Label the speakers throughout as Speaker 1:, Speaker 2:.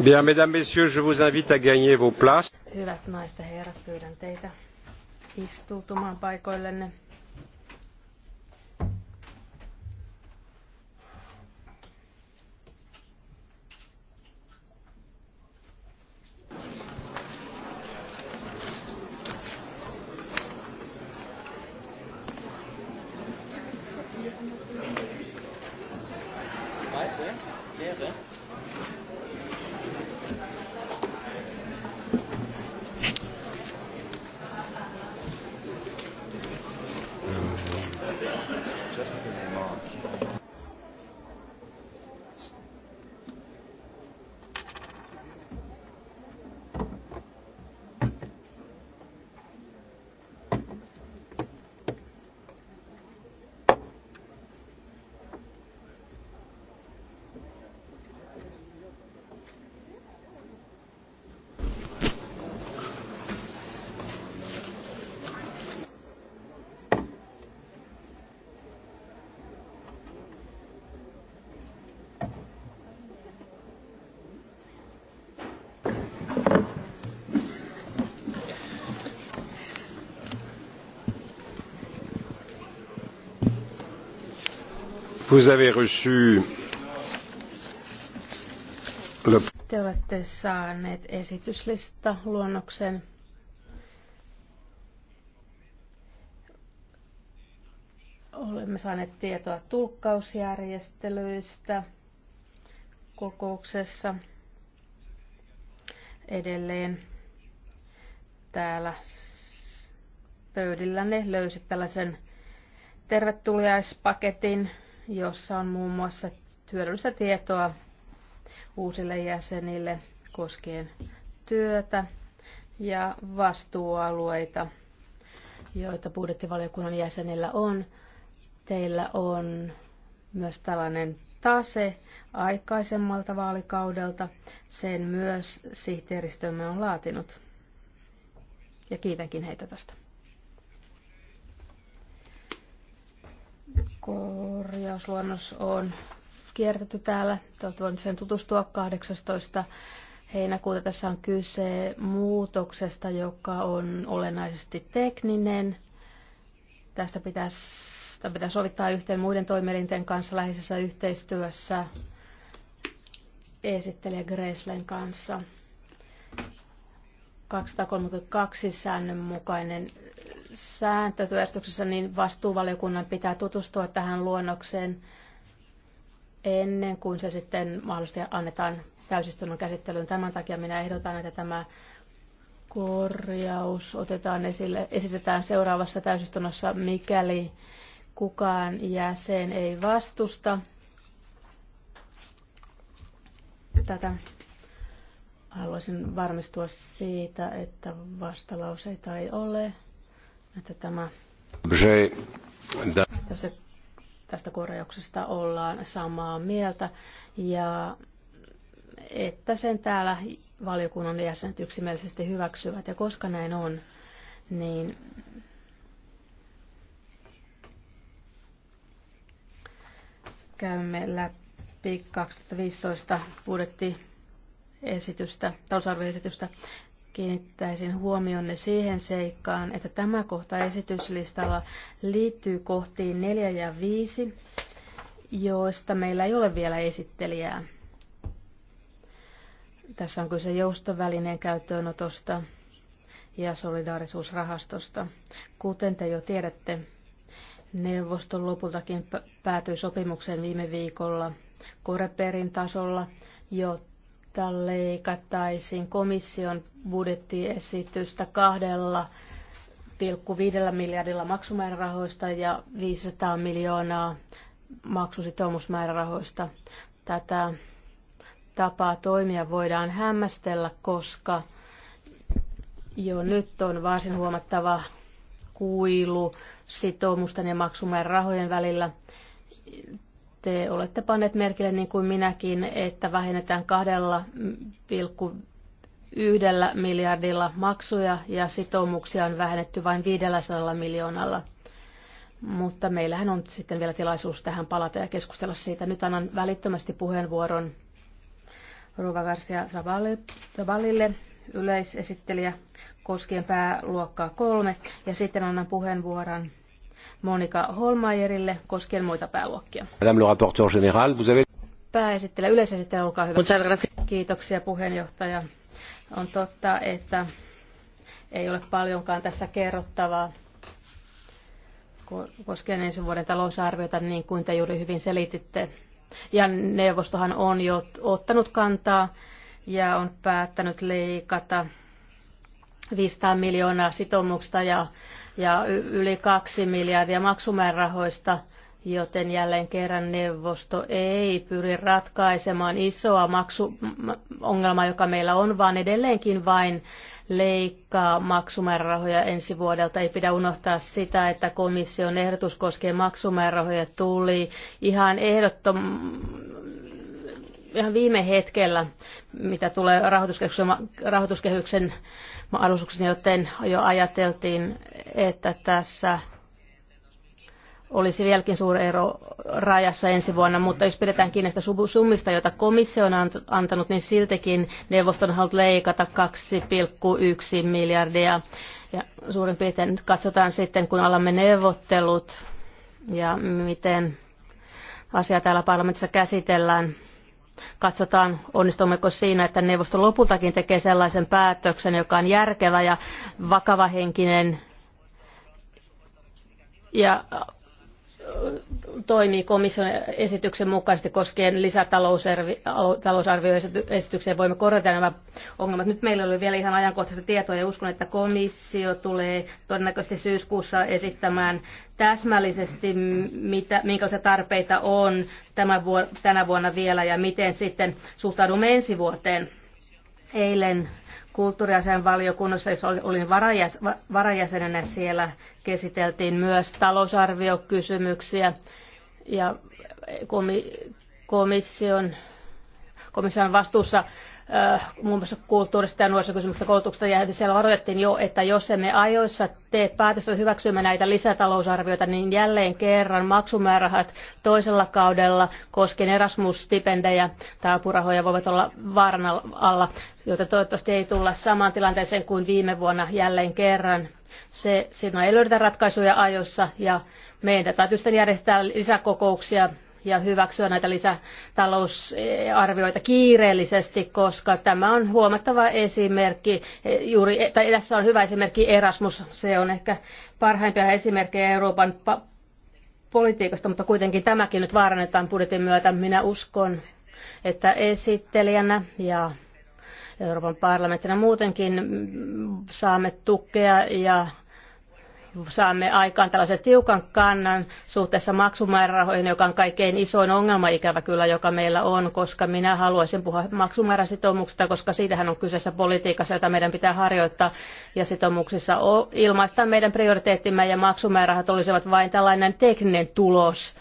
Speaker 1: Bien, mesdames, messieurs, je vous invite à gagner vos places.
Speaker 2: Hyvät naiset ja herrat, pyydän teitä istuutumaan paikoillenne.
Speaker 1: Vous avez reçu le...
Speaker 2: Te olette saaneet esityslista luonnoksen. Olemme saaneet tietoa tulkkausjärjestelyistä kokouksessa. Edelleen täällä pöydillä ne löysit tällaisen tervetuliaispaketin jossa on muun muassa hyödyllistä tietoa uusille jäsenille koskien työtä ja vastuualueita, joita budjettivaliokunnan jäsenillä on. Teillä on myös tällainen tase aikaisemmalta vaalikaudelta. Sen myös sihteeristömme on laatinut. Ja kiitänkin heitä tästä. Korjausluonnos on kiertetty täällä. Te olette voineet sen tutustua 18. heinäkuuta. Tässä on kyse muutoksesta, joka on olennaisesti tekninen. Tästä pitäisi, tämä pitää sovittaa yhteen muiden toimielinten kanssa läheisessä yhteistyössä esittelijä Greslen kanssa. 232 säännön mukainen sääntötyöstöksessä niin vastuuvaliokunnan pitää tutustua tähän luonnokseen ennen kuin se sitten mahdollisesti annetaan täysistunnon käsittelyyn. Tämän takia minä ehdotan, että tämä korjaus otetaan esille, esitetään seuraavassa täysistunnossa, mikäli kukaan jäsen ei vastusta tätä. Haluaisin varmistua siitä, että vastalauseita ei ole että tämä, tästä korjauksesta ollaan samaa mieltä ja että sen täällä valiokunnan jäsenet yksimielisesti hyväksyvät. Ja koska näin on, niin käymme läpi 2015 budjettiesitystä, talousarvioesitystä kiinnittäisin huomionne siihen seikkaan, että tämä kohta esityslistalla liittyy kohtiin 4 ja 5, joista meillä ei ole vielä esittelijää. Tässä on kyse joustovälineen käyttöönotosta ja solidaarisuusrahastosta. Kuten te jo tiedätte, neuvosto lopultakin päätyi sopimukseen viime viikolla Koreperin tasolla, jotta että leikattaisiin komission budjettiesitystä kahdella 1,5 miljardilla maksumäärärahoista ja 500 miljoonaa maksusitoumusmäärärahoista. Tätä tapaa toimia voidaan hämmästellä, koska jo nyt on varsin huomattava kuilu sitoumusten ja maksumäärärahojen välillä. Te olette panneet merkille, niin kuin minäkin, että vähennetään 2,1 miljardilla maksuja ja sitoumuksia on vähennetty vain 500 miljoonalla. Mutta meillähän on sitten vielä tilaisuus tähän palata ja keskustella siitä. Nyt annan välittömästi puheenvuoron Ruva Garcia Zavalille, yleisesittelijä koskien pääluokkaa kolme. Ja sitten annan puheenvuoron Monika Holmajerille koskien muita pääluokkia.
Speaker 1: Madame le rapporteur général, vous avez...
Speaker 2: Pääesittelijä, yleisesittelijä, olkaa hyvä. Kiitoksia puheenjohtaja. On totta, että ei ole paljonkaan tässä kerrottavaa koskien ensi vuoden talousarviota, niin kuin te juuri hyvin selititte. Ja neuvostohan on jo ottanut kantaa ja on päättänyt leikata 500 miljoonaa sitoumuksista ja ja yli kaksi miljardia maksumäärärahoista, joten jälleen kerran neuvosto ei pyri ratkaisemaan isoa maksuongelmaa, joka meillä on, vaan edelleenkin vain leikkaa maksumäärärahoja ensi vuodelta. Ei pidä unohtaa sitä, että komission ehdotus koskee maksumäärärahoja tuli ihan ehdottom ihan viime hetkellä, mitä tulee rahoituskehyksen, rahoituskehyksen joten jo ajateltiin, että tässä olisi vieläkin suuri ero rajassa ensi vuonna, mutta jos pidetään kiinni sitä summista, jota komissio on antanut, niin siltikin neuvoston halut leikata 2,1 miljardia. Ja suurin piirtein nyt katsotaan sitten, kun alamme neuvottelut ja miten asia täällä parlamentissa käsitellään. Katsotaan, onnistummeko siinä, että neuvosto lopultakin tekee sellaisen päätöksen, joka on järkevä ja vakavahenkinen ja toimii komission esityksen mukaisesti koskien lisätalousarvioesitykseen. Voimme korjata nämä ongelmat. Nyt meillä oli vielä ihan ajankohtaista tietoa ja uskon, että komissio tulee todennäköisesti syyskuussa esittämään täsmällisesti, mitä, minkälaisia tarpeita on tämän vuor- tänä vuonna vielä ja miten sitten suhtaudumme ensi vuoteen. Eilen kulttuuriasian valiokunnassa, jossa olin varajäsenenä siellä, käsiteltiin myös talousarviokysymyksiä ja komission komissio on vastuussa äh, muun muassa kulttuurista ja nuorisokysymyksistä koulutuksesta, ja siellä varoitettiin jo, että jos emme ajoissa tee päätöstä hyväksymään näitä lisätalousarvioita, niin jälleen kerran maksumäärähät toisella kaudella koskien Erasmus-stipendejä tai apurahoja voivat olla vaaran alla, joita toivottavasti ei tulla samaan tilanteeseen kuin viime vuonna jälleen kerran. Se, siinä ei löydetä ratkaisuja ajoissa ja meidän täytyy sitten järjestää lisäkokouksia ja hyväksyä näitä lisätalousarvioita kiireellisesti, koska tämä on huomattava esimerkki, eh, juuri, eh, tai tässä on hyvä esimerkki Erasmus, se on ehkä parhaimpia esimerkkejä Euroopan politiikasta, mutta kuitenkin tämäkin nyt vaarannetaan budjetin myötä. Minä uskon, että esittelijänä ja Euroopan parlamenttina muutenkin saamme tukea ja saamme aikaan tällaisen tiukan kannan suhteessa maksumäärärahoihin, joka on kaikkein isoin ongelma ikävä kyllä, joka meillä on, koska minä haluaisin puhua maksumääräsitoumuksista, koska siitähän on kyseessä politiikassa, jota meidän pitää harjoittaa ja sitoumuksissa ilmaista meidän prioriteettimme ja maksumäärärahat olisivat vain tällainen tekninen tulos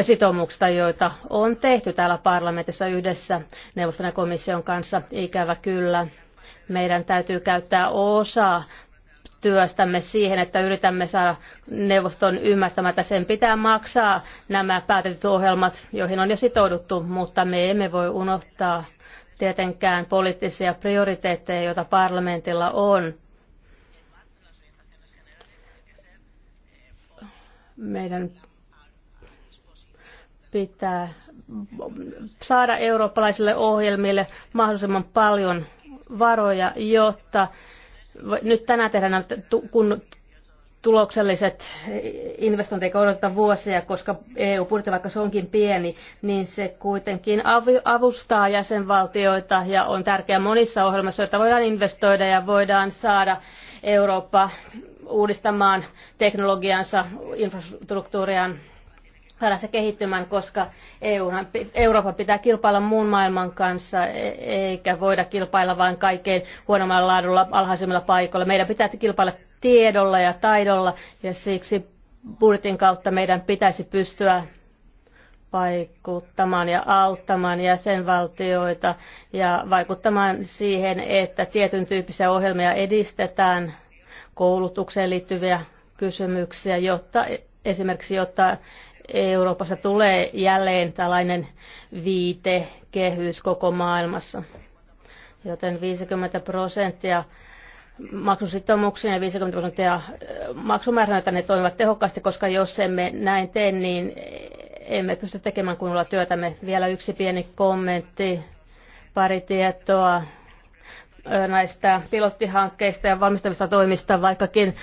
Speaker 2: sitoumuksista, joita on tehty täällä parlamentissa yhdessä neuvoston ja komission kanssa. Ikävä kyllä meidän täytyy käyttää osa työstämme siihen, että yritämme saada neuvoston ymmärtämään, että sen pitää maksaa nämä päätetyt ohjelmat, joihin on jo sitouduttu, mutta me emme voi unohtaa tietenkään poliittisia prioriteetteja, joita parlamentilla on. Meidän pitää saada eurooppalaisille ohjelmille mahdollisimman paljon varoja, jotta nyt tänään tehdään nämä, kun tulokselliset investointeja odotetaan vuosia, koska EU-budjetti, vaikka se onkin pieni, niin se kuitenkin avustaa jäsenvaltioita ja on tärkeää monissa ohjelmissa, joita voidaan investoida ja voidaan saada Eurooppa uudistamaan teknologiansa, infrastruktuuriaan saada se kehittymään, koska EU, Euroopan pitää kilpailla muun maailman kanssa, e, eikä voida kilpailla vain kaikkein huonommalla laadulla, alhaisimmilla paikoilla. Meidän pitää kilpailla tiedolla ja taidolla, ja siksi budjetin kautta meidän pitäisi pystyä vaikuttamaan ja auttamaan jäsenvaltioita ja vaikuttamaan siihen, että tietyn tyyppisiä ohjelmia edistetään, koulutukseen liittyviä kysymyksiä, jotta esimerkiksi jotta Euroopassa tulee jälleen tällainen viitekehys koko maailmassa. Joten 50 prosenttia maksusitoumuksiin ja 50 prosenttia eh, maksumääränä, että ne toimivat tehokkaasti, koska jos emme näin tee, niin emme pysty tekemään kunnolla työtämme. Vielä yksi pieni kommentti, pari tietoa näistä pilottihankkeista ja valmistavista toimista, vaikkakin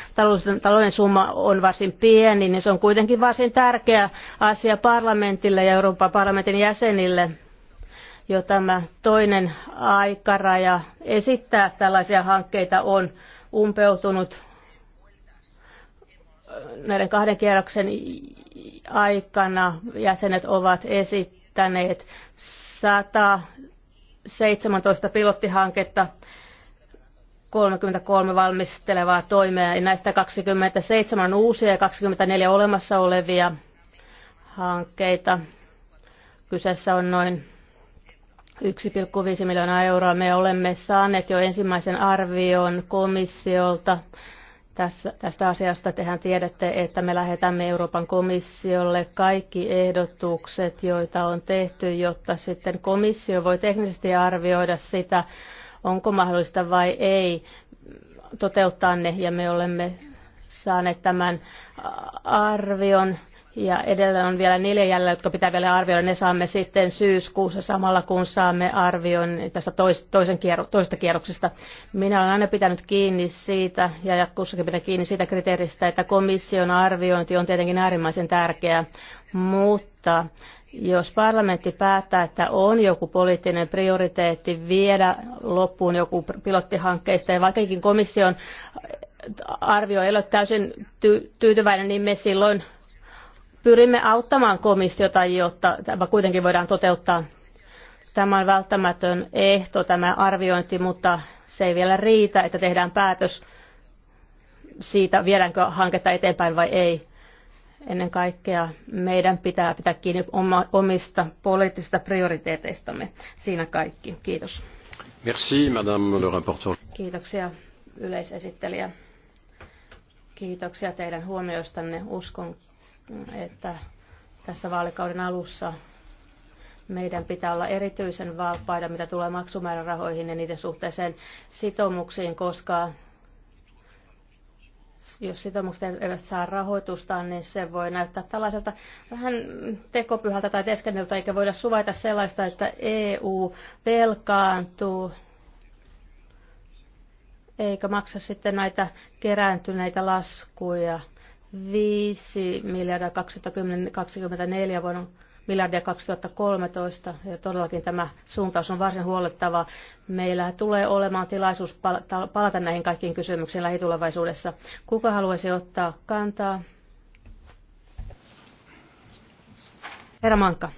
Speaker 2: talouden summa on varsin pieni, niin se on kuitenkin varsin tärkeä asia parlamentille ja Euroopan parlamentin jäsenille, jo tämä toinen aikaraja esittää tällaisia hankkeita on umpeutunut näiden kahden kierroksen aikana jäsenet ovat esittäneet 117 pilottihanketta 33 valmistelevaa toimea ja näistä 27 on uusia ja 24 olemassa olevia hankkeita. Kyseessä on noin 1,5 miljoonaa euroa. Me olemme saaneet jo ensimmäisen arvion komissiolta tässä, tästä asiasta. Tehän tiedätte, että me lähetämme Euroopan komissiolle kaikki ehdotukset, joita on tehty, jotta sitten komissio voi teknisesti arvioida sitä, onko mahdollista vai ei toteuttaa ne, ja me olemme saaneet tämän arvion. Ja edellä on vielä neljä jäljellä, jotka pitää vielä arvioida. Ne saamme sitten syyskuussa samalla, kun saamme arvion tästä tois, toisen kierro, toisesta kierroksesta. Minä olen aina pitänyt kiinni siitä ja jatkossakin pitää kiinni siitä kriteeristä, että komission arviointi on tietenkin äärimmäisen tärkeää, mutta jos parlamentti päättää, että on joku poliittinen prioriteetti viedä loppuun joku pilottihankkeista, ja vaikkakin komission arvio ei ole täysin ty- tyytyväinen, niin me silloin pyrimme auttamaan komissiota, jotta tämä kuitenkin voidaan toteuttaa. Tämä on välttämätön ehto, tämä arviointi, mutta se ei vielä riitä, että tehdään päätös siitä, viedäänkö hanketta eteenpäin vai ei. Ennen kaikkea meidän pitää pitää kiinni omista poliittisista prioriteeteistamme. Siinä kaikki. Kiitos.
Speaker 1: Merci, madame le rapporteur.
Speaker 2: Kiitoksia yleisesittelijä. Kiitoksia teidän huomioistanne. Uskon, että tässä vaalikauden alussa meidän pitää olla erityisen valppaita, mitä tulee maksumäärärahoihin ja niiden suhteeseen sitoumuksiin, koska jos sitoumukset eivät saa rahoitusta, niin se voi näyttää tällaiselta vähän tekopyhältä tai teskenneltä, eikä voida suvaita sellaista, että EU velkaantuu eikä maksa sitten näitä kerääntyneitä laskuja. 5 miljardia 2024 vuonna miljardia 2013 ja todellakin tämä suuntaus on varsin huolettava. Meillä tulee olemaan tilaisuus palata näihin kaikkiin kysymyksiin lähitulevaisuudessa. Kuka haluaisi ottaa kantaa? Herra Manka.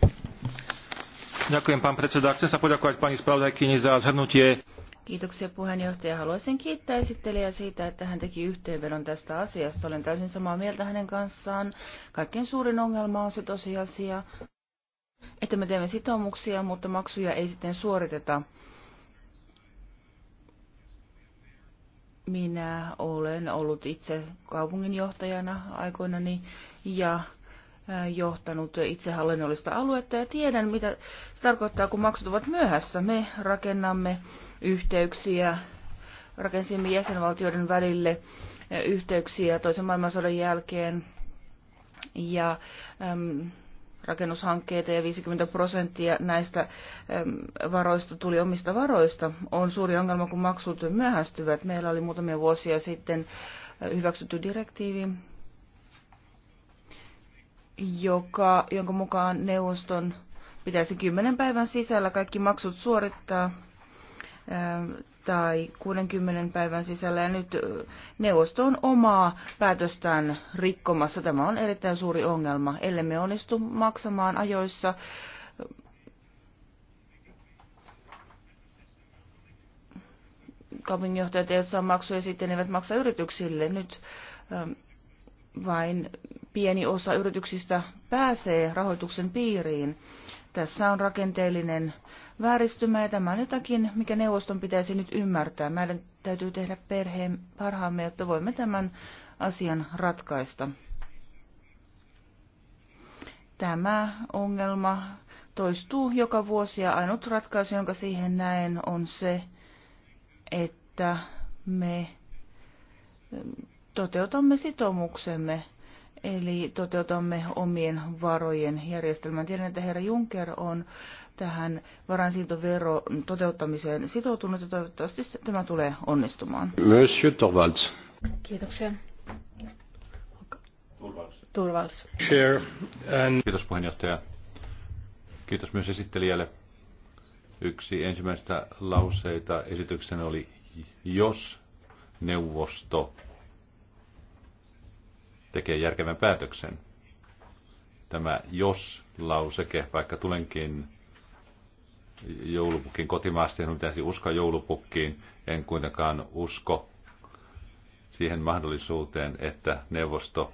Speaker 3: Ďakujem, pán predseda. Chcem sa poďakovať pani spravodajkyni za zhrnutie.
Speaker 4: Kiitoksia puheenjohtaja. Haluaisin kiittää esittelijää siitä, että hän teki yhteenvedon tästä asiasta. Olen täysin samaa mieltä hänen kanssaan. Kaikkein suurin ongelma on se tosiasia, että me teemme sitoumuksia, mutta maksuja ei sitten suoriteta. Minä olen ollut itse kaupunginjohtajana aikoinani ja johtanut itsehallinnollista aluetta ja tiedän, mitä se tarkoittaa, kun maksut ovat myöhässä. Me rakennamme yhteyksiä, rakensimme jäsenvaltioiden välille yhteyksiä toisen maailmansodan jälkeen ja äm, rakennushankkeita ja 50 prosenttia näistä varoista tuli omista varoista. On suuri ongelma, kun maksut myöhästyvät. Meillä oli muutamia vuosia sitten eh, hyväksytty direktiivi, joka, jonka mukaan neuvoston pitäisi kymmenen päivän sisällä kaikki maksut suorittaa – tai 60 päivän sisällä. Ja nyt neuvosto on omaa päätöstään rikkomassa. Tämä on erittäin suuri ongelma. me onnistu maksamaan ajoissa kaupunginjohtajat eivät saa maksuja, sitten eivät maksa yrityksille. Nyt vain pieni osa yrityksistä pääsee rahoituksen piiriin. Tässä on rakenteellinen vääristymä ja tämä on jotakin, mikä neuvoston pitäisi nyt ymmärtää. Meidän täytyy tehdä perheen parhaamme, jotta voimme tämän asian ratkaista. Tämä ongelma toistuu joka vuosi ja ainut ratkaisu, jonka siihen näen, on se, että me toteutamme sitoumuksemme Eli toteutamme omien varojen järjestelmän. Tiedän, että herra Juncker on tähän varainsiirtoveron toteuttamiseen sitoutunut ja toivottavasti tämä tulee onnistumaan.
Speaker 1: Monsieur Torvalds.
Speaker 4: Kiitoksia. Turvals. Turvals.
Speaker 3: and... Kiitos puheenjohtaja. Kiitos myös esittelijälle. Yksi ensimmäistä lauseita esityksen oli, jos neuvosto tekee järkevän päätöksen. Tämä jos-lauseke, vaikka tulenkin joulupukin kotimaasta, en pitäisi uskoa joulupukkiin, en kuitenkaan usko siihen mahdollisuuteen, että neuvosto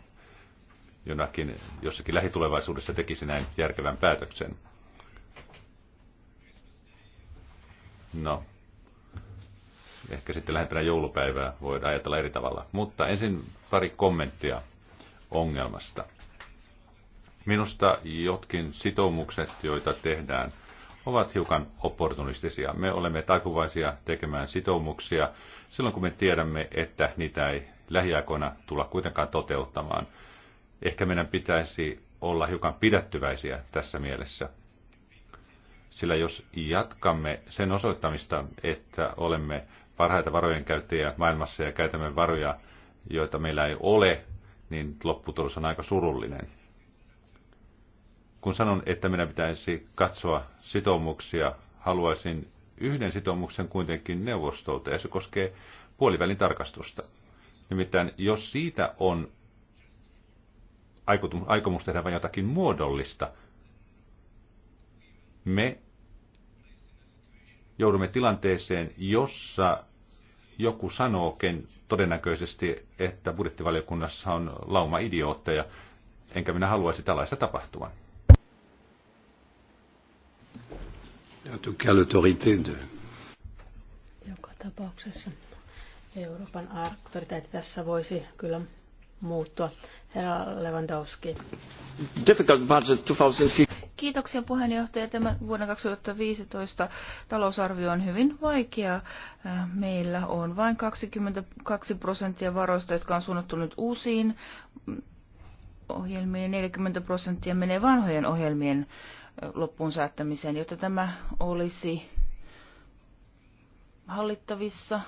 Speaker 3: jonakin, jossakin lähitulevaisuudessa tekisi näin järkevän päätöksen. No, ehkä sitten lähempänä joulupäivää voidaan ajatella eri tavalla. Mutta ensin pari kommenttia ongelmasta. Minusta jotkin sitoumukset, joita tehdään, ovat hiukan opportunistisia. Me olemme taipuvaisia tekemään sitoumuksia silloin, kun me tiedämme, että niitä ei lähiaikoina tulla kuitenkaan toteuttamaan. Ehkä meidän pitäisi olla hiukan pidättyväisiä tässä mielessä. Sillä jos jatkamme sen osoittamista, että olemme parhaita varojen käyttäjiä maailmassa ja käytämme varoja, joita meillä ei ole, niin lopputulos on aika surullinen. Kun sanon, että minä pitäisi katsoa sitoumuksia, haluaisin yhden sitoumuksen kuitenkin neuvostolta, ja se koskee puolivälin tarkastusta. Nimittäin, jos siitä on aikomus tehdä vain jotakin muodollista, me joudumme tilanteeseen, jossa joku sanookin todennäköisesti, että budjettivaliokunnassa on lauma idiootteja, enkä minä haluaisi tällaista tapahtuvan.
Speaker 1: Joka tapauksessa
Speaker 2: Euroopan arktoriteetti tässä voisi kyllä muuttua.
Speaker 4: Herra Lewandowski. Difficult budget 2015. Kiitoksia puheenjohtaja. Tämä vuonna 2015 talousarvio on hyvin vaikea. Äh, meillä on vain 22 prosenttia varoista, jotka on suunnattu nyt uusiin ohjelmiin ja 40 prosenttia menee vanhojen ohjelmien äh, loppuun saattamiseen, jotta tämä olisi hallittavissa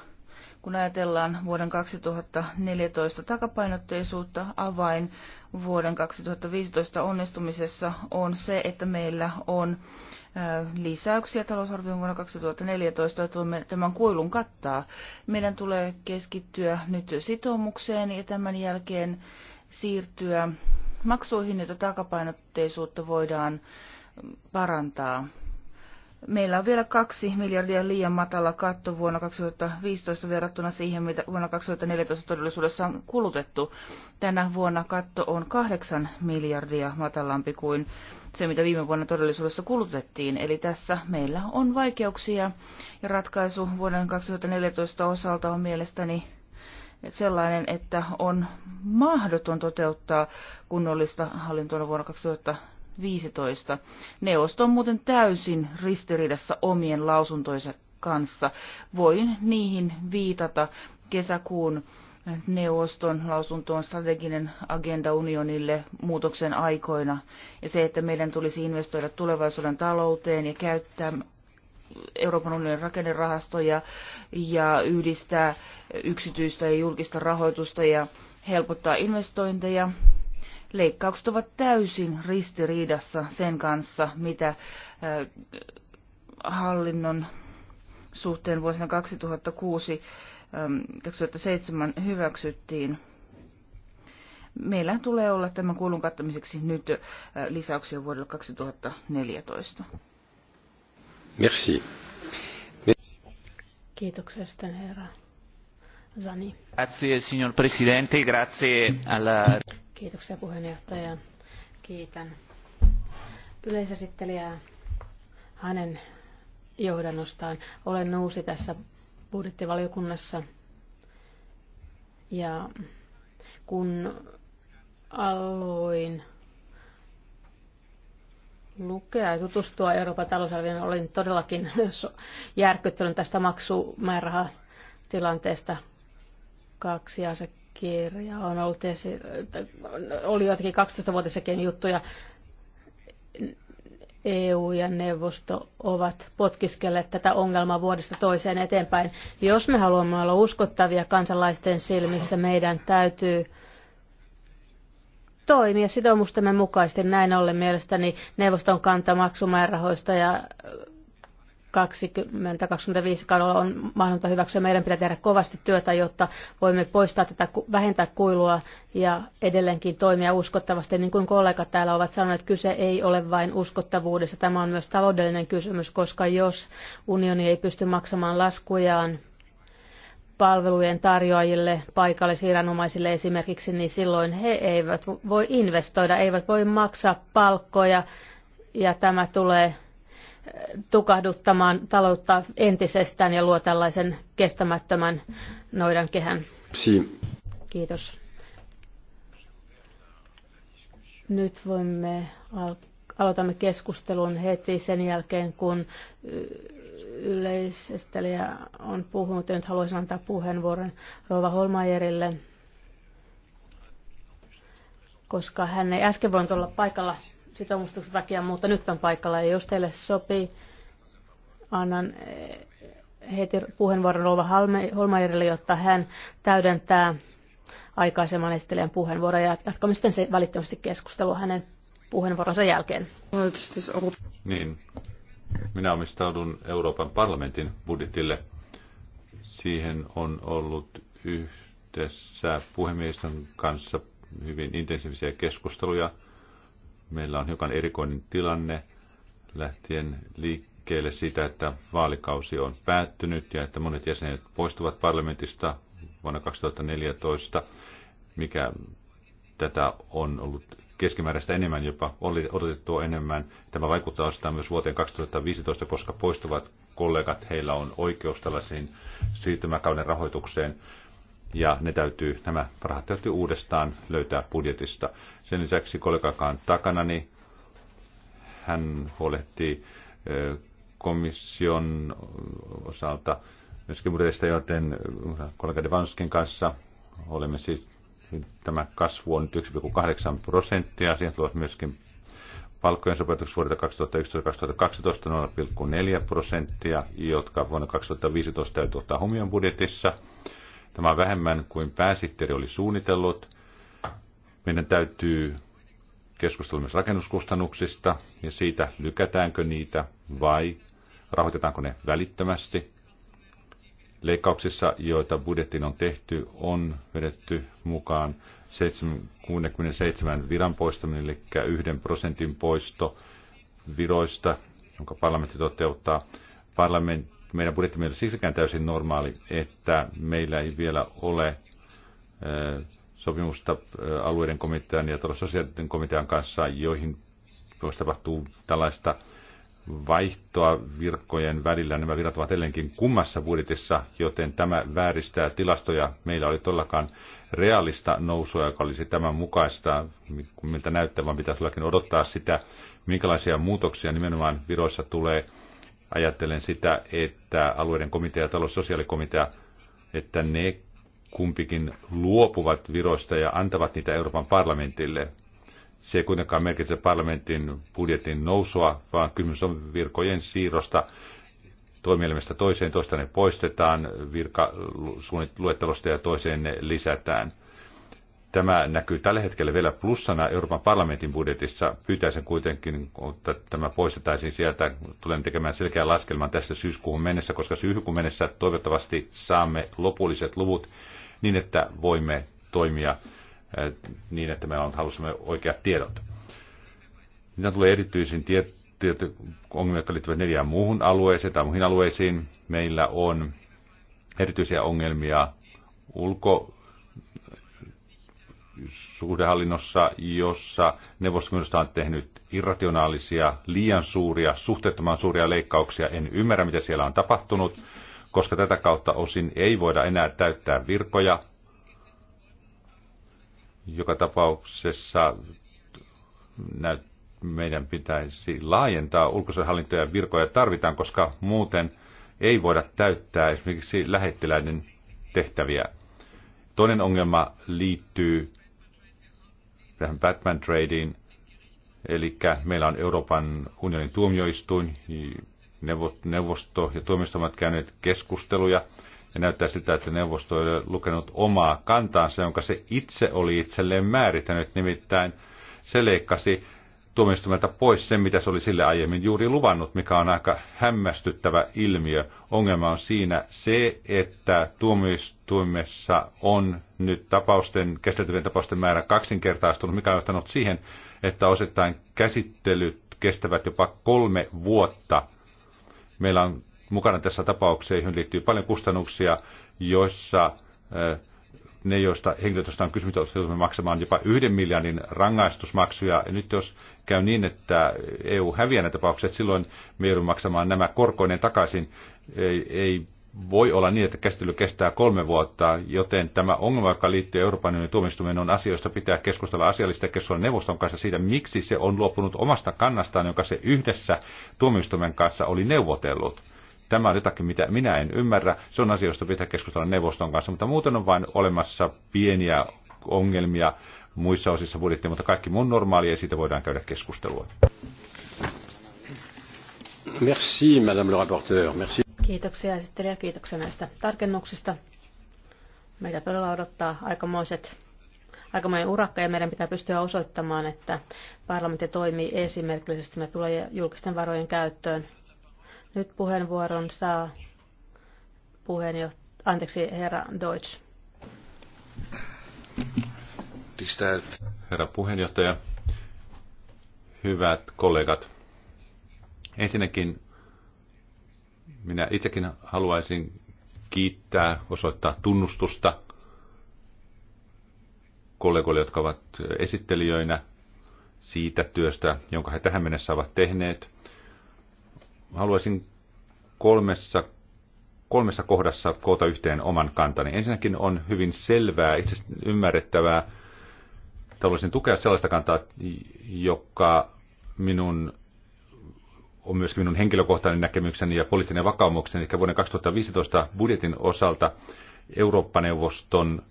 Speaker 4: kun ajatellaan vuoden 2014 takapainotteisuutta, avain vuoden 2015 onnistumisessa on se, että meillä on lisäyksiä talousarvioon vuonna 2014, että voimme tämän kuilun kattaa. Meidän tulee keskittyä nyt sitoumukseen ja tämän jälkeen siirtyä maksuihin, joita takapainotteisuutta voidaan parantaa. Meillä on vielä kaksi miljardia liian matala katto vuonna 2015 verrattuna siihen, mitä vuonna 2014 todellisuudessa on kulutettu. Tänä vuonna katto on kahdeksan miljardia matalampi kuin se, mitä viime vuonna todellisuudessa kulutettiin. Eli tässä meillä on vaikeuksia ja ratkaisu vuoden 2014 osalta on mielestäni sellainen, että on mahdoton toteuttaa kunnollista hallintoa vuonna 2014. 2015. Neuvosto on muuten täysin ristiriidassa omien lausuntoinsa kanssa. Voin niihin viitata kesäkuun neuvoston lausuntoon strateginen agenda unionille muutoksen aikoina ja se, että meidän tulisi investoida tulevaisuuden talouteen ja käyttää Euroopan unionin rakennerahastoja ja yhdistää yksityistä ja julkista rahoitusta ja helpottaa investointeja. Leikkaukset ovat täysin ristiriidassa sen kanssa, mitä hallinnon suhteen vuosina 2006-2007 hyväksyttiin. Meillä tulee olla tämän kuulun kattamiseksi nyt lisäyksiä vuodelle 2014.
Speaker 1: Merci.
Speaker 2: Kiitoksia sitten herra Zani.
Speaker 4: Grazie signor Presidente, grazie alla...
Speaker 2: Kiitoksia puheenjohtaja. Kiitän yleisesittelijää hänen johdannostaan. Olen nousi tässä budjettivaliokunnassa ja kun aloin lukea ja tutustua Euroopan talousarvioon, olin todellakin järkyttynyt tästä maksumäärähatilanteesta kaksi ja se kirja on ollut esi- oli jotakin 12-vuotiaisiakin juttuja. EU ja neuvosto ovat potkiskelleet tätä ongelmaa vuodesta toiseen eteenpäin. Jos me haluamme olla uskottavia kansalaisten silmissä, meidän täytyy toimia sitoumustemme mukaisesti. Näin ollen mielestäni neuvoston kanta maksumäärärahoista ja 2025 kaudella on mahdollista hyväksyä. Meidän pitää tehdä kovasti työtä, jotta voimme poistaa tätä, vähentää kuilua ja edelleenkin toimia uskottavasti. Niin kuin kollegat täällä ovat sanoneet, kyse ei ole vain uskottavuudessa Tämä on myös taloudellinen kysymys, koska jos unioni ei pysty maksamaan laskujaan palvelujen tarjoajille, paikallisviranomaisille esimerkiksi, niin silloin he eivät voi investoida, eivät voi maksaa palkkoja ja tämä tulee tukahduttamaan taloutta entisestään ja luo tällaisen kestämättömän noidankehän. Si. Kiitos. Nyt voimme aloitamme keskustelun heti sen jälkeen, kun yleisestelijä on puhunut. Ja nyt haluaisin antaa puheenvuoron Rova Holmajerille, koska hän ei äsken voinut olla paikalla sitoumustuksen takia, mutta nyt on paikalla. Ja jos teille sopii, annan eh, heti puheenvuoron Rouva Holmajerille, jotta hän täydentää aikaisemman esittelijän puheenvuoron ja jatkamme sitten se välittömästi keskustelua hänen puheenvuoronsa jälkeen.
Speaker 3: Niin. Minä omistaudun Euroopan parlamentin budjetille. Siihen on ollut yhdessä puhemiestön kanssa hyvin intensiivisiä keskusteluja meillä on hiukan erikoinen tilanne lähtien liikkeelle siitä, että vaalikausi on päättynyt ja että monet jäsenet poistuvat parlamentista vuonna 2014, mikä tätä on ollut keskimääräistä enemmän, jopa oli odotettua enemmän. Tämä vaikuttaa osittain myös vuoteen 2015, koska poistuvat kollegat, heillä on oikeus tällaisiin siirtymäkauden rahoitukseen ja ne täytyy, nämä rahat täytyy uudestaan löytää budjetista. Sen lisäksi kollegakaan takanani, niin hän huolehtii komission osalta myöskin budjetista, joten kollega Devanskin kanssa olemme siis, tämä kasvu on nyt 1,8 prosenttia, siihen tulevat myöskin palkkojen sopeutukset vuodelta 2011-2012 0,4 prosenttia, jotka vuonna 2015 täytyy ottaa huomioon budjetissa – Tämä on vähemmän kuin pääsihteeri oli suunnitellut. Meidän täytyy keskustella myös rakennuskustannuksista ja siitä, lykätäänkö niitä vai rahoitetaanko ne välittömästi. Leikkauksissa, joita budjettiin on tehty, on vedetty mukaan 67 viran poistaminen, eli yhden prosentin poisto viroista, jonka parlamentti toteuttaa. Parlamentti meidän budjettimme ei ole siksikään täysin normaali, että meillä ei vielä ole sopimusta alueiden komitean ja sosiaalisen komitean kanssa, joihin voisi tapahtua tällaista vaihtoa virkojen välillä. Nämä virat ovat edelleenkin kummassa budjetissa, joten tämä vääristää tilastoja. Meillä oli todellakaan realista nousua, joka olisi tämän mukaista, miltä näyttää, vaan pitäisi odottaa sitä, minkälaisia muutoksia nimenomaan viroissa tulee – Ajattelen sitä, että alueiden komitea ja taloussosiaalikomitea, että ne kumpikin luopuvat viroista ja antavat niitä Euroopan parlamentille. Se ei kuitenkaan merkitse parlamentin budjetin nousua, vaan kysymys on virkojen siirrosta toimielimestä toiseen, toista ne poistetaan virkasuunnittelusta ja toiseen ne lisätään – Tämä näkyy tällä hetkellä vielä plussana Euroopan parlamentin budjetissa. Pyytäisin kuitenkin, että tämä poistetaisiin sieltä. Tulen tekemään selkeän laskelman tästä syyskuuhun mennessä, koska syyskuun mennessä toivottavasti saamme lopulliset luvut niin, että voimme toimia eh, niin, että meillä on halussamme oikeat tiedot. Mitä tulee erityisin tietyt ongelmia, jotka liittyvät neljään muuhun alueeseen tai muihin alueisiin, meillä on erityisiä ongelmia ulko suhdehallinnossa, jossa neuvostokunnasta on tehnyt irrationaalisia, liian suuria, suhteettoman suuria leikkauksia. En ymmärrä, mitä siellä on tapahtunut, koska tätä kautta osin ei voida enää täyttää virkoja. Joka tapauksessa meidän pitäisi laajentaa ulkoisen ja virkoja tarvitaan, koska muuten ei voida täyttää esimerkiksi lähettiläiden tehtäviä. Toinen ongelma liittyy tähän Batman Tradiin. Eli meillä on Euroopan unionin tuomioistuin, neuvosto ja tuomioistuin ovat käyneet keskusteluja. Ja näyttää siltä, että neuvosto ei ole lukenut omaa kantaansa, jonka se itse oli itselleen määritänyt Nimittäin se leikkasi tuomioistumelta pois sen, mitä se oli sille aiemmin juuri luvannut, mikä on aika hämmästyttävä ilmiö. Ongelma on siinä se, että tuomioistuimessa on nyt tapausten, käsiteltyvien tapausten määrä kaksinkertaistunut, mikä on johtanut siihen, että osittain käsittelyt kestävät jopa kolme vuotta. Meillä on mukana tässä tapauksessa, joihin liittyy paljon kustannuksia, joissa äh, ne, joista henkilöstöstä on kysymys, joudumme maksamaan jopa yhden miljardin rangaistusmaksuja. Ja nyt jos käy niin, että EU häviää ne tapaukset, silloin me joudumme maksamaan nämä korkoinen takaisin. Ei, ei voi olla niin, että käsittely kestää kolme vuotta, joten tämä ongelma, joka liittyy Euroopan unionin tuomistuminen, on asioista pitää keskustella asiallista ja keskustella neuvoston kanssa siitä, miksi se on luopunut omasta kannastaan, jonka se yhdessä tuomioistuimen kanssa oli neuvotellut. Tämä on jotakin, mitä minä en ymmärrä. Se on asia, josta pitää keskustella neuvoston kanssa, mutta muuten on vain olemassa pieniä ongelmia muissa osissa budjettia, mutta kaikki mun normaalia ja siitä voidaan käydä keskustelua.
Speaker 1: Merci, madame le rapporteur. Merci.
Speaker 2: Kiitoksia esittelijä, kiitoksia näistä tarkennuksista. Meitä todella odottaa aikamoiset aikamoinen urakka ja meidän pitää pystyä osoittamaan, että parlamentti toimii esimerkillisesti. Me tulee julkisten varojen käyttöön nyt puheenvuoron saa puheenjohtaja, anteeksi, herra Deutsch.
Speaker 3: Herra puheenjohtaja, hyvät kollegat. Ensinnäkin minä itsekin haluaisin kiittää, osoittaa tunnustusta kollegoille, jotka ovat esittelijöinä siitä työstä, jonka he tähän mennessä ovat tehneet haluaisin kolmessa, kolmessa kohdassa koota yhteen oman kantani. Ensinnäkin on hyvin selvää, itse ymmärrettävää, että haluaisin tukea sellaista kantaa, joka minun on myöskin minun henkilökohtainen näkemykseni ja poliittinen vakaumukseni, eli vuoden 2015 budjetin osalta Eurooppa-neuvoston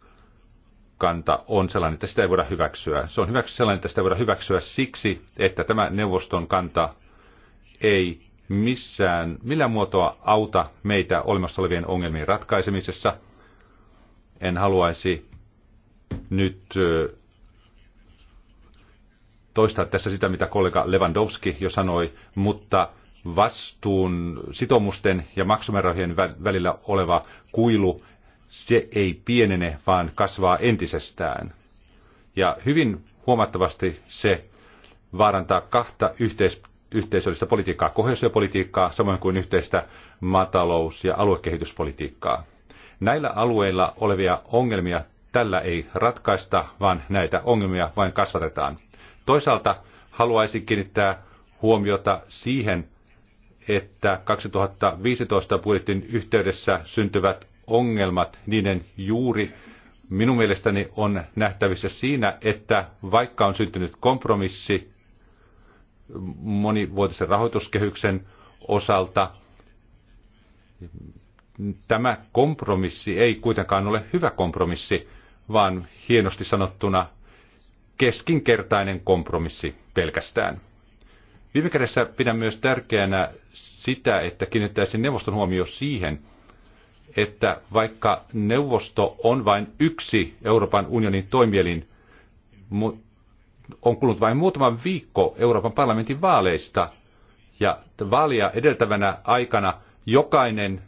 Speaker 3: kanta on sellainen, että sitä ei voida hyväksyä. Se on hyväksy sellainen, että sitä ei voida hyväksyä siksi, että tämä neuvoston kanta ei missään, millä muotoa auta meitä olemassa olevien ongelmien ratkaisemisessa. En haluaisi nyt toistaa tässä sitä, mitä kollega Lewandowski jo sanoi, mutta vastuun sitomusten ja maksumäärärahojen välillä oleva kuilu, se ei pienene, vaan kasvaa entisestään. Ja hyvin huomattavasti se vaarantaa kahta yhteistyötä yhteisöllistä politiikkaa, kohesiopolitiikkaa, samoin kuin yhteistä maatalous- ja aluekehityspolitiikkaa. Näillä alueilla olevia ongelmia tällä ei ratkaista, vaan näitä ongelmia vain kasvatetaan. Toisaalta haluaisin kiinnittää huomiota siihen, että 2015 budjetin yhteydessä syntyvät ongelmat, niiden juuri minun mielestäni on nähtävissä siinä, että vaikka on syntynyt kompromissi monivuotisen rahoituskehyksen osalta. Tämä kompromissi ei kuitenkaan ole hyvä kompromissi, vaan hienosti sanottuna keskinkertainen kompromissi pelkästään. Viime kädessä pidän myös tärkeänä sitä, että kiinnittäisin neuvoston huomio siihen, että vaikka neuvosto on vain yksi Euroopan unionin toimielin, on kulunut vain muutama viikko Euroopan parlamentin vaaleista, ja vaalia edeltävänä aikana jokainen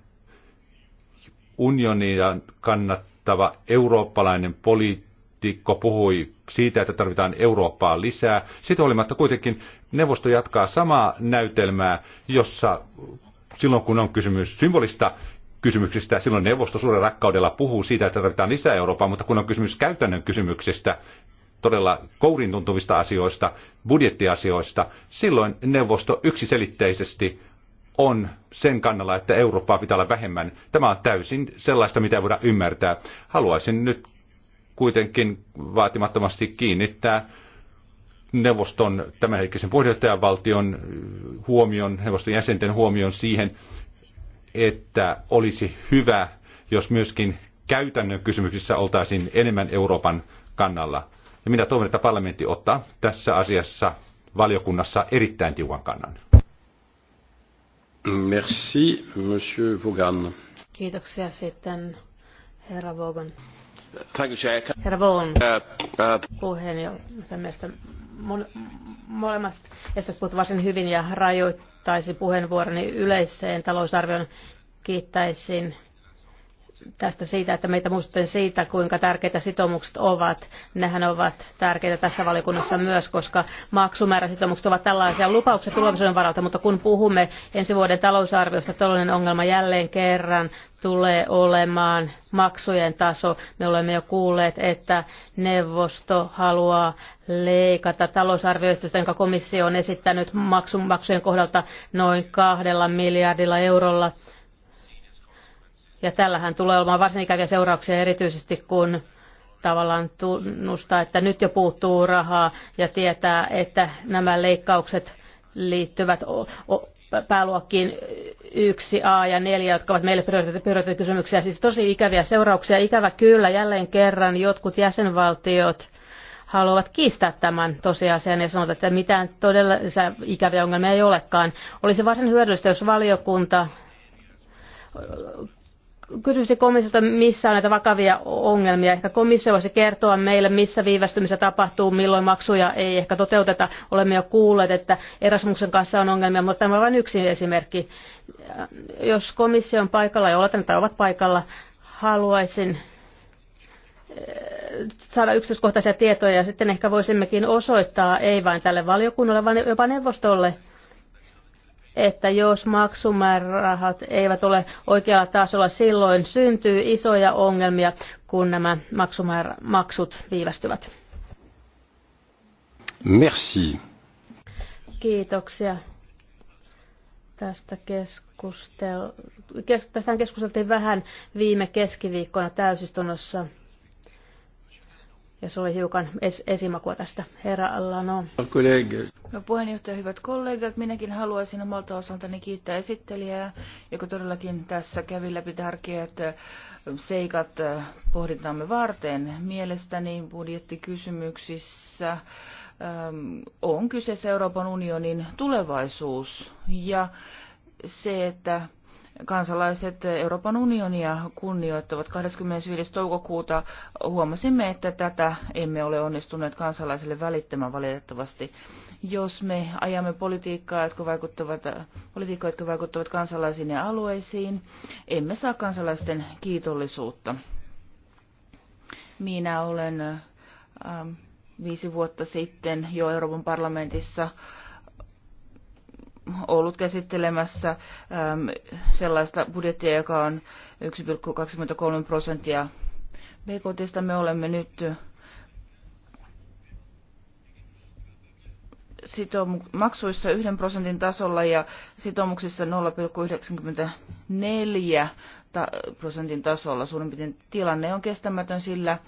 Speaker 3: unionia kannattava eurooppalainen poliitikko puhui siitä, että tarvitaan Eurooppaa lisää. Siitä olimatta kuitenkin neuvosto jatkaa samaa näytelmää, jossa silloin kun on kysymys symbolista kysymyksistä, silloin neuvosto suurella rakkaudella puhuu siitä, että tarvitaan lisää Eurooppaa, mutta kun on kysymys käytännön kysymyksistä, todella kourin tuntuvista asioista, budjettiasioista, silloin neuvosto yksiselitteisesti on sen kannalla, että Eurooppaa pitää olla vähemmän. Tämä on täysin sellaista, mitä voidaan ymmärtää. Haluaisin nyt kuitenkin vaatimattomasti kiinnittää neuvoston tämänhetkisen puheenjohtajavaltion huomion, neuvoston jäsenten huomion siihen, että olisi hyvä, jos myöskin käytännön kysymyksissä oltaisiin enemmän Euroopan kannalla. Ja minä toivon, että parlamentti ottaa tässä asiassa valiokunnassa erittäin tiukan kannan.
Speaker 1: Merci, Monsieur Vaughan.
Speaker 2: Kiitoksia sitten, herra Vaughan.
Speaker 1: Thank you, Chair. Herra Vaughan, uh, uh
Speaker 2: puheenjohtaja, mielestä molemmat estät puhut varsin hyvin ja rajoittaisin puheenvuoroni yleiseen talousarvion kiittäisin tästä siitä, että meitä muistutte siitä, kuinka tärkeitä sitoumukset ovat. Nehän ovat tärkeitä tässä valiokunnassa myös, koska maksumääräsitoumukset ovat tällaisia lupauksia tulevaisuuden varalta, mutta kun puhumme ensi vuoden talousarviosta, tällainen ongelma jälleen kerran tulee olemaan maksujen taso. Me olemme jo kuulleet, että neuvosto haluaa leikata talousarvioistusta, jonka komissio on esittänyt maksujen kohdalta noin kahdella miljardilla eurolla ja tällähän tulee olemaan varsin ikäviä seurauksia erityisesti, kun tavallaan tunnustaa, että nyt jo puuttuu rahaa ja tietää, että nämä leikkaukset liittyvät pääluokkiin 1A ja 4, jotka ovat meille prioriteettikysymyksiä. Siis tosi ikäviä seurauksia. Ikävä kyllä, jälleen kerran jotkut jäsenvaltiot haluavat kiistää tämän tosiasian ja sanoa, että mitään todella ikäviä ongelmia ei olekaan. Olisi varsin hyödyllistä, jos valiokunta Kysyisin komissiolta, missä on näitä vakavia ongelmia. Ehkä komissio voisi kertoa meille, missä viivästymistä tapahtuu, milloin maksuja ei ehkä toteuteta. Olemme jo kuulleet, että Erasmuksen kanssa on ongelmia, mutta tämä on vain yksi esimerkki. Jos komissio on paikalla ja oletan, että ovat paikalla, haluaisin eh, saada yksityiskohtaisia tietoja ja sitten ehkä voisimmekin osoittaa ei vain tälle valiokunnalle, vaan jopa neuvostolle – että jos maksumäärärahat eivät ole oikealla tasolla, silloin syntyy isoja ongelmia, kun nämä maksut viivästyvät.
Speaker 1: Merci.
Speaker 2: Kiitoksia tästä keskustel... Kes... Tästä keskusteltiin vähän viime keskiviikkona täysistunnossa ja se oli hiukan es- esimakua tästä. Herra
Speaker 4: Lano. No puheenjohtaja, hyvät kollegat, minäkin haluaisin omalta osaltani kiittää esittelijää, joka todellakin tässä kävi läpi tärkeät äh, seikat äh, pohditaamme varten. Mielestäni budjettikysymyksissä äm, on kyseessä Euroopan unionin tulevaisuus ja se, että kansalaiset Euroopan unionia kunnioittavat. 25. toukokuuta huomasimme, että tätä emme ole onnistuneet kansalaisille välittämään valitettavasti. Jos me ajamme politiikkaa, jotka vaikuttavat, politiikkaa, jotka vaikuttavat kansalaisiin ja alueisiin, emme saa kansalaisten kiitollisuutta. Minä olen äh, viisi vuotta sitten jo Euroopan parlamentissa äh, ollut käsittelemässä ähm, sellaista budjettia, joka on 1,23 prosenttia BKTstä. Me olemme nyt sitoum- maksuissa yhden prosentin tasolla ja sitoumuksissa 0,94 ta- prosentin tasolla. Suurin piirtein tilanne on kestämätön, sillä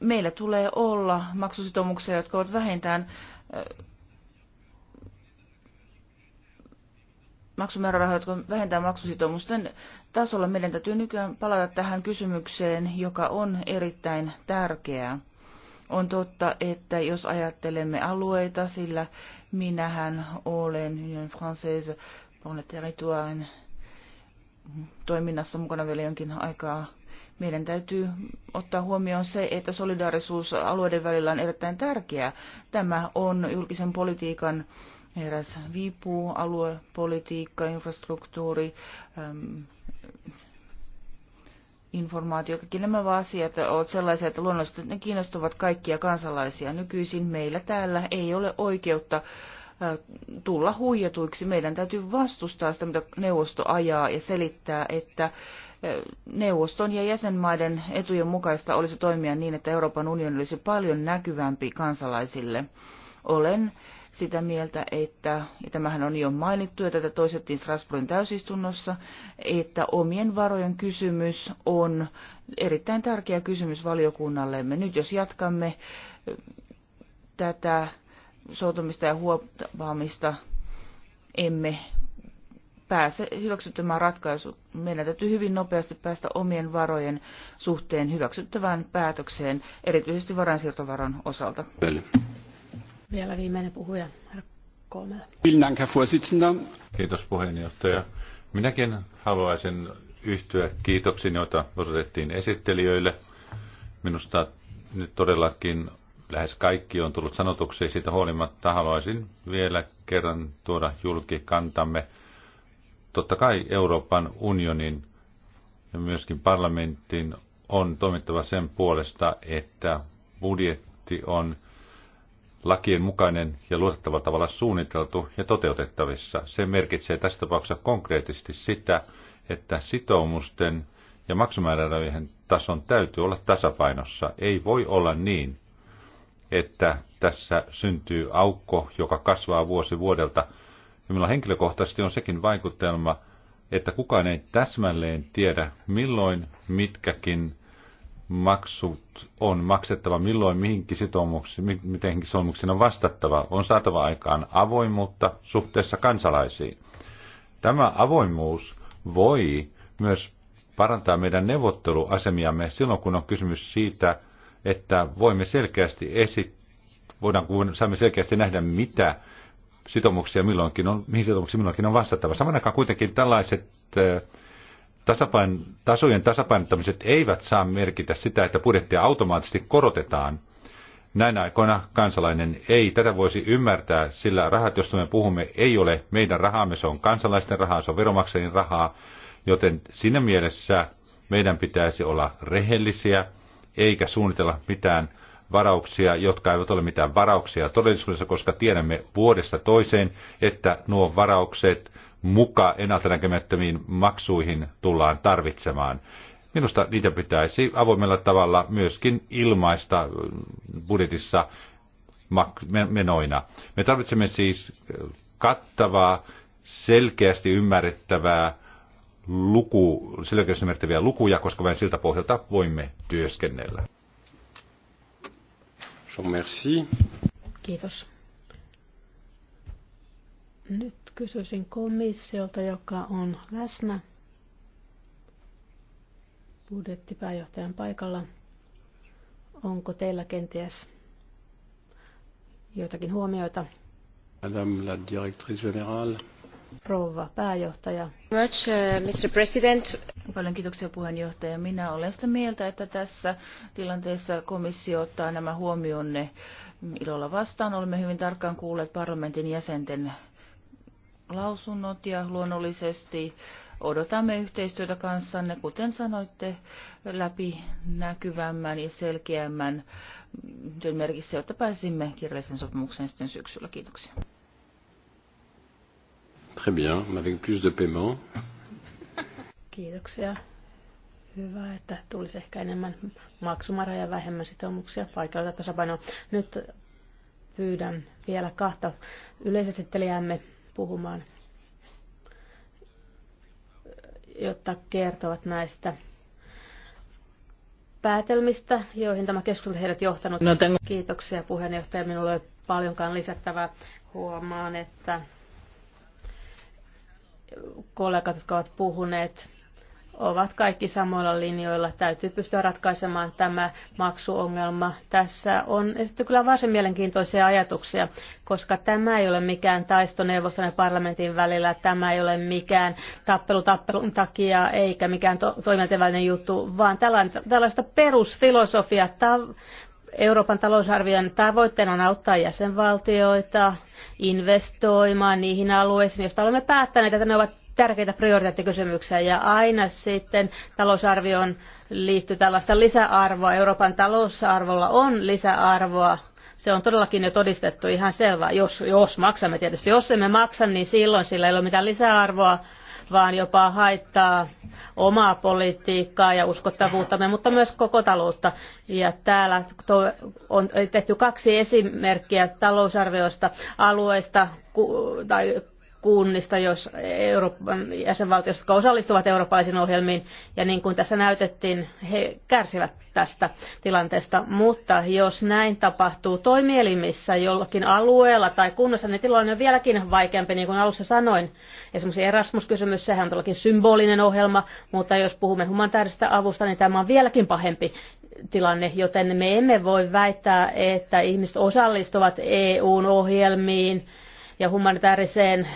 Speaker 4: meillä tulee olla maksusitoumuksia, jotka ovat vähintään äh, maksumäärärahoja, jotka vähentää maksusitoumusten tasolla. Meidän täytyy nykyään palata tähän kysymykseen, joka on erittäin tärkeää. On totta, että jos ajattelemme alueita, sillä minähän olen Union Française pour le territoire toiminnassa mukana vielä jonkin aikaa. Meidän täytyy ottaa huomioon se, että solidaarisuus alueiden välillä on erittäin tärkeää. Tämä on julkisen politiikan äh, eräs viipuu, aluepolitiikka, infrastruktuuri, äm, informaatio, kaikki nämä asiat ovat sellaisia, että luonnollisesti ne kiinnostavat kaikkia kansalaisia. Nykyisin meillä täällä ei ole oikeutta äh, tulla huijatuiksi. Meidän täytyy vastustaa sitä, mitä neuvosto ajaa ja selittää, että äh, neuvoston ja jäsenmaiden etujen mukaista olisi toimia niin, että Euroopan unioni olisi paljon näkyvämpi kansalaisille. Olen sitä mieltä, että, ja tämähän on jo mainittu, ja tätä toisettiin Strasbourgin täysistunnossa, että omien varojen kysymys on erittäin tärkeä kysymys valiokunnallemme. Nyt jos jatkamme äh, tätä soutumista ja huopaamista, emme pääse hyväksyttämään ratkaisu. Meidän täytyy hyvin nopeasti päästä omien varojen suhteen hyväksyttävään päätökseen, erityisesti varainsiirtovaron osalta.
Speaker 1: Pelle.
Speaker 2: Vielä viimeinen puhuja, kolmella.
Speaker 1: Kiitos
Speaker 3: puheenjohtaja. Minäkin haluaisin yhtyä kiitoksiin, joita osoitettiin esittelijöille. Minusta nyt todellakin lähes kaikki on tullut sanotuksi siitä huolimatta. Haluaisin vielä kerran tuoda julki kantamme. Totta kai Euroopan unionin ja myöskin parlamentin on toimittava sen puolesta, että budjetti on lakien mukainen ja luotettavalla tavalla suunniteltu ja toteutettavissa. Se merkitsee tässä tapauksessa konkreettisesti sitä, että sitoumusten ja maksumäärärahojen tason täytyy olla tasapainossa. Ei voi olla niin, että tässä syntyy aukko, joka kasvaa vuosi vuodelta. Ja minulla henkilökohtaisesti on sekin vaikutelma, että kukaan ei täsmälleen tiedä, milloin mitkäkin maksut on maksettava milloin mihinkin sitoumuksiin, mitenkin sitoumuksiin on vastattava. On saatava aikaan avoimuutta suhteessa kansalaisiin. Tämä avoimuus voi myös parantaa meidän neuvotteluasemiamme silloin, kun on kysymys siitä, että voimme selkeästi esittää, voidaan, kun saamme selkeästi nähdä, mitä sitoumuksia milloinkin on, mihin sitoumuksiin milloinkin on vastattava. Samaan aikaan kuitenkin tällaiset äh, tasapain, tasojen tasapainottamiset eivät saa merkitä sitä, että budjettia automaattisesti korotetaan. Näin aikoina kansalainen ei tätä voisi ymmärtää, sillä rahat, joista me puhumme, ei ole meidän rahamme, se on kansalaisten rahaa, se on veromaksajien rahaa, joten siinä mielessä meidän pitäisi olla rehellisiä, eikä suunnitella mitään varauksia, jotka eivät ole mitään varauksia todellisuudessa, koska tiedämme vuodesta toiseen, että nuo varaukset muka ennaltanäkemättömiin maksuihin tullaan tarvitsemaan. Minusta niitä pitäisi avoimella tavalla myöskin ilmaista äh, budjetissa menoina. Me tarvitsemme siis äh, kattavaa, selkeästi ymmärrettävää luku, selkeästi ymmärrettäviä lukuja, koska vain siltä pohjalta voimme työskennellä. Merci.
Speaker 2: Kiitos. Nyt Kysyisin komissiolta, joka on läsnä budjettipääjohtajan paikalla. Onko teillä kenties joitakin huomioita?
Speaker 1: Madame la directrice générale.
Speaker 2: Rouva pääjohtaja. Much, uh, Mr.
Speaker 4: President. Paljon kiitoksia puheenjohtaja. Minä olen sitä mieltä, että tässä tilanteessa komissio ottaa nämä huomionne ilolla vastaan. Olemme hyvin tarkkaan kuulleet parlamentin jäsenten lausunnot ja luonnollisesti odotamme yhteistyötä kanssanne, kuten sanoitte, läpi näkyvämmän ja selkeämmän työn merkissä, jotta pääsimme kirjallisen sopimuksen sitten syksyllä. Kiitoksia.
Speaker 1: Très bien, avec plus de paiement.
Speaker 2: Kiitoksia. Hyvä,
Speaker 4: että tulisi
Speaker 2: ehkä enemmän maksumaraa ja vähemmän sitoumuksia paikalta tasapainoa. Nyt pyydän vielä kahta yleisesittelijäämme puhumaan, jotta kertovat näistä päätelmistä, joihin tämä keskustelu heidät johtanut. No, tämän... Kiitoksia puheenjohtaja. Minulla ei paljonkaan lisättävää. Huomaan, että kollegat, jotka ovat puhuneet ovat kaikki samoilla linjoilla. Täytyy pystyä ratkaisemaan tämä maksuongelma. Tässä on esitetty kyllä varsin mielenkiintoisia ajatuksia, koska tämä ei ole mikään taisto neuvoston ja parlamentin välillä. Tämä ei ole mikään tappelu tappelun takia eikä mikään to- toimintavälinen juttu, vaan tällaista perusfilosofiaa. Euroopan talousarvion tavoitteena on auttaa jäsenvaltioita investoimaan niihin alueisiin, joista olemme päättäneet, että ne ovat tärkeitä prioriteettikysymyksiä ja aina sitten talousarvioon liittyy tällaista lisäarvoa. Euroopan talousarvolla on lisäarvoa. Se on todellakin jo todistettu ihan selvää, jos, jos maksamme tietysti. Jos emme maksa, niin silloin sillä ei ole mitään lisäarvoa, vaan jopa haittaa omaa politiikkaa ja uskottavuuttamme, mutta myös koko taloutta. Ja täällä on tehty kaksi esimerkkiä talousarvioista alueista tai kunnista, jos Euroopan jäsenvaltiot, jotka osallistuvat eurooppalaisiin ohjelmiin, ja niin kuin tässä näytettiin, he kärsivät tästä tilanteesta. Mutta jos näin tapahtuu toimielimissä jollakin alueella tai kunnassa, niin tilanne on vieläkin vaikeampi, niin kuin alussa sanoin. Esimerkiksi Erasmus-kysymys, sehän on todellakin symbolinen ohjelma, mutta jos puhumme humanitaarista avusta, niin tämä on vieläkin pahempi tilanne, joten me emme voi väittää, että ihmiset osallistuvat EUn ohjelmiin ja humanitaariseen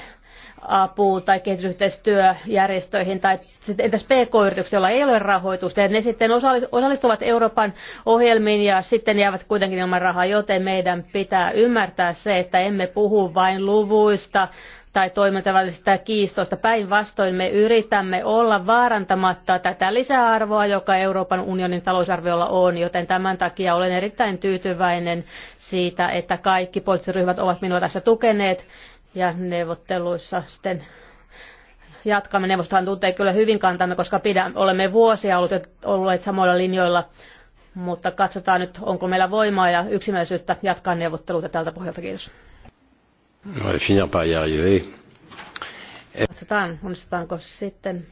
Speaker 2: apu- tai kehitysyhteistyöjärjestöihin tai sitten entäs PK-yritykset, joilla ei ole rahoitusta, ja ne sitten osallistuvat Euroopan ohjelmiin ja sitten jäävät kuitenkin ilman rahaa, joten meidän pitää ymmärtää se, että emme puhu vain luvuista tai toimintavälisistä kiistoista. Päinvastoin me yritämme olla vaarantamatta tätä lisäarvoa, joka Euroopan unionin talousarviolla on, joten tämän takia olen erittäin tyytyväinen siitä, että kaikki poliittiset ryhmät ovat minua tässä tukeneet ja neuvotteluissa sitten jatkamme. Neuvostohan tuntee kyllä hyvin kantamme, koska pidän, olemme vuosia olleet, olleet samoilla linjoilla, mutta katsotaan nyt, onko meillä voimaa ja yksimielisyyttä jatkaa neuvotteluita tältä pohjalta. Kiitos. Katsotaan, onnistutaanko sitten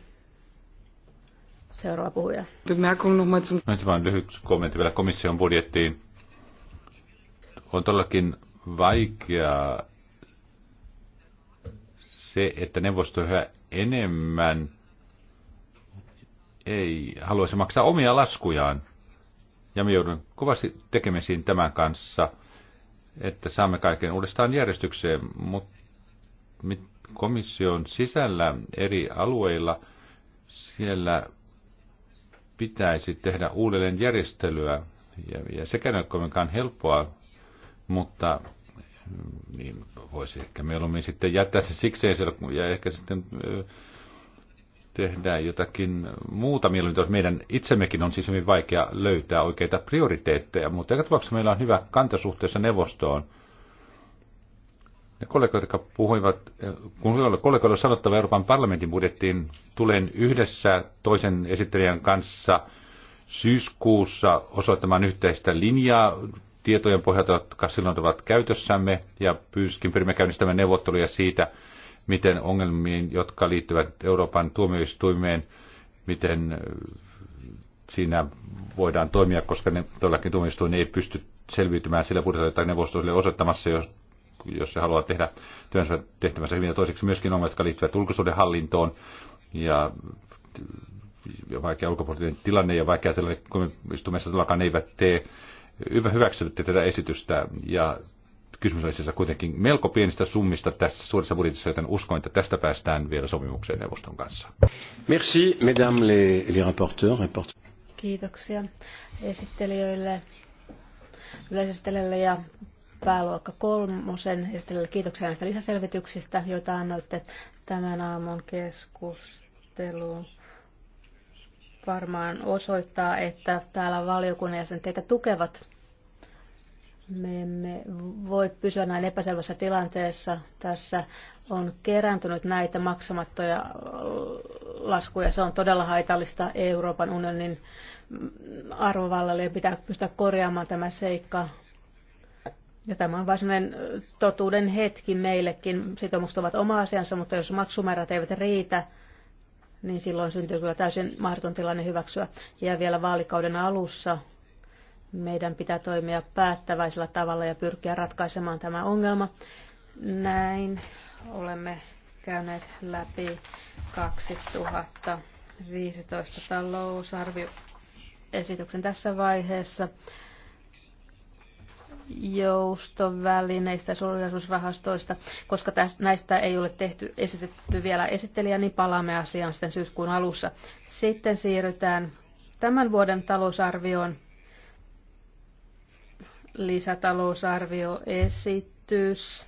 Speaker 2: seuraava puhuja.
Speaker 3: Nyt vain lyhyt kommentti vielä komission budjettiin. On todellakin vaikeaa se, että neuvosto yhä enemmän ei haluaisi maksaa omia laskujaan. Ja me joudun kovasti tekemisiin tämän kanssa, että saamme kaiken uudestaan järjestykseen, mutta komission sisällä eri alueilla siellä pitäisi tehdä uudelleen järjestelyä. Ja, ja sekään ei ole kovinkaan helppoa, mutta niin voisi ehkä mieluummin sitten jättää se sikseen siellä, ja ehkä sitten tehdään jotakin muuta mieluummin. Meidän itsemmekin on siis hyvin vaikea löytää oikeita prioriteetteja, mutta joka tapauksessa meillä on hyvä kanta suhteessa neuvostoon. Ne kollegat, jotka puhuivat, kun kollegoille sanottava Euroopan parlamentin budjettiin, tulen yhdessä toisen esittelijän kanssa syyskuussa osoittamaan yhteistä linjaa tietojen pohjalta, jotka silloin ovat käytössämme, ja pyyskin pyrimme käynnistämään neuvotteluja siitä, miten ongelmiin, jotka liittyvät Euroopan tuomioistuimeen, miten äh, siinä voidaan toimia, koska ne, todellakin tuomioistuin ei pysty selviytymään sillä budjetilla, jota neuvosto osoittamassa, jos, jos se haluaa tehdä työnsä tehtävänsä hyvin. Ja toiseksi myöskin ongelmat, jotka liittyvät ulkosuhdehallintoon hallintoon ja vaikea ulkopuolinen tilanne ja vaikea tilanne, kun istumessa todellakaan eivät tee hyväksytte tätä esitystä ja kysymys on siis kuitenkin melko pienistä summista tässä suuressa budjetissa, joten uskon, että tästä päästään vielä
Speaker 1: sopimukseen neuvoston kanssa. Merci, mesdames les, les rapporteurs. rapporteurs.
Speaker 2: Kiitoksia esittelijöille, yleisestelijöille ja pääluokka kolmosen esittelijöille. Kiitoksia näistä lisäselvityksistä, joita annoitte tämän aamun keskusteluun varmaan osoittaa, että täällä valiokunnan jäsenteitä tukevat. Me emme voi pysyä näin epäselvässä tilanteessa. Tässä on kerääntynyt näitä maksamattoja laskuja. Se on todella haitallista Euroopan unionin arvovallalle ja pitää pystyä korjaamaan tämä seikka. Ja tämä on vain totuuden hetki meillekin. Sitoumukset ovat oma asiansa, mutta jos maksumäärät eivät riitä, niin silloin syntyy kyllä täysin mahdoton tilanne hyväksyä. Ja vielä vaalikauden alussa meidän pitää toimia päättäväisellä tavalla ja pyrkiä ratkaisemaan tämä ongelma. Näin olemme käyneet läpi 2015 talousarvioesityksen tässä vaiheessa joustovälineistä ja solidarisuusrahastoista, koska tästä, näistä ei ole tehty, esitetty vielä esittelijä, niin palaamme asiaan sitten syyskuun alussa. Sitten siirrytään tämän vuoden talousarvioon. Lisätalousarvioesitys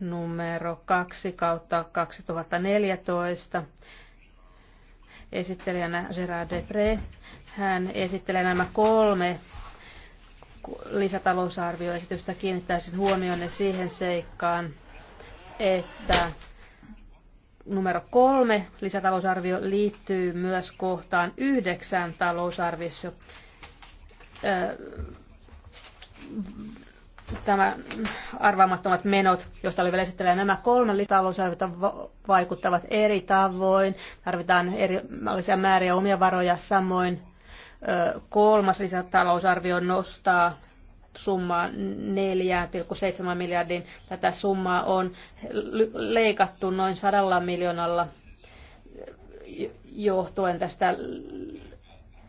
Speaker 2: numero 2 kautta 2014. Esittelijänä Gerard Depre. Hän esittelee nämä kolme lisätalousarvioesitystä kiinnittäisin huomionne siihen seikkaan, että numero kolme lisätalousarvio liittyy myös kohtaan yhdeksän talousarviossa. Tämä arvaamattomat menot, joista oli vielä esittelee, nämä kolme talousarviota vaikuttavat eri tavoin. Tarvitaan erilaisia määriä omia varoja, samoin kolmas lisätalousarvio nostaa summaa 4,7 miljardin. Tätä summaa on leikattu noin sadalla miljoonalla johtuen tästä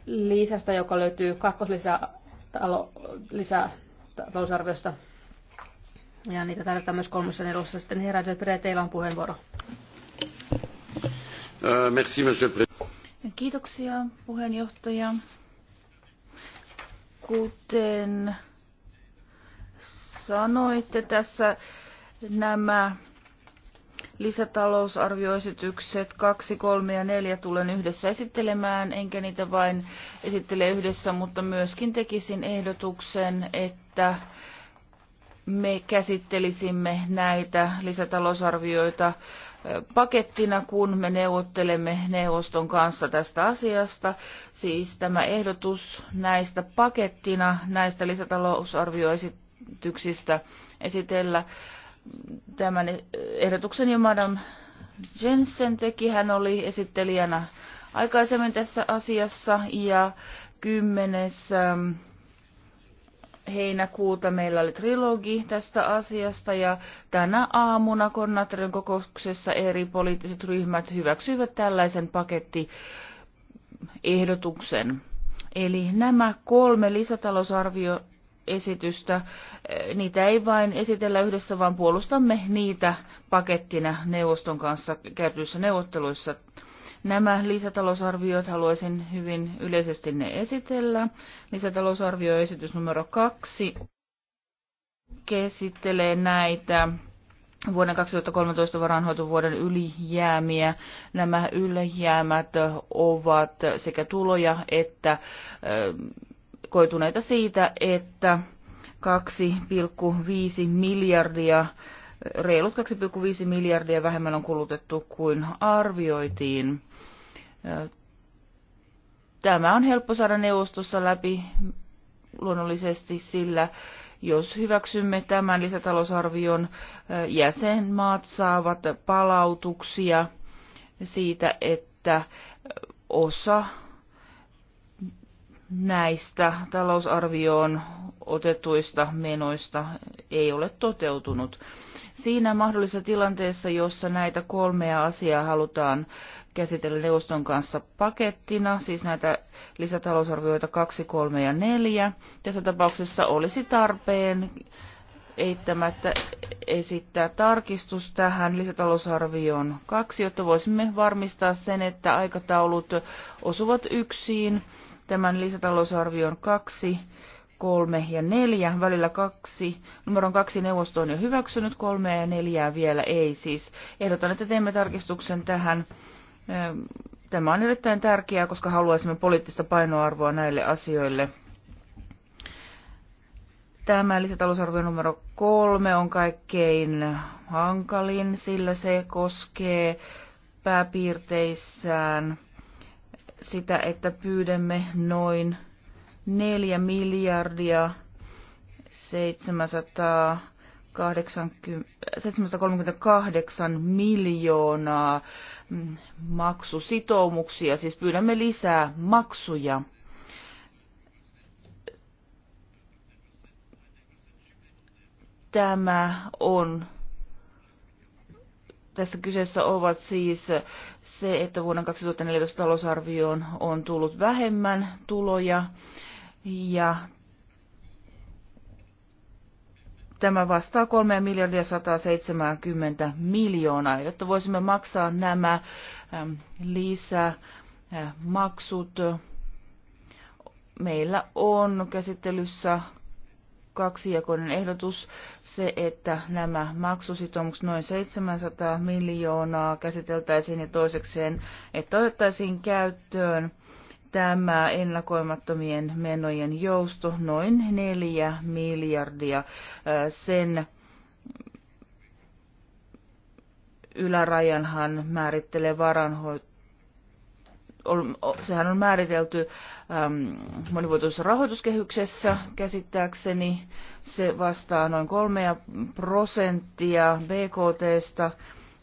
Speaker 2: lisästä, joka löytyy kakkoslisätalousarviosta. Ja niitä tarvitaan myös kolmessa nelossa. Sitten herra Delpire, teillä on puheenvuoro.
Speaker 1: Merci,
Speaker 4: Kiitoksia puheenjohtaja. Kuten sanoitte tässä, nämä lisätalousarvioesitykset 2, 3 ja 4 tulen yhdessä esittelemään, enkä niitä vain esittele yhdessä, mutta myöskin tekisin ehdotuksen, että me käsittelisimme näitä lisätalousarvioita pakettina, kun me neuvottelemme neuvoston kanssa tästä asiasta. Siis tämä ehdotus näistä pakettina, näistä lisätalousarvioesityksistä esitellä tämän ehdotuksen jo Madame Jensen teki. Hän oli esittelijänä aikaisemmin tässä asiassa ja kymmenes ähm, heinäkuuta meillä oli trilogi tästä asiasta ja tänä aamuna koordinaattorin kokouksessa eri poliittiset ryhmät hyväksyivät tällaisen pakettiehdotuksen. Eli nämä kolme lisätalousarvio esitystä. Eh, niitä ei vain esitellä yhdessä, vaan puolustamme niitä pakettina neuvoston kanssa käytyissä neuvotteluissa. Nämä lisätalousarviot haluaisin hyvin yleisesti ne esitellä. Lisätalousarvioesitys numero kaksi käsittelee näitä vuoden 2013 varanhoitovuoden ylijäämiä. Nämä ylijäämät ovat sekä tuloja että koituneita siitä, että 2,5 miljardia reilut 2,5 miljardia vähemmän on kulutettu kuin arvioitiin. Tämä on helppo saada neuvostossa läpi luonnollisesti, sillä jos hyväksymme tämän lisätalousarvion, jäsenmaat saavat palautuksia siitä, että osa näistä talousarvioon otetuista menoista ei ole toteutunut. Siinä mahdollisessa tilanteessa, jossa näitä kolmea asiaa halutaan käsitellä neuvoston kanssa pakettina, siis näitä lisätalousarvioita 2, 3 ja 4, tässä tapauksessa olisi tarpeen eittämättä esittää tarkistus tähän lisätalousarvioon kaksi, jotta voisimme varmistaa sen, että aikataulut osuvat yksiin tämän lisätalousarvion kaksi, kolme ja neljä, välillä kaksi, numeron kaksi neuvosto on jo hyväksynyt, kolmea ja neljää vielä ei siis. Ehdotan, että teemme tarkistuksen tähän. Ehm, Tämä on erittäin tärkeää, koska haluaisimme poliittista painoarvoa näille asioille. Tämä lisätalousarvio numero kolme on kaikkein hankalin, sillä se koskee pääpiirteissään sitä, että pyydämme noin 4 miljardia 780, 738 miljoonaa mm, maksusitoumuksia, siis pyydämme lisää maksuja. Tämä on tässä kyseessä ovat siis se, että vuoden 2014 talousarvioon on tullut vähemmän tuloja ja Tämä vastaa 3 miljardia 170 miljoonaa, jotta voisimme maksaa nämä lisämaksut. Meillä on käsittelyssä kaksijakoinen ehdotus, se, että nämä maksusitoumukset noin 700 miljoonaa käsiteltäisiin ja toisekseen, että otettaisiin käyttöön tämä ennakoimattomien menojen jousto noin 4 miljardia äh, sen ylärajanhan määrittelee varanhoito on, sehän on määritelty äm, monivuotoisessa rahoituskehyksessä käsittääkseni. Se vastaa noin 3 prosenttia BKTstä.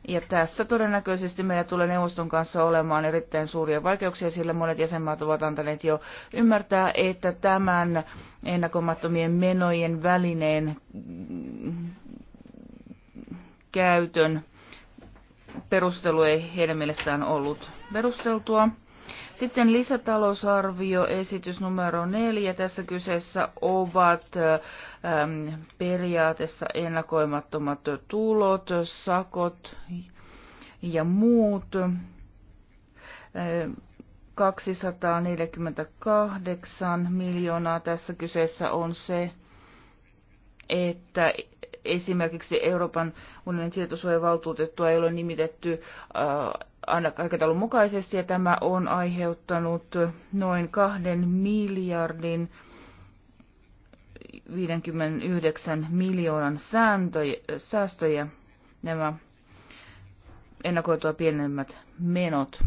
Speaker 4: Ja tässä todennäköisesti meillä tulee neuvoston kanssa olemaan erittäin suuria vaikeuksia, sillä monet jäsenmaat ovat antaneet jo ymmärtää, että tämän ennakomattomien menojen välineen käytön perustelu ei heidän mielestään ollut perusteltua. Sitten lisätalousarvioesitys numero neljä. Tässä kyseessä ovat ähm, periaatessa ennakoimattomat tulot, sakot ja muut. 248 äh, miljoonaa tässä kyseessä on se, että esimerkiksi Euroopan unionin tietosuojavaltuutettua ei ole nimitetty äh, aikataulun mukaisesti, ja tämä on aiheuttanut noin kahden miljardin 59 miljoonan sääntöjä, säästöjä nämä ennakoitua pienemmät menot.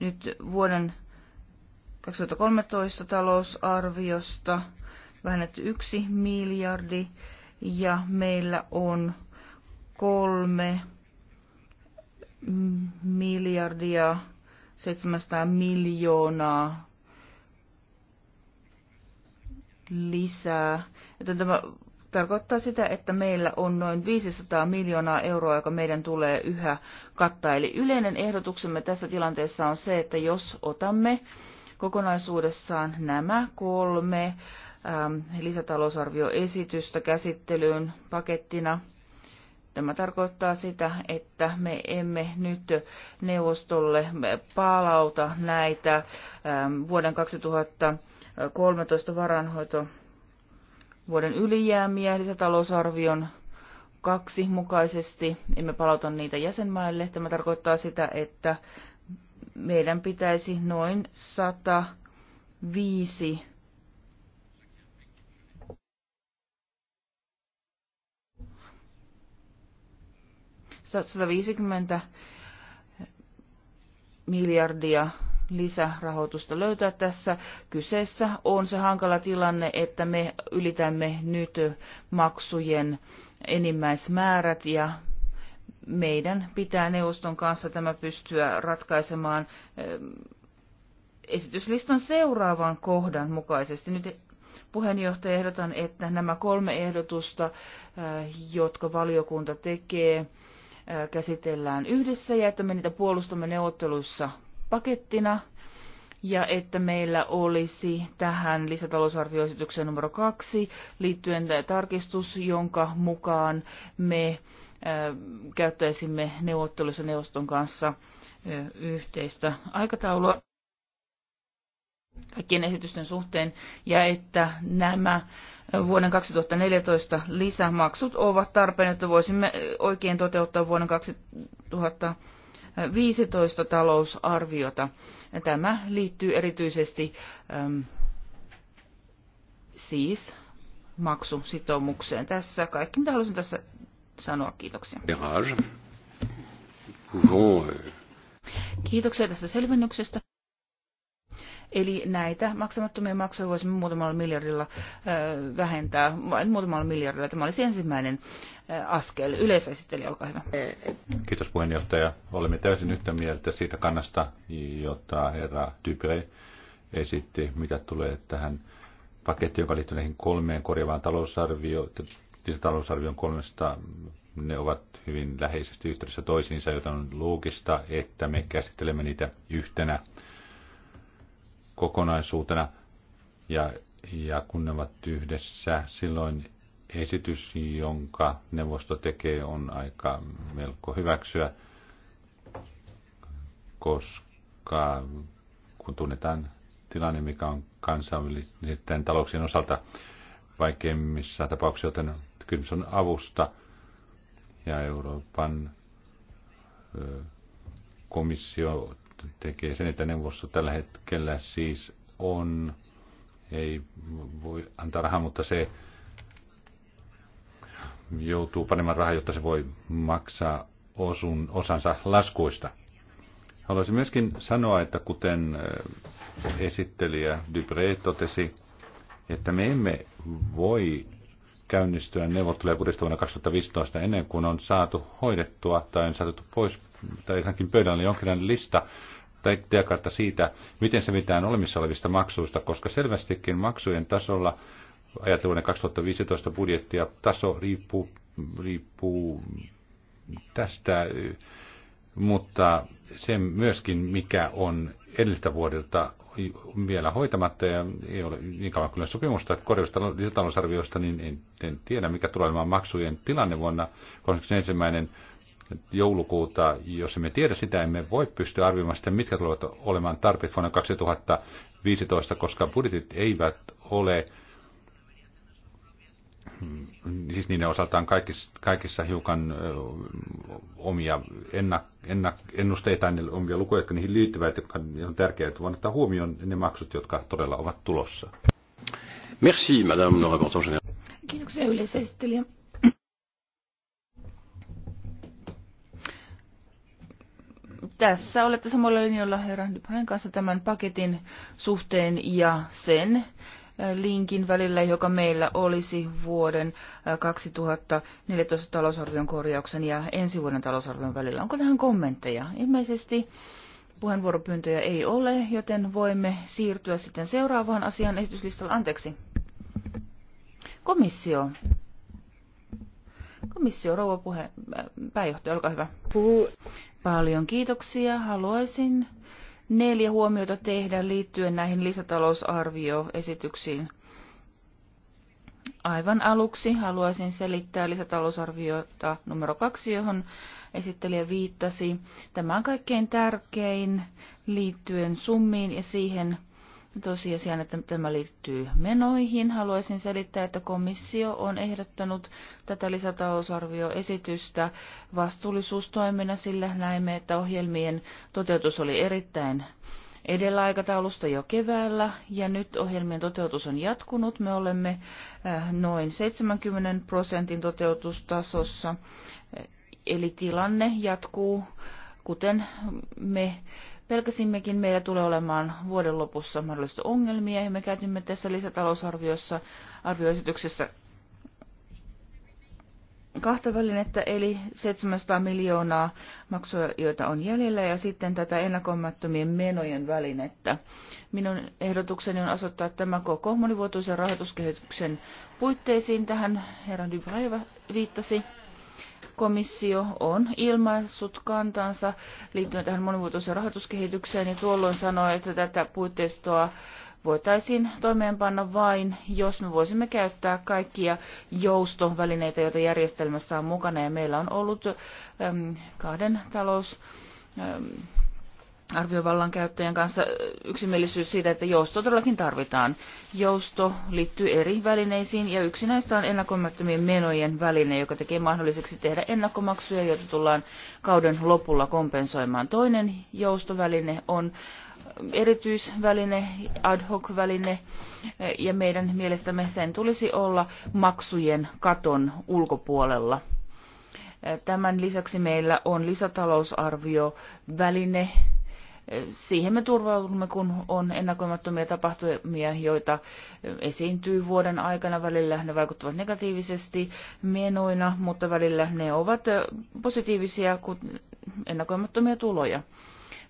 Speaker 4: Nyt vuoden 2013 talousarviosta vähennetty yksi miljardi ja meillä on kolme miljardia 700 miljoonaa lisää. Joten tämä tarkoittaa sitä, että meillä on noin 500 miljoonaa euroa, joka meidän tulee yhä kattaa. Eli yleinen ehdotuksemme tässä tilanteessa on se, että jos otamme kokonaisuudessaan nämä kolme ähm, lisätalousarvioesitystä käsittelyyn pakettina. Tämä tarkoittaa sitä, että me emme nyt neuvostolle palauta näitä ähm, vuoden 2013 varanhoito vuoden ylijäämiä lisätalousarvion kaksi mukaisesti. Emme palauta niitä jäsenmaille. Tämä tarkoittaa sitä, että meidän pitäisi noin 105 150 miljardia lisärahoitusta löytää tässä. Kyseessä on se hankala tilanne, että me ylitämme nyt maksujen enimmäismäärät ja meidän pitää neuvoston kanssa tämä pystyä ratkaisemaan eh, esityslistan seuraavan kohdan mukaisesti. Nyt puheenjohtaja ehdotan, että nämä kolme ehdotusta, eh, jotka valiokunta tekee, eh, käsitellään yhdessä ja että me niitä puolustamme neuvotteluissa pakettina ja että meillä olisi tähän lisätalousarvioesitykseen numero kaksi liittyen tarkistus, jonka mukaan me käyttäisimme neuvottelussa neuvoston kanssa yhteistä aikataulua kaikkien esitysten suhteen ja että nämä vuoden 2014 lisämaksut ovat tarpeen, että voisimme oikein toteuttaa vuoden 2015 talousarviota. Ja tämä liittyy erityisesti äm, siis maksusitoumukseen. Tässä kaikki, mitä halusin tässä sanoa
Speaker 1: kiitoksia. Euh,
Speaker 4: kiitoksia tästä selvennyksestä. Eli näitä maksamattomia maksuja voisimme muutamalla miljardilla äh, vähentää, vain muutamalla miljardilla. Tämä olisi ensimmäinen äh, askel. Yleisesittelijä, olkaa hyvä.
Speaker 3: Kiitos puheenjohtaja. Olemme täysin yhtä mieltä siitä kannasta, jota herra Dybre esitti, mitä tulee tähän pakettiin, joka liittyy näihin kolmeen korjaavaan talousarvioon lisätalousarvion kolmesta, ne ovat hyvin läheisesti yhteydessä toisiinsa, joten on luukista, että me käsittelemme niitä yhtenä kokonaisuutena. Ja, ja kun ne ovat yhdessä, silloin esitys, jonka neuvosto tekee, on aika melko hyväksyä, koska kun tunnetaan tilanne, mikä on kansainvälisten talouksien osalta vaikeimmissa tapauksissa, joten kysymys on avusta ja Euroopan komissio tekee sen, että neuvosto tällä hetkellä siis on, ei voi antaa rahaa, mutta se joutuu panemaan rahaa, jotta se voi maksaa osun, osansa laskuista. Haluaisin myöskin sanoa, että kuten esittelijä Dupré totesi, että me emme voi käynnistyä neuvotteluja budjetista vuonna 2015 ennen kuin on saatu hoidettua tai on saatu pois tai ainakin pöydälle jonkinlainen lista tai tiekartta siitä, miten se mitään olemissa olevista maksuista, koska selvästikin maksujen tasolla ajatellen vuoden 2015 budjettia taso riippuu, riippuu tästä, mutta se myöskin mikä on edellistä vuodelta vielä hoitamatta ja ei ole niin kauan kyllä sopimusta korjausta lisätalousarviosta, niin en, en, tiedä mikä tulee olemaan maksujen tilanne vuonna 31. joulukuuta. Jos emme tiedä sitä, emme voi pystyä arvioimaan sitä, mitkä tulevat olemaan tarpeet vuonna 2015, koska budjetit eivät ole Mm. siis niiden osalta on kaikissa, kaikissa hiukan omia ennak, ennak, ennusteita, omia lukuja, jotka niihin liittyvät, jotka on tärkeää, että voidaan ottaa huomioon ne maksut, jotka todella ovat tulossa.
Speaker 1: Merci, madame le rapporteur général.
Speaker 4: Kiitoksia yleisesittelijä. Tässä olette samalla linjalla herra Dupanen kanssa tämän paketin suhteen ja sen linkin välillä, joka meillä olisi vuoden 2014 talousarvion korjauksen ja ensi vuoden talousarvion välillä. Onko tähän kommentteja? Ilmeisesti puheenvuoropyyntöjä ei ole, joten voimme siirtyä sitten seuraavaan asiaan esityslistalla. Anteeksi. Komissio. Komissio, rouva puhe, pääjohtaja, olkaa hyvä. Puhu. Paljon kiitoksia. Haluaisin neljä huomiota tehdä liittyen näihin lisätalousarvioesityksiin. Aivan aluksi haluaisin selittää lisätalousarviota numero kaksi, johon esittelijä viittasi. Tämä on kaikkein tärkein liittyen summiin ja siihen, tosiasiaan, että tämä liittyy menoihin. Haluaisin selittää, että komissio on ehdottanut tätä lisätalousarvioesitystä vastuullisuustoimena, sillä näimme, että ohjelmien toteutus oli erittäin edellä aikataulusta jo keväällä ja nyt ohjelmien toteutus on jatkunut. Me olemme äh, noin 70 prosentin toteutustasossa, äh, eli tilanne jatkuu kuten me Pelkäsimmekin, meillä tulee olemaan vuoden lopussa mahdollisesti ongelmia, ja me käytimme tässä lisätalousarviossa arvioesityksessä kahta välinettä, eli 700 miljoonaa maksuja, joita on jäljellä, ja sitten tätä ennakoimattomien menojen välinettä. Minun ehdotukseni on asettaa tämä koko monivuotuisen rahoituskehityksen puitteisiin. Tähän herran Dybraiva viittasi komissio on ilmaissut kantansa liittyen tähän monimuotoiseen rahoituskehitykseen ja tuolloin sanoi, että tätä puitteistoa voitaisiin toimeenpanna vain, jos me voisimme käyttää kaikkia joustovälineitä, joita järjestelmässä on mukana. Ja meillä on ollut kahden talous arviovallan käyttäjän kanssa yksimielisyys siitä, että jousto todellakin tarvitaan. Jousto liittyy eri välineisiin ja yksi näistä on ennakoimattomien menojen väline, joka tekee mahdolliseksi tehdä ennakkomaksuja, joita tullaan kauden lopulla kompensoimaan. Toinen joustoväline on erityisväline, ad hoc väline, ja meidän mielestämme sen tulisi olla maksujen katon ulkopuolella. Tämän lisäksi meillä on lisätalousarvio väline, Siihen me turvaudumme, kun on ennakoimattomia tapahtumia, joita esiintyy vuoden aikana. Välillä ne vaikuttavat negatiivisesti menoina, mutta välillä ne ovat positiivisia kuin ennakoimattomia tuloja.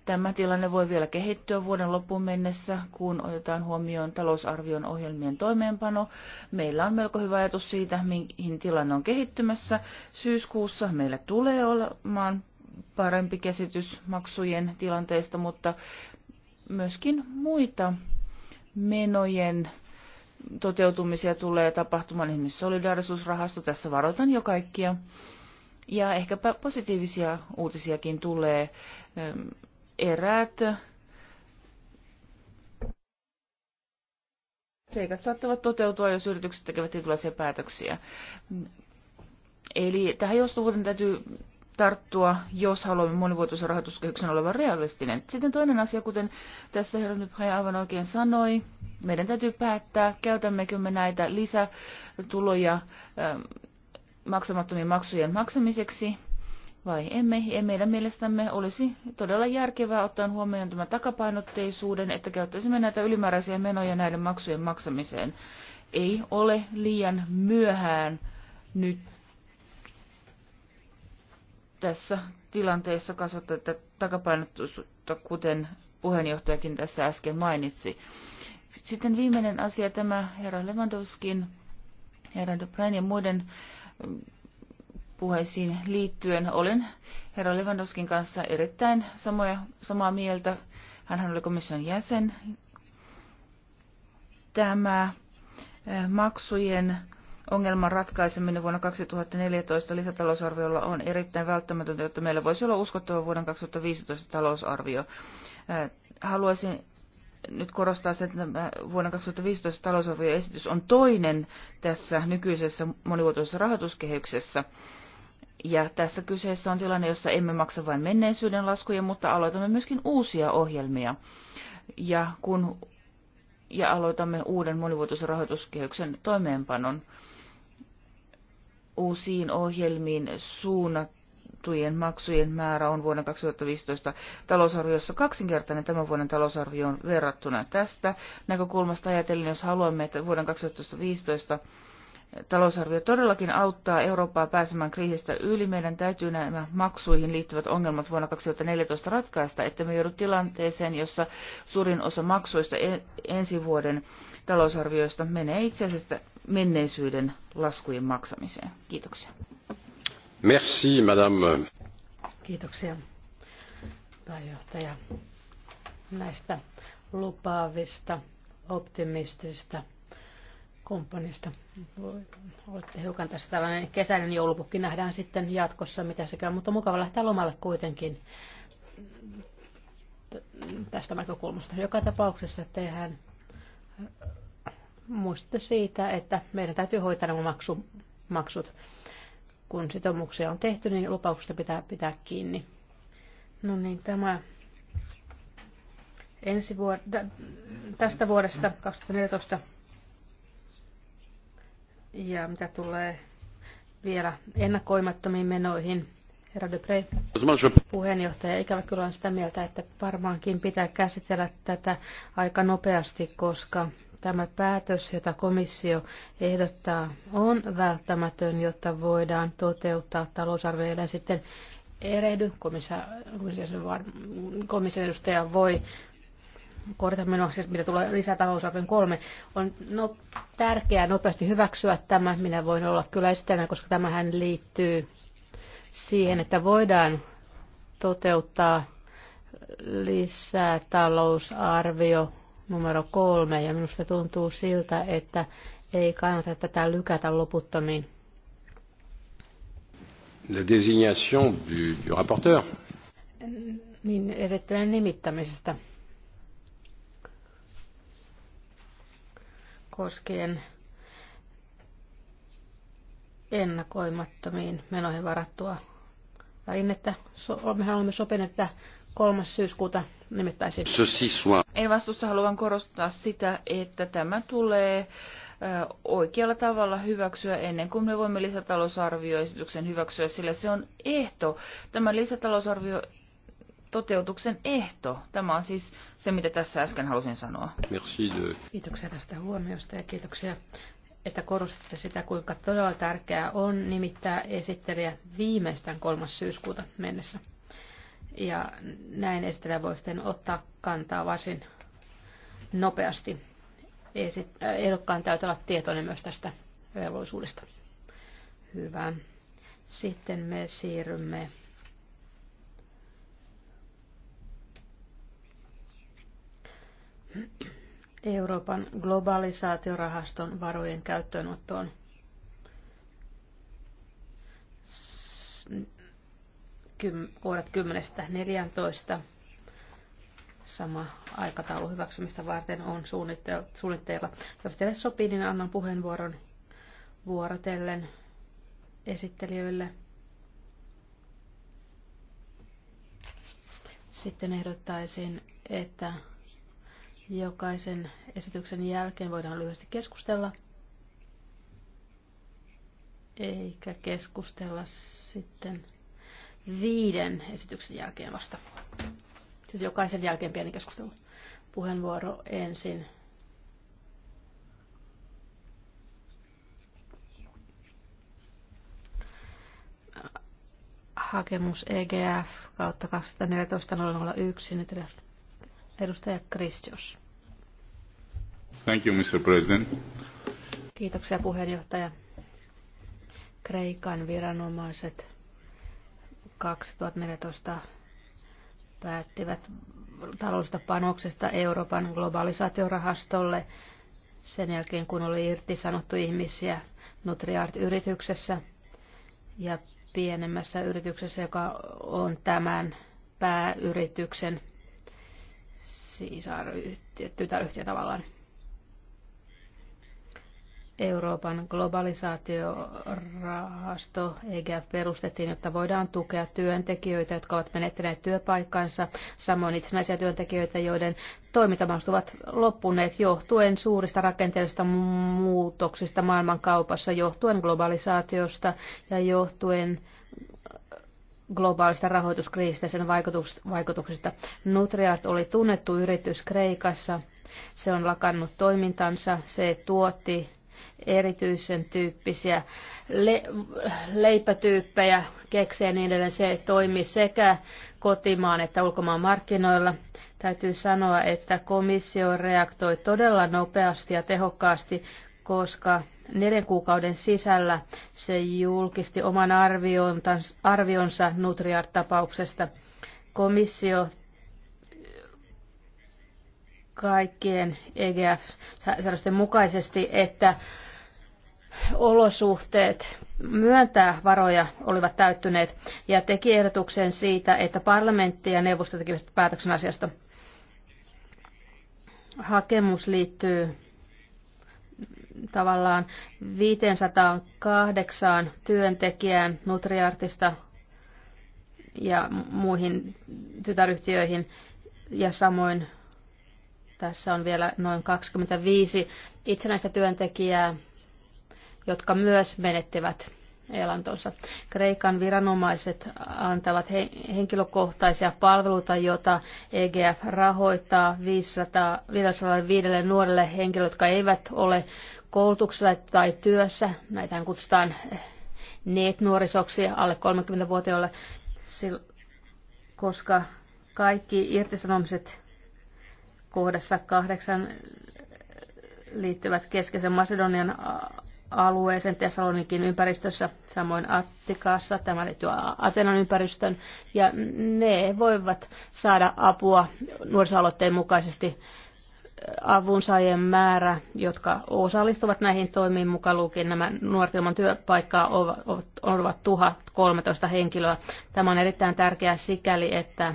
Speaker 4: Tämä tilanne voi vielä kehittyä vuoden loppuun mennessä, kun otetaan huomioon talousarvion ohjelmien toimeenpano. Meillä on melko hyvä ajatus siitä, mihin tilanne on kehittymässä. Syyskuussa meillä tulee olemaan parempi käsitys maksujen tilanteesta, mutta myöskin muita menojen toteutumisia tulee tapahtumaan, esimerkiksi solidarisuusrahasto, tässä varoitan jo kaikkia. Ja ehkäpä positiivisia uutisiakin tulee. Eräät seikat saattavat toteutua, jos yritykset tekevät tietynlaisia päätöksiä. Eli tähän joustavuuteen täytyy tarttua, jos haluamme monivuotoisen rahoituskehyksen olevan realistinen. Sitten toinen asia, kuten tässä herra Nypre aivan oikein sanoi, meidän täytyy päättää, käytämmekö me näitä lisätuloja ähm, maksamattomien maksujen maksamiseksi vai emme. Ja meidän mielestämme olisi todella järkevää ottaa huomioon tämä takapainotteisuuden, että käyttäisimme näitä ylimääräisiä menoja näiden maksujen maksamiseen. Ei ole liian myöhään nyt tässä tilanteessa kasvattaa tätä takapainottuisuutta, kuten puheenjohtajakin tässä äsken mainitsi. Sitten viimeinen asia, tämä herra Lewandowskin, herra Dupren ja muiden mm, puheisiin liittyen. Olen herra Lewandowskin kanssa erittäin samoja, samaa mieltä. hän oli komission jäsen. Tämä eh, maksujen ongelman ratkaiseminen vuonna 2014 lisätalousarviolla on erittäin välttämätöntä, jotta meillä voisi olla uskottava vuoden 2015 talousarvio. Äh, haluaisin nyt korostaa sen, että tämä vuonna 2015 talousarvioesitys on toinen tässä nykyisessä monivuotoisessa rahoituskehyksessä. Ja tässä kyseessä on tilanne, jossa emme maksa vain menneisyyden laskuja, mutta aloitamme myöskin uusia ohjelmia. Ja kun ja aloitamme uuden monivuotisen rahoituskehyksen toimeenpanon uusiin ohjelmiin suunnattujen maksujen määrä on vuonna 2015 talousarviossa kaksinkertainen tämän vuoden talousarvioon verrattuna tästä näkökulmasta ajatellen, jos haluamme, että vuoden 2015 talousarvio todellakin auttaa Eurooppaa pääsemään kriisistä yli, meidän täytyy nämä maksuihin liittyvät ongelmat vuonna 2014 ratkaista, että me joudu tilanteeseen, jossa suurin osa maksuista e- ensi vuoden talousarvioista menee itse asiassa menneisyyden laskujen maksamiseen. Kiitoksia.
Speaker 1: Merci, madame.
Speaker 2: Kiitoksia, pääjohtaja, näistä lupaavista, optimistisista kumppanista. Olette hiukan tässä tällainen kesäinen joulupukki. Nähdään sitten jatkossa, mitä sekä mutta mukava lähteä lomalle kuitenkin tästä näkökulmasta. Joka tapauksessa tehdään äh, muista siitä, että meidän täytyy hoitaa nämä maksu, maksut. Kun sitoumuksia on tehty, niin lupauksista pitää pitää kiinni. No niin, tämä ensi vuod- tästä vuodesta 2014 ja mitä tulee vielä ennakoimattomiin menoihin, herra Duprey, puheenjohtaja, ikävä kyllä on sitä mieltä, että varmaankin pitää käsitellä tätä aika nopeasti, koska tämä päätös, jota komissio ehdottaa, on välttämätön, jotta voidaan toteuttaa talousarvioiden sitten erehdy. Komission edustaja voi korjata minua, siis mitä tulee lisätalousarvion kolme, on no, tärkeää nopeasti hyväksyä tämä. Minä voin olla kyllä esittelenä, koska tämähän liittyy siihen, että voidaan toteuttaa lisätalousarvio numero kolme. Ja minusta tuntuu siltä, että ei kannata tätä lykätä loputtomiin.
Speaker 1: La désignation du, du rapporteur.
Speaker 2: Niin, esittelen nimittämisestä. koskien ennakoimattomiin menoihin varattua välinettä. So, me olemme sopineet, että 3. syyskuuta nimittäisiin.
Speaker 4: En vastuussa haluan korostaa sitä, että tämä tulee oikealla tavalla hyväksyä ennen kuin me voimme lisätalousarvioesityksen hyväksyä, sillä se on ehto. Tämä lisätalousarvio toteutuksen ehto. Tämä on siis se, mitä tässä äsken halusin sanoa.
Speaker 1: Merci de...
Speaker 2: Kiitoksia tästä huomiosta ja kiitoksia, että korostitte sitä, kuinka todella tärkeää on nimittää esittelijä viimeistään 3. syyskuuta mennessä. Ja näin esittelijä voi sitten ottaa kantaa varsin nopeasti. Äh, ehdokkaan täytyy olla tietoinen myös tästä velvollisuudesta. Hyvä. Sitten me siirrymme Euroopan globalisaatiorahaston varojen käyttöönottoon. Kohdat 10-14 sama aikataulu hyväksymistä varten on suunnitteilla. Jos teille sopii, niin annan puheenvuoron vuorotellen esittelijöille. Sitten ehdottaisin, että Jokaisen esityksen jälkeen voidaan lyhyesti keskustella, eikä keskustella sitten viiden esityksen jälkeen vasta. Siis jokaisen jälkeen pieni keskustelu. Puheenvuoro ensin hakemus EGF kautta 2014 001 nyt Edustaja Kristios.
Speaker 3: Thank you, Mr. President.
Speaker 2: Kiitoksia puheenjohtaja. Kreikan viranomaiset 2014 päättivät taloudellisesta panoksesta Euroopan globalisaatiorahastolle sen jälkeen, kun oli irtisanottu ihmisiä Nutriart-yrityksessä ja pienemmässä yrityksessä, joka on tämän pääyrityksen sisaryhtiö, tytäryhtiö tavallaan. Euroopan globalisaatiorahasto EGF perustettiin, jotta voidaan tukea työntekijöitä, jotka ovat menettäneet työpaikkansa, samoin itsenäisiä työntekijöitä, joiden toimintamahdollisuudet ovat loppuneet johtuen suurista rakenteellisista muutoksista maailmankaupassa, johtuen globalisaatiosta ja johtuen globaalista rahoituskriisistä ja sen vaikutuksista. Nutriast oli tunnettu yritys Kreikassa. Se on lakannut toimintansa. Se tuotti erityisen tyyppisiä le- leipätyyppejä, keksejä niin edelleen. Se toimi sekä kotimaan että ulkomaan markkinoilla. Täytyy sanoa, että komissio reaktoi todella nopeasti ja tehokkaasti, koska neljän kuukauden sisällä se julkisti oman arvionsa Nutriart-tapauksesta. Komissio kaikkien EGF-säädösten mukaisesti, että olosuhteet myöntää varoja olivat täyttyneet ja teki ehdotuksen siitä, että parlamentti ja neuvosto tekivät päätöksen asiasta. Hakemus liittyy tavallaan 508 työntekijään Nutriartista ja muihin tytäryhtiöihin ja samoin tässä on vielä noin 25 itsenäistä työntekijää, jotka myös menettivät elantonsa. Kreikan viranomaiset antavat henkilökohtaisia palveluita, joita EGF rahoittaa 500, 505 nuorelle henkilölle, jotka eivät ole koulutuksessa tai työssä. näitä kutsutaan eh, NEET-nuorisoksi alle 30-vuotiaille, koska kaikki irtisanomiset kohdassa kahdeksan eh, liittyvät keskeisen Makedonian alueeseen Tesalonikin ympäristössä, samoin Attikaassa, tämä liittyy Atenan ympäristön, ja ne voivat saada apua nuorisoaloitteen mukaisesti avunsaajien määrä, jotka osallistuvat näihin toimiin mukaan lukien nämä nuorten ilman työpaikkaa ovat, ovat 1013 henkilöä. Tämä on erittäin tärkeää sikäli, että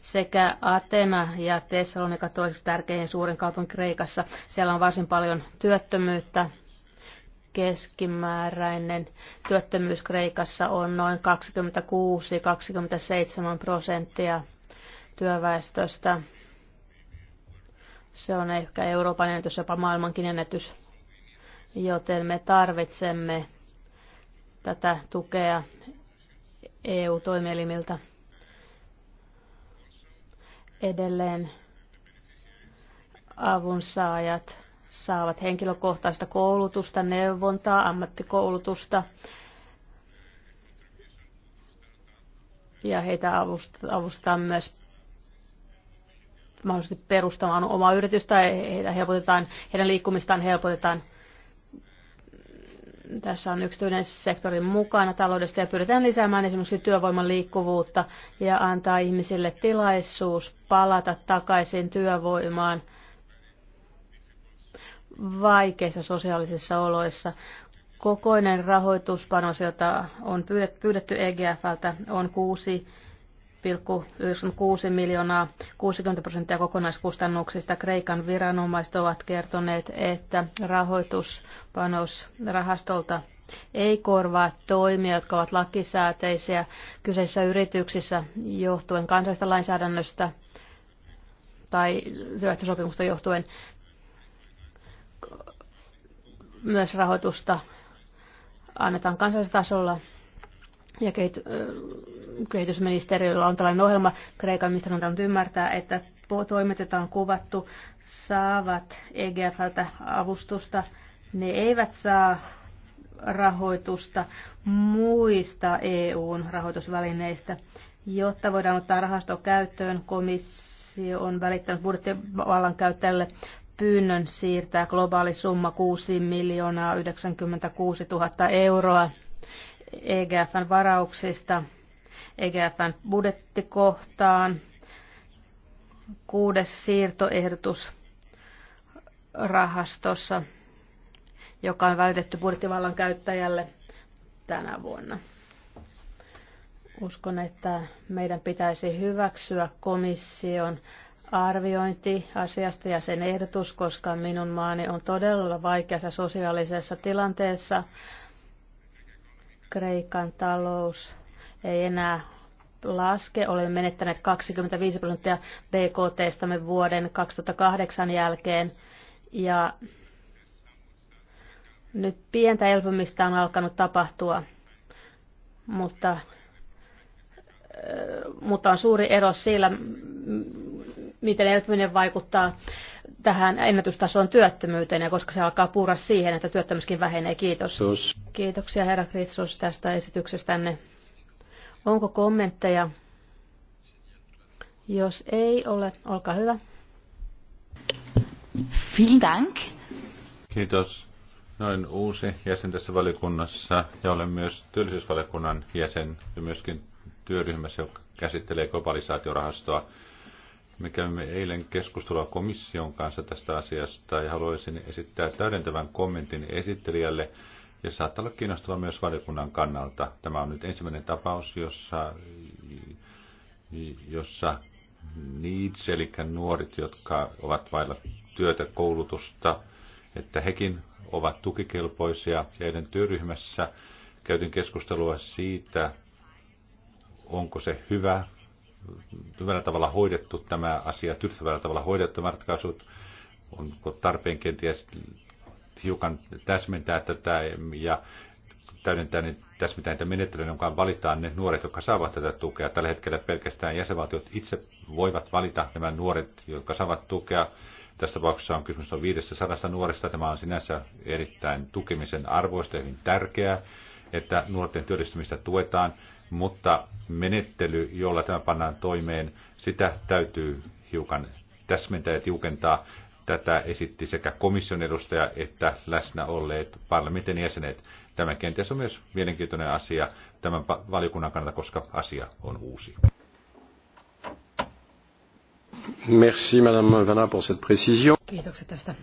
Speaker 2: sekä Atena ja Thessalonika toiseksi tärkein suurin kaupunki Kreikassa. Siellä on varsin paljon työttömyyttä. Keskimääräinen työttömyys Kreikassa on noin 26-27 prosenttia työväestöstä se on ehkä Euroopan ennätys, jopa maailmankin ennätys. Joten me tarvitsemme tätä tukea EU-toimielimiltä edelleen avunsaajat saavat henkilökohtaista koulutusta, neuvontaa, ammattikoulutusta ja heitä avustetaan myös mahdollisesti perustamaan omaa yritystä, heitä helpotetaan, heidän liikkumistaan helpotetaan. Tässä on yksityinen sektori mukana taloudesta ja pyritään lisäämään esimerkiksi työvoiman liikkuvuutta ja antaa ihmisille tilaisuus palata takaisin työvoimaan vaikeissa sosiaalisissa oloissa. Kokoinen rahoituspanos, jota on pyydetty EGFltä, e on 6 1,96 miljoonaa, 60 prosenttia kokonaiskustannuksista. Kreikan viranomaiset ovat kertoneet, että rahoituspanos rahastolta ei korvaa toimia, jotka ovat lakisääteisiä kyseisissä yrityksissä johtuen kansallisesta lainsäädännöstä tai työehtosopimusta johtuen myös rahoitusta annetaan kansallisella tasolla ja kehitysministeriöllä on tällainen ohjelma, Kreikan ministeri on tullut ymmärtää, että toimet, joita on kuvattu, saavat EGFltä avustusta. Ne eivät saa rahoitusta muista EUn rahoitusvälineistä. Jotta voidaan ottaa rahasto käyttöön, komissio on välittänyt budjettivallan käyttäjälle pyynnön siirtää globaali summa 6 miljoonaa 96 000 euroa EGFn varauksista EGFn budjettikohtaan. Kuudes siirtoehdotus rahastossa, joka on välitetty budjettivallan käyttäjälle tänä vuonna. Uskon, että meidän pitäisi hyväksyä komission arviointi asiasta ja sen ehdotus, koska minun maani on todella vaikeassa sosiaalisessa tilanteessa. Kreikan talous ei enää laske. Olemme menettäneet 25 prosenttia BKTstamme vuoden 2008 jälkeen. Ja nyt pientä elpymistä on alkanut tapahtua, mutta, mutta on suuri ero sillä, miten elpyminen vaikuttaa tähän ennätystasoon työttömyyteen, ja koska se alkaa puura siihen, että työttömyyskin vähenee. Kiitos. Sus. Kiitoksia herra Kritsos tästä esityksestänne. Onko kommentteja? Jos ei ole, olkaa hyvä.
Speaker 4: Vielen Dank.
Speaker 3: Kiitos. Noin uusi jäsen tässä valiokunnassa ja olen myös työllisyysvaliokunnan jäsen ja myöskin työryhmässä, joka käsittelee globalisaatiorahastoa. Me käymme eilen keskustelua komission kanssa tästä asiasta ja haluaisin esittää täydentävän kommentin esittelijälle. Ja saattaa olla kiinnostava myös valiokunnan kannalta. Tämä on nyt ensimmäinen tapaus, jossa, jossa needs, eli nuoret, jotka ovat vailla työtä, koulutusta, että hekin ovat tukikelpoisia. Ja eilen työryhmässä käytin keskustelua siitä, onko se hyvä hyvällä tavalla hoidettu tämä asia, tyydyttävällä tavalla hoidettu ratkaisut? Onko tarpeen kenties hiukan täsmentää tätä ja täydentää niin täsmentää niitä menettelyjä, jonka valitaan ne nuoret, jotka saavat tätä tukea. Tällä hetkellä pelkästään jäsenvaltiot itse voivat valita nämä nuoret, jotka saavat tukea. Tässä tapauksessa on kysymys on 500 nuorista. Tämä on sinänsä erittäin tukemisen arvoista ja hyvin tärkeää, että nuorten työllistymistä tuetaan mutta menettely, jolla tämä pannaan toimeen, sitä täytyy hiukan täsmentää ja tiukentaa. Tätä esitti sekä komission edustaja että läsnä olleet parlamentin jäsenet. Tämä kenties on myös mielenkiintoinen asia tämän valiokunnan kannalta, koska
Speaker 1: asia on uusi. Merci, Madame Vanna, pour cette précision.
Speaker 2: Kiitokset tästä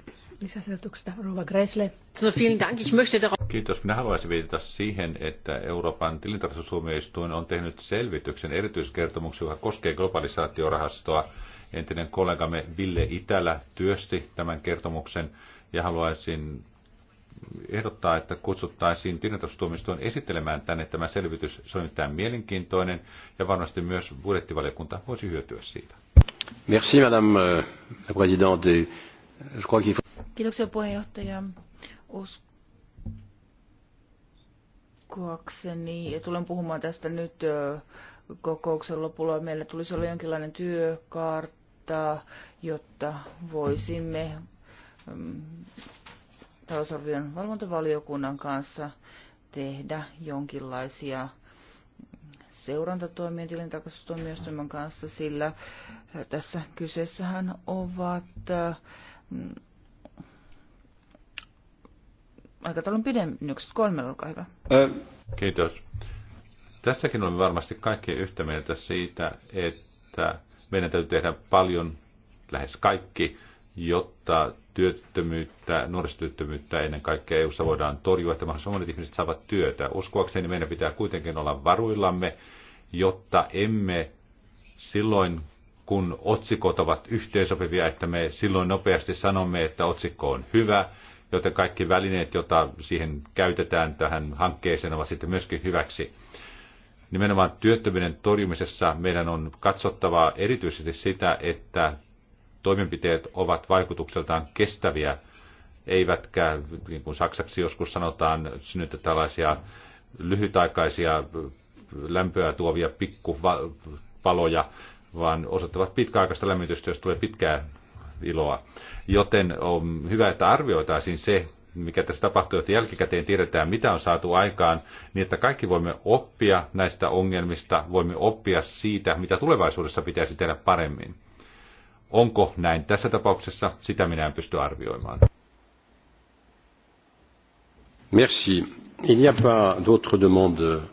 Speaker 2: lisäselityksestä. No, vielen Dank. Ich
Speaker 3: möchte darauf... Kiitos. Minä haluaisin viitata siihen, että Euroopan tilintarkastustuomioistuin on tehnyt selvityksen erityiskertomuksen, joka koskee globalisaatiorahastoa. Entinen kollegamme Ville Itälä työsti tämän kertomuksen ja haluaisin ehdottaa, että kutsuttaisiin tilintarkastustuomioistuin esittelemään tänne tämä selvitys. Se on nimittäin mielenkiintoinen ja varmasti myös budjettivaliokunta voisi hyötyä siitä.
Speaker 1: Euh,
Speaker 4: Kiitoksia puheenjohtaja. Uskoakseni, ja tulen puhumaan tästä nyt kokouksen lopulla, meillä tulisi olla jonkinlainen työkartta, jotta voisimme mm, talousarvion valvontavaliokunnan kanssa tehdä jonkinlaisia seurantatoimien tilintarkastustoimijoistuimen kanssa, sillä tässä kyseessähän ovat mm, aikataulun pidennykset. Kolme, olkaa hyvä.
Speaker 3: Kiitos. Tässäkin olemme varmasti kaikki yhtä mieltä siitä, että meidän täytyy tehdä paljon, lähes kaikki, jotta työttömyyttä, nuorisotyöttömyyttä ennen kaikkea EU-ssa voidaan torjua, että mahdollisimman monet ihmiset saavat työtä. Uskoakseni meidän pitää kuitenkin olla varuillamme jotta emme silloin, kun otsikot ovat yhteensopivia, että me silloin nopeasti sanomme, että otsikko on hyvä, joten kaikki välineet, joita siihen käytetään tähän hankkeeseen, ovat sitten myöskin hyväksi. Nimenomaan työttömyyden torjumisessa meidän on katsottava erityisesti sitä, että toimenpiteet ovat vaikutukseltaan kestäviä, eivätkä, niin kuin saksaksi joskus sanotaan, synnytä tällaisia lyhytaikaisia lämpöä tuovia pikkupaloja, vaan osoittavat pitkäaikaista lämmitystä, jos tulee pitkää iloa. Joten on hyvä, että arvioitaisiin se, mikä tässä tapahtuu, että jälkikäteen tiedetään, mitä on saatu aikaan, niin että kaikki voimme oppia näistä ongelmista, voimme oppia siitä, mitä tulevaisuudessa pitäisi tehdä paremmin. Onko näin tässä tapauksessa, sitä minä en pysty arvioimaan.
Speaker 1: Merci. Il n'y a pas d'autres demandes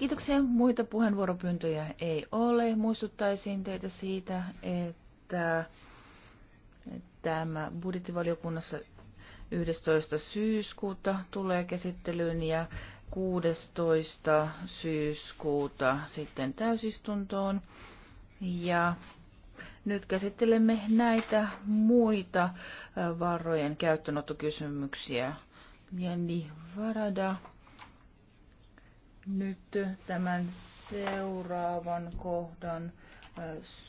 Speaker 4: Kiitoksia. Muita puheenvuoropyyntöjä ei ole. Muistuttaisin teitä siitä, että tämä budjettivaliokunnassa 11. syyskuuta tulee käsittelyyn ja 16. syyskuuta sitten täysistuntoon. Ja nyt käsittelemme näitä muita varojen käyttöönottokysymyksiä. Jenni Varada nyt tämän seuraavan kohdan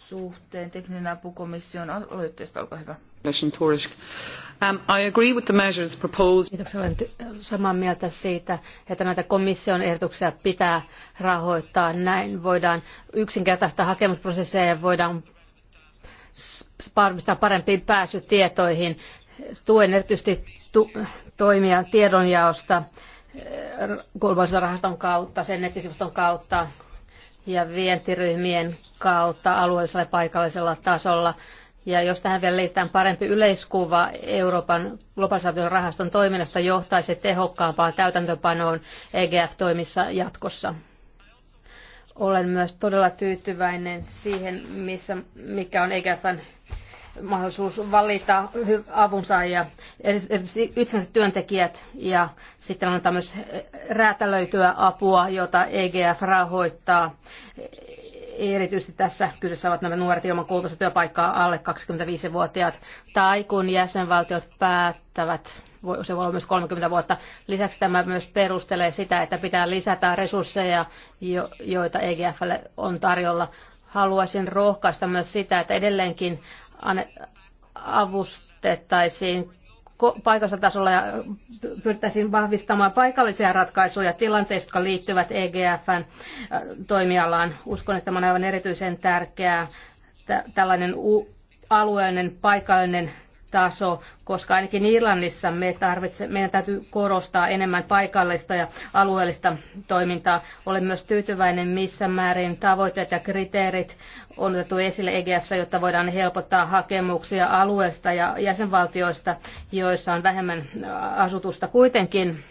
Speaker 4: suhteen. Tekninen apukomission aloitteesta, olkaa hyvä.
Speaker 5: Um, I agree with the measures proposed. Kiitoksia. Olen
Speaker 2: samaa mieltä siitä, että näitä komission ehdotuksia pitää rahoittaa. Näin voidaan yksinkertaista hakemusprosesseja ja voidaan varmistaa parempi pääsy tietoihin. Tuen erityisesti tu- toimia tiedonjaosta kulvallisuusrahaston kautta, sen nettisivuston kautta ja vientiryhmien kautta alueellisella ja paikallisella tasolla. Ja jos tähän vielä liitetään parempi yleiskuva Euroopan globalisaation rahaston toiminnasta, johtaisi tehokkaampaan täytäntöpanoon EGF-toimissa jatkossa. Olen myös todella tyytyväinen siihen, missä, mikä on EGFn mahdollisuus valita avunsaajia, itsensä työntekijät ja sitten annetaan myös räätälöityä apua, jota EGF rahoittaa. Erityisesti tässä kyseessä ovat nämä nuoret ilman koulutusta työpaikkaa alle 25-vuotiaat tai kun jäsenvaltiot päättävät se voi olla myös 30 vuotta. Lisäksi tämä myös perustelee sitä, että pitää lisätä resursseja, joita EGFlle on tarjolla haluaisin rohkaista myös sitä, että edelleenkin avustettaisiin paikallisella tasolla ja pyrittäisiin vahvistamaan paikallisia ratkaisuja tilanteista, jotka liittyvät EGFn toimialaan. Uskon, että tämä on aivan erityisen tärkeää. Tällainen alueellinen, paikallinen taso, koska ainakin Irlannissa me tarvitse, meidän täytyy korostaa enemmän paikallista ja alueellista toimintaa. Olen myös tyytyväinen, missä määrin tavoitteet ja kriteerit on otettu esille EGFssä, jotta voidaan helpottaa hakemuksia alueesta ja jäsenvaltioista, joissa on vähemmän asutusta kuitenkin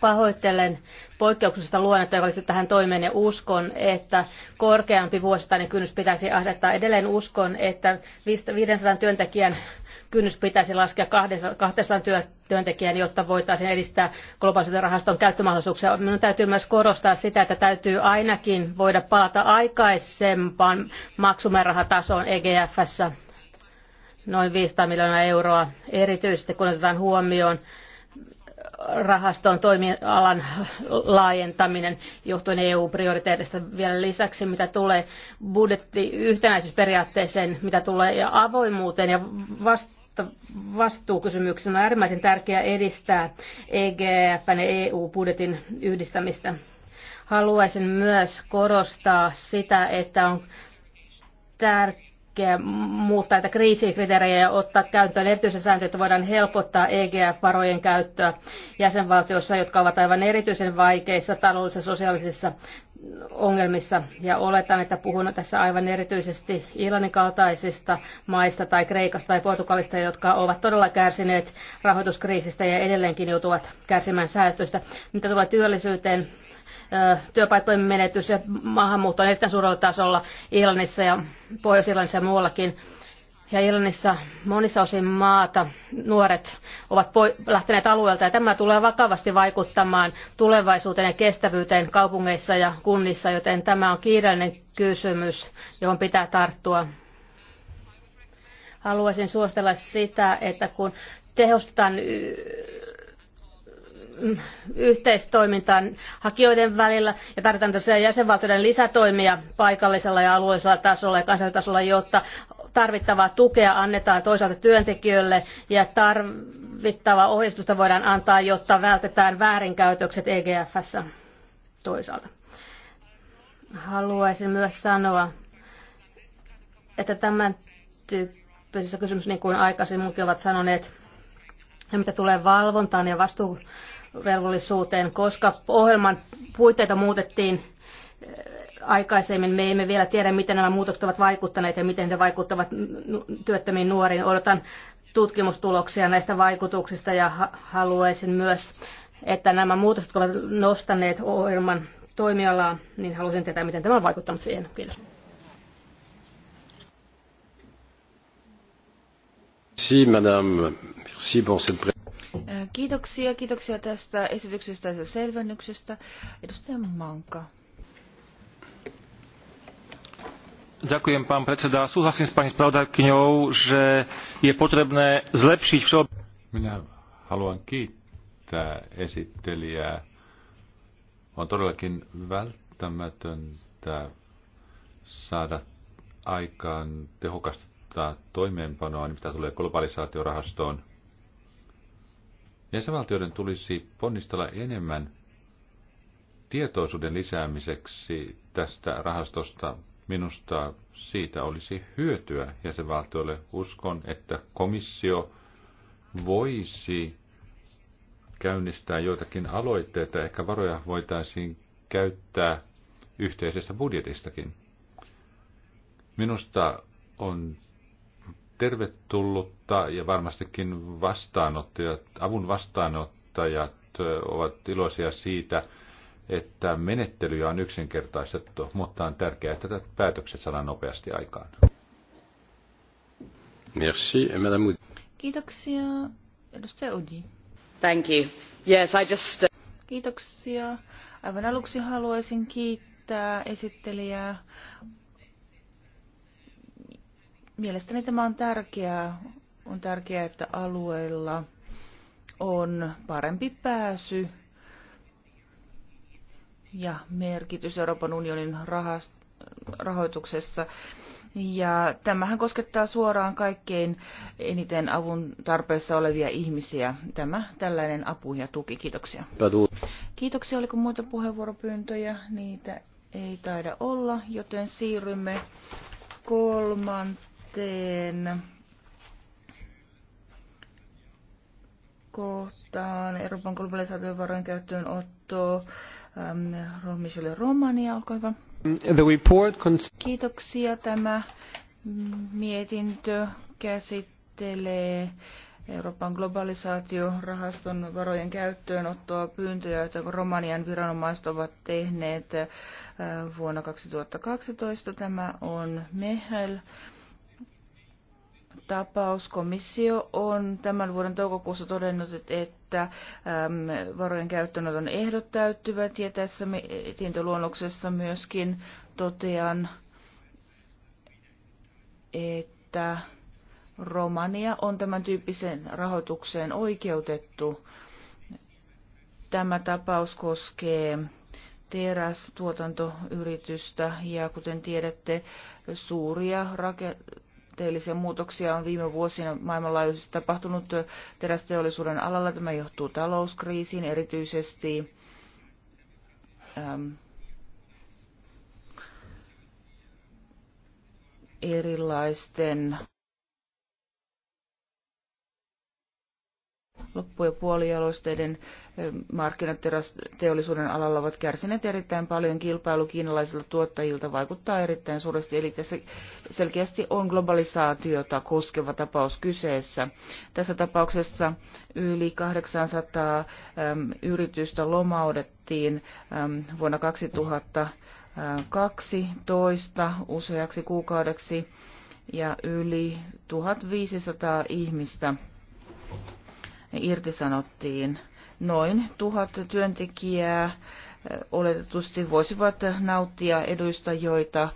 Speaker 2: Pahoittelen poikkeuksesta luonnetta, joka liittyy tähän toimeen ja uskon, että korkeampi vuosittainen kynnys pitäisi asettaa. Edelleen uskon, että 500 työntekijän kynnys pitäisi laskea 200 työntekijän, jotta voitaisiin edistää globaalisen rahaston käyttömahdollisuuksia. Minun täytyy myös korostaa sitä, että täytyy ainakin voida palata aikaisempaan maksumäärärahatasoon EGFssä noin 500 miljoonaa euroa, erityisesti kun otetaan huomioon rahaston toimialan laajentaminen johtuen EU-prioriteetista vielä lisäksi, mitä tulee budjettiyhtenäisyysperiaatteeseen, mitä tulee ja avoimuuteen ja vast- vastuukysymyksen on äärimmäisen tärkeää edistää EGF ja EU-budjetin yhdistämistä. Haluaisin myös korostaa sitä, että on tärkeää kaikkea muuttaa näitä kriisikriteerejä ja ottaa käyttöön erityisen sääntöjä, että voidaan helpottaa EGF-varojen käyttöä jäsenvaltioissa, jotka ovat aivan erityisen vaikeissa taloudellisissa sosiaalisissa ongelmissa. Ja oletan, että puhun tässä aivan erityisesti Irlannin kaltaisista maista tai Kreikasta tai Portugalista, jotka ovat todella kärsineet rahoituskriisistä ja edelleenkin joutuvat kärsimään säästöistä. Mitä tulee työllisyyteen, työpaikkojen menetys ja maahanmuutto on erittäin suurella tasolla Irlannissa ja Pohjois-Irlannissa ja muuallakin. Ja Irlannissa monissa osin maata nuoret ovat lähteneet alueelta ja tämä tulee vakavasti vaikuttamaan tulevaisuuteen ja kestävyyteen kaupungeissa ja kunnissa, joten tämä on kiireellinen kysymys, johon pitää tarttua haluaisin suositella sitä, että kun tehostetaan yhteistoimintaan hakijoiden välillä ja tarvitaan tosiaan jäsenvaltioiden lisätoimia paikallisella ja alueellisella tasolla ja kansallisella tasolla, jotta tarvittavaa tukea annetaan toisaalta työntekijöille ja tarvittavaa ohjeistusta voidaan antaa, jotta vältetään väärinkäytökset EGFssä toisaalta. Haluaisin myös sanoa, että tämän tyyppisessä kysymys, niin kuin aikaisemminkin ovat sanoneet, ja mitä tulee valvontaan ja vastuu velvollisuuteen, koska ohjelman puitteita muutettiin äh, aikaisemmin. Me emme vielä tiedä, miten nämä muutokset ovat vaikuttaneet ja miten ne vaikuttavat työttömiin nuoriin. Odotan tutkimustuloksia näistä vaikutuksista ja haluaisin myös, että nämä muutokset, jotka ovat nostaneet ohjelman toimialaa, niin haluaisin tietää, miten tämä on vaikuttanut siihen. Kiitos.
Speaker 1: Merci, madame. Merci pour cette
Speaker 4: Kiitoksia, kiitoksia tästä esityksestä ja selvennyksestä. Edustaja Manka.
Speaker 3: Ďakujem, pán predseda. Súhlasím s pani spravodajkyňou, že je potrebné zlepšiť všeo... Minä haluan kiittää esittelijää. On todellakin välttämätöntä saada aikaan tehokasta toimeenpanoa, mitä tulee globalisaatiorahastoon – Jäsenvaltioiden tulisi ponnistella enemmän tietoisuuden lisäämiseksi tästä rahastosta. Minusta siitä olisi hyötyä jäsenvaltioille. Uskon, että komissio voisi käynnistää joitakin aloitteita. Ehkä varoja voitaisiin käyttää yhteisestä budjetistakin. Minusta on tervetullutta ja varmastikin vastaanottajat, avun vastaanottajat ovat iloisia siitä, että menettelyjä on yksinkertaistettu, mutta on tärkeää, että tätä päätökset saadaan nopeasti aikaan.
Speaker 1: Merci, Madame
Speaker 4: Kiitoksia, edustaja Udi. Thank you. Yes, I just... Uh, Kiitoksia. Aivan aluksi haluaisin kiittää esittelijää Mielestäni tämä on tärkeää. On tärkeää, että alueilla on parempi pääsy ja merkitys Euroopan unionin rahoituksessa. Ja tämähän koskettaa suoraan kaikkein eniten avun tarpeessa olevia ihmisiä. Tämä tällainen apu ja tuki. Kiitoksia. Kiitoksia. Oliko muita puheenvuoropyyntöjä? Niitä ei taida olla, joten siirrymme kolmanteen kahteen kohtaan. Euroopan globalisaation varojen käyttöönotto. Ähm, Michelle Romania, olkaa hyvä. The report Kiitoksia. Tämä mietintö käsittelee Euroopan globalisaatiorahaston varojen käyttöönottoa pyyntöjä, joita Romanian viranomaiset ovat tehneet äh, vuonna 2012. Tämä on MEHEL Tapauskomissio on tämän vuoden toukokuussa todennut, että varojen varojen on ehdot täyttyvät ja tässä tintoluonnoksessa myöskin totean, että Romania on tämän tyyppisen rahoitukseen oikeutettu. Tämä tapaus koskee tuotantoyritystä ja kuten tiedätte, suuria rakenteita rakenteellisia muutoksia on viime vuosina maailmanlaajuisesti tapahtunut terästeollisuuden alalla. Tämä johtuu talouskriisiin, erityisesti Ähm, erilaisten loppu- ja puolijalosteiden markkinat teollisuuden alalla ovat kärsineet erittäin paljon. Kilpailu kiinalaisilta tuottajilta vaikuttaa erittäin suuresti, eli tässä selkeästi on globalisaatiota koskeva tapaus kyseessä. Tässä tapauksessa yli 800 yritystä lomaudettiin vuonna 2012 useaksi kuukaudeksi ja yli 1500 ihmistä irtisanottiin. Noin tuhat työntekijää oletetusti voisivat nauttia eduista, joita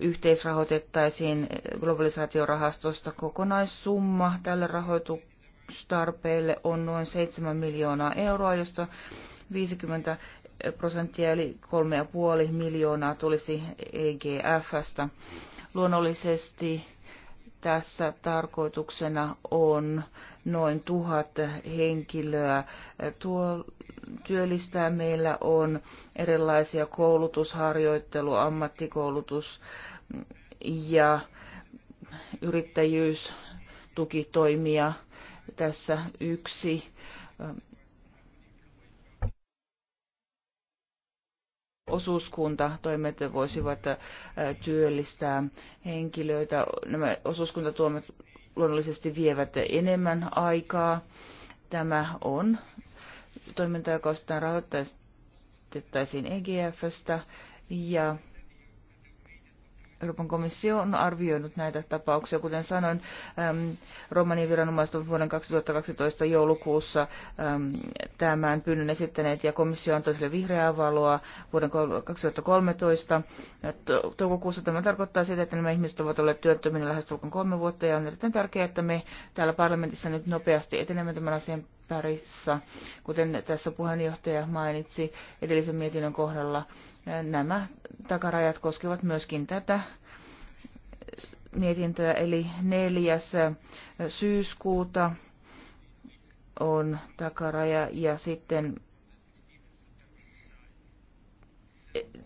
Speaker 4: yhteisrahoitettaisiin globalisaatiorahastosta. Kokonaissumma tälle rahoitustarpeelle on noin 7 miljoonaa euroa, josta 50 prosenttia eli 3,5 miljoonaa tulisi EGFstä. Luonnollisesti tässä tarkoituksena on noin tuhat henkilöä. Tuo työllistää meillä on erilaisia koulutusharjoittelu, ammattikoulutus ja yrittäjyystukitoimia Tässä yksi osuuskuntatoimet voisivat työllistää henkilöitä. Nämä osuuskuntatoimet luonnollisesti vievät enemmän aikaa. Tämä on toiminta, joka rahoittaisiin EGFstä ja Euroopan komissio on arvioinut näitä tapauksia. Kuten sanoin, ähm, romanien viranomaiset ovat vuoden 2012 joulukuussa ähm, tämän pyynnön esittäneet ja komissio antoi sille vihreää valoa vuoden 2013. Toukokuussa tämä tarkoittaa sitä, että nämä ihmiset ovat olleet työttöminä lähes tulkoon kolme vuotta ja on erittäin tärkeää, että me täällä parlamentissa nyt nopeasti etenemme tämän asian parissa. Kuten tässä puheenjohtaja mainitsi edellisen mietinnön kohdalla, nämä takarajat koskevat myöskin tätä mietintöä, eli 4. syyskuuta on takaraja ja sitten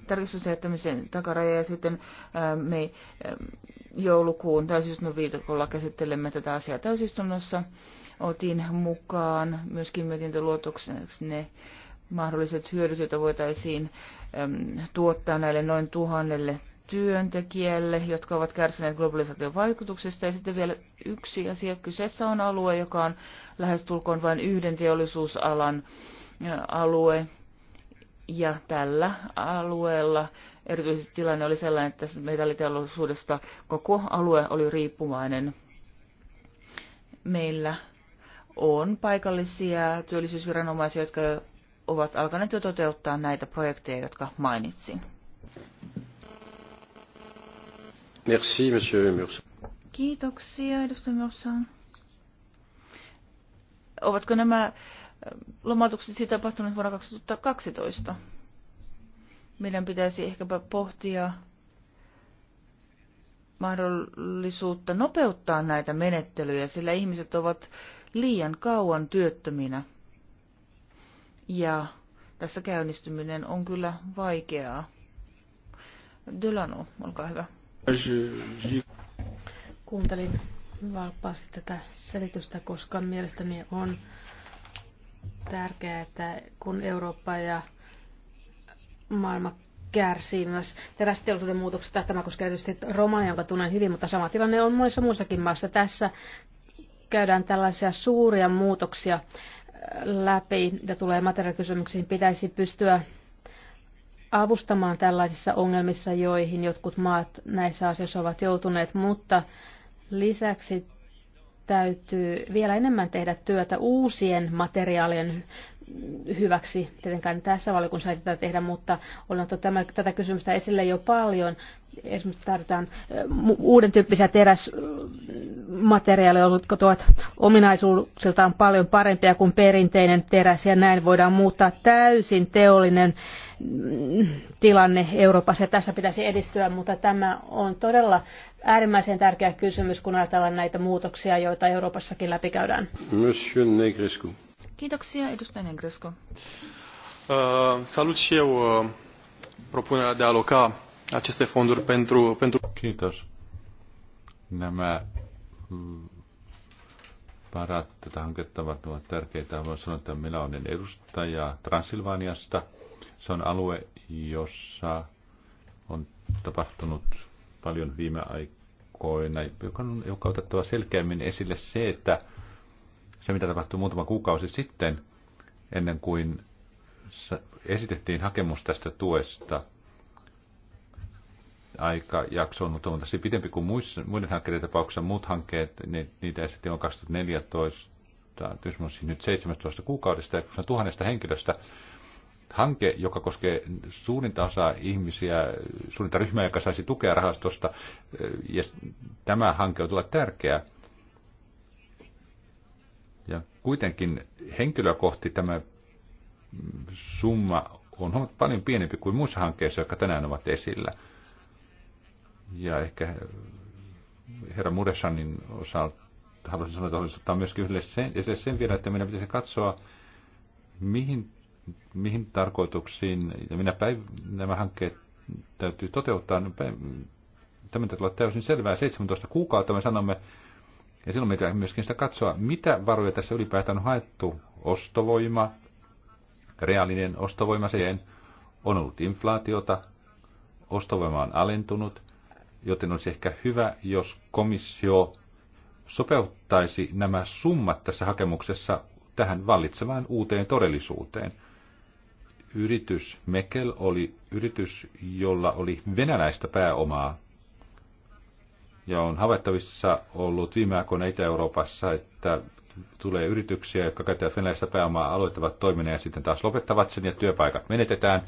Speaker 4: tarkistusjättämisen takaraja ja sitten me joulukuun täysistunnon viikolla käsittelemme tätä asiaa täysistunnossa otin mukaan myöskin ne mahdolliset hyödyt, joita voitaisiin äm, tuottaa näille noin tuhannelle työntekijälle, jotka ovat kärsineet globalisaation vaikutuksista. Ja sitten vielä yksi asia. Kyseessä on alue, joka on lähestulkoon vain yhden teollisuusalan alue. Ja tällä alueella erityisesti tilanne oli sellainen, että metalliteollisuudesta koko alue oli riippuvainen. Meillä on paikallisia työllisyysviranomaisia, jotka ovat alkaneet jo toteuttaa näitä projekteja, jotka mainitsin.
Speaker 1: Merci, monsieur Murson.
Speaker 4: Kiitoksia, edustaja Murson. Ovatko nämä äh, lomautukset siitä tapahtuneet vuonna 2012? Meidän pitäisi ehkäpä pohtia mahdollisuutta nopeuttaa näitä menettelyjä, sillä ihmiset ovat äh, liian kauan työttöminä. Ja tässä käynnistyminen on kyllä vaikeaa. Delano, olkaa hyvä. Kuuntelin valppaasti
Speaker 2: tätä selitystä, koska mielestäni on tärkeää, että kun Eurooppa ja maailma kärsii myös terästeollisuuden muutoksesta. Tämä koskee tietysti Romania, jonka tunnen hyvin, mutta sama tilanne on monissa muissakin maissa. Tässä käydään tällaisia suuria muutoksia läpi, mitä tulee materiaalikysymyksiin, pitäisi pystyä avustamaan tällaisissa ongelmissa, joihin jotkut maat näissä asioissa ovat joutuneet, mutta lisäksi täytyy vielä enemmän tehdä työtä uusien materiaalien hyväksi. Tietenkään tässä valiokunnassa ei tätä tehdä, mutta olen ottanut tämä, tätä kysymystä esille jo paljon. Esimerkiksi tarvitaan eh, uuden tyyppisiä teräsmateriaaleja, jotka ovat ominaisuuksiltaan paljon parempia kuin perinteinen teräs, ja näin voidaan muuttaa täysin teollinen mm, tilanne Euroopassa. Tässä pitäisi edistyä, mutta tämä on todella äärimmäisen tärkeä kysymys, kun ajatellaan näitä muutoksia, joita Euroopassakin läpikäydään.
Speaker 1: Monsieur Negrescu.
Speaker 4: Kiitoksia, edustaja Negresko.
Speaker 1: Salut și eu propunerea de a aloca aceste
Speaker 3: fonduri pentru... pentru... Kiitos. Nämä mm, varat tätä hanketta ovat, ovat tärkeitä. Voin sanoa, että minä olen edustaja Transilvaniasta. Se on alue, jossa on tapahtunut paljon viime aikoina, joka on, joka on otettava selkeämmin esille se, että se, mitä tapahtui muutama kuukausi sitten, ennen kuin esitettiin hakemus tästä tuesta, jakso on huomattavasti pitempi kuin muissa, muiden hankkeiden tapauksessa. Muut hankkeet, ne, niitä esitettiin on 2014, kysymys nyt 17 kuukaudesta ja tuhannesta henkilöstä. Hanke, joka koskee suurinta osaa ihmisiä, suurinta ryhmää, joka saisi tukea rahastosta, ja tämä hanke on tulla tärkeä ja kuitenkin henkilökohti tämä summa on paljon pienempi kuin muissa hankkeissa, jotka tänään ovat esillä. Ja ehkä herra Muresanin osalta haluaisin sanoa, että haluaisin ottaa myöskin yhdelle sen, esille sen vielä, että meidän pitäisi katsoa, mihin, mihin tarkoituksiin ja minä päiv- nämä hankkeet täytyy toteuttaa. No, tämä täytyy olla täysin selvää. 17 kuukautta me sanomme, ja silloin meidän myöskin sitä katsoa, mitä varoja tässä ylipäätään on haettu. Ostovoima, reaalinen ostovoima, se on ollut inflaatiota, ostovoima on alentunut, joten olisi ehkä hyvä, jos komissio sopeuttaisi nämä summat tässä hakemuksessa tähän vallitsevaan uuteen todellisuuteen. Yritys Mekel oli yritys, jolla oli venäläistä pääomaa ja on havaittavissa ollut viime aikoina Itä-Euroopassa, että tulee yrityksiä, jotka käyttävät venäläistä pääomaa, aloittavat toiminnan ja sitten taas lopettavat sen ja työpaikat menetetään.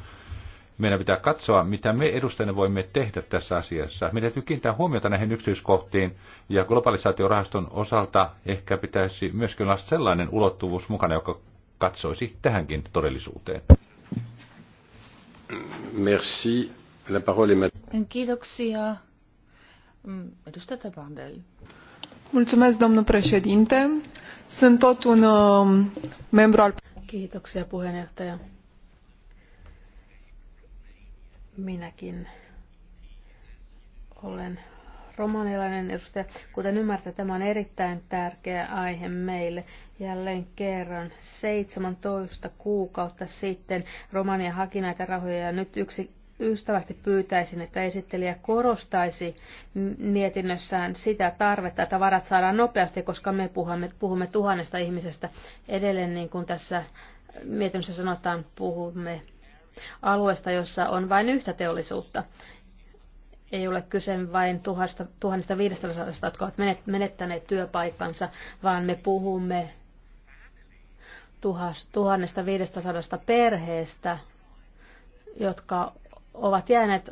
Speaker 3: Meidän pitää katsoa, mitä me edustajana voimme tehdä tässä asiassa. Meidän täytyy kiinnittää huomiota näihin yksityiskohtiin ja globalisaatiorahaston osalta ehkä pitäisi myöskin olla sellainen ulottuvuus mukana, joka katsoisi tähänkin
Speaker 1: todellisuuteen. Merci. La parole est...
Speaker 4: Kiitoksia. Mm, edustaja
Speaker 2: președinte. Sunt tot un um, membru al... Kiitoksia, puheenjohtaja. Minäkin olen romanilainen edustaja. Kuten ymmärtää, tämä on erittäin tärkeä aihe meille. Jälleen kerran 17 kuukautta sitten Romania haki näitä rahoja ja nyt yksi ystävästi pyytäisin, että esittelijä korostaisi mietinnössään sitä tarvetta, että varat saadaan nopeasti, koska me puhumme, puhumme tuhannesta ihmisestä edelleen, niin kuin tässä mietinnössä sanotaan, puhumme alueesta, jossa on vain yhtä teollisuutta. Ei ole kyse vain 1500, jotka ovat menettäneet työpaikkansa, vaan me puhumme 1500 perheestä, jotka ovat jääneet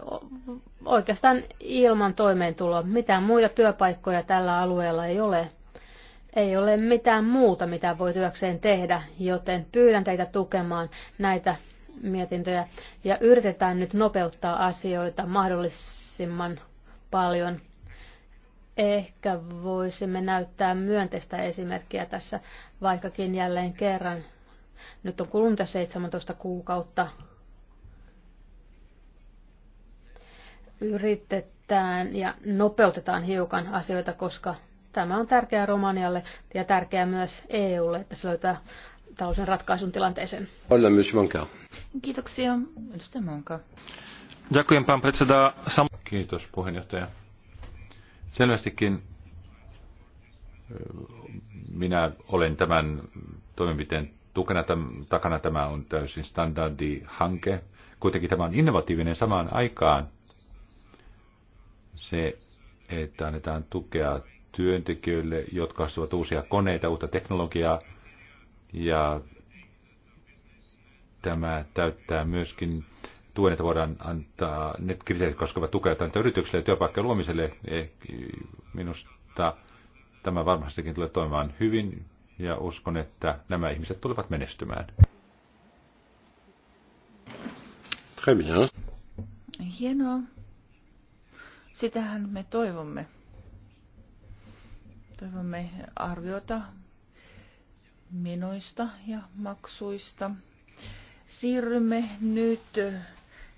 Speaker 2: oikeastaan ilman toimeentuloa. Mitään muita työpaikkoja tällä alueella ei ole. Ei ole mitään muuta, mitä voi työkseen tehdä, joten pyydän teitä tukemaan näitä mietintöjä ja yritetään nyt nopeuttaa asioita mahdollisimman paljon. Ehkä voisimme näyttää myönteistä esimerkkiä tässä, vaikkakin jälleen kerran. Nyt on kulunut 17 kuukautta yritetään ja nopeutetaan hiukan asioita, koska tämä on tärkeää Romanialle ja tärkeää myös EUlle, että se löytää talousen ratkaisun tilanteeseen.
Speaker 4: Kiitoksia. Edustaja Monka.
Speaker 3: Kiitos puheenjohtaja. Selvästikin e, minä olen tämän toimenpiteen tukena, tämän, takana. Tämä on täysin hanke. Kuitenkin tämä on innovatiivinen samaan aikaan se, että annetaan tukea työntekijöille, jotka ostavat uusia koneita, uutta teknologiaa. Ja tämä täyttää myöskin tuen, että voidaan antaa ne kriteerit koskevat tukea tämän yritykselle ja työpaikkojen luomiselle. Eh, minusta tämä varmastikin tulee toimimaan hyvin ja uskon, että nämä ihmiset tulevat menestymään.
Speaker 1: Très bien.
Speaker 4: Hienoa. Sitähän me toivomme. Toivomme arviota menoista ja maksuista. Siirrymme nyt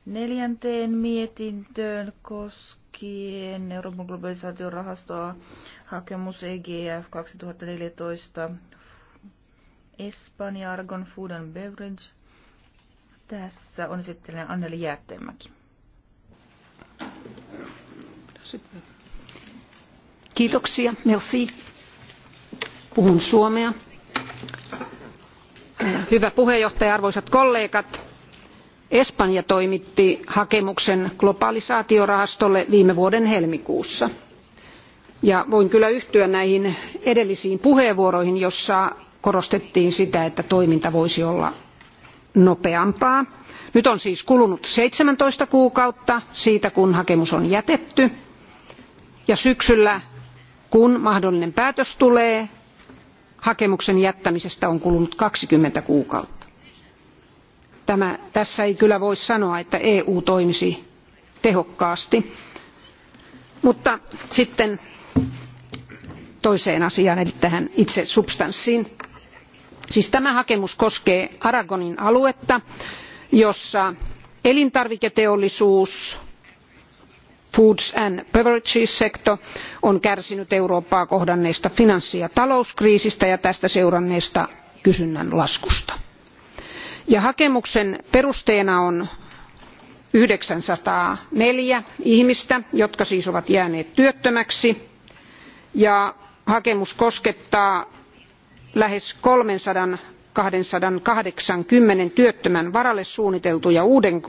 Speaker 4: neljänteen mietintöön koskien Euroopan globalisaation rahastoa hakemus EGF 2014 Espanja Argon Food and Beverage. Tässä on sitten Anneli Jäätteenmäki.
Speaker 5: Kiitoksia, puhemies Puhun suomea. Hyvä puheenjohtaja, arvoisat kollegat. Espanja toimitti hakemuksen globalisaatiorahastolle viime vuoden helmikuussa. Ja voin kyllä yhtyä näihin edellisiin puheenvuoroihin, jossa korostettiin sitä, että toiminta voisi olla nopeampaa. Nyt on siis kulunut seitsemäntoista kuukautta siitä, kun hakemus on jätetty – ja syksyllä kun mahdollinen päätös tulee hakemuksen jättämisestä on kulunut kaksikymmentä kuukautta. Tämä, tässä ei kyllä voi sanoa että eu toimisi tehokkaasti. mutta sitten toiseen asiaan eli tähän itse substanssiin. Siis tämä hakemus koskee aragonin aluetta jossa elintarviketeollisuus foods and beverages sector on kärsinyt eurooppaa kohdanneesta finanssi ja talouskriisistä ja tästä seuranneesta kysynnän laskusta. Ja hakemuksen perusteena on yhdeksänsataaneljä ihmistä jotka siis ovat jääneet työttömäksi ja hakemus koskettaa lähes kolmesataakahdeksankymmentä työttömän varalle suunniteltuja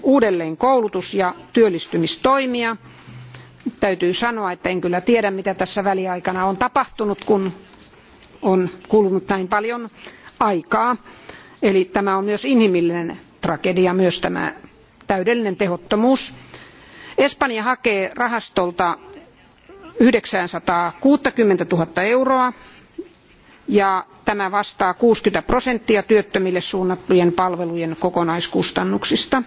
Speaker 5: uudelleenkoulutus ja työllistymistoimia täytyy sanoa että en kyllä tiedä mitä tässä väliaikana on tapahtunut kun on kulunut näin paljon aikaa. eli tämä on myös inhimillinen tragedia myös tämä täydellinen tehottomuus. espanja hakee rahastolta yhdeksänsataakuusikymmentä nolla euroa ja tämä vastaa kuusikymmentä prosenttia työttömille suunnattujen palvelujen kokonaiskustannuksista.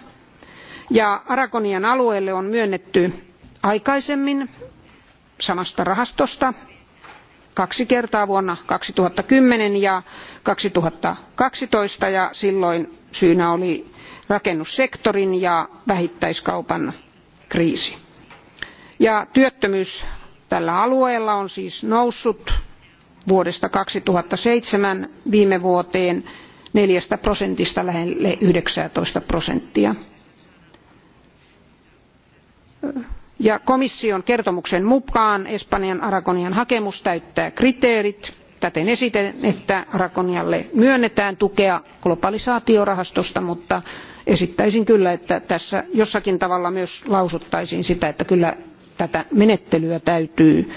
Speaker 5: ja aragonian alueelle on myönnetty aikaisemmin samasta rahastosta kaksi kertaa vuonna kaksituhatta kymmenen ja kaksituhatta kaksitoista ja silloin syynä oli rakennussektorin ja vähittäiskaupan kriisi. Ja työttömyys tällä alueella on siis noussut vuodesta kaksituhatta seitsemän viime vuoteen neljästä prosentista lähelle yhdeksäntoista prosenttia ja komission kertomuksen mukaan espanjan aragonian hakemus täyttää kriteerit täten esitän että aragonialle myönnetään tukea globalisaatiorahastosta mutta esittäisin kyllä että tässä jollakin tavalla myös lausuttaisiin sitä että kyllä tätä menettelyä täytyy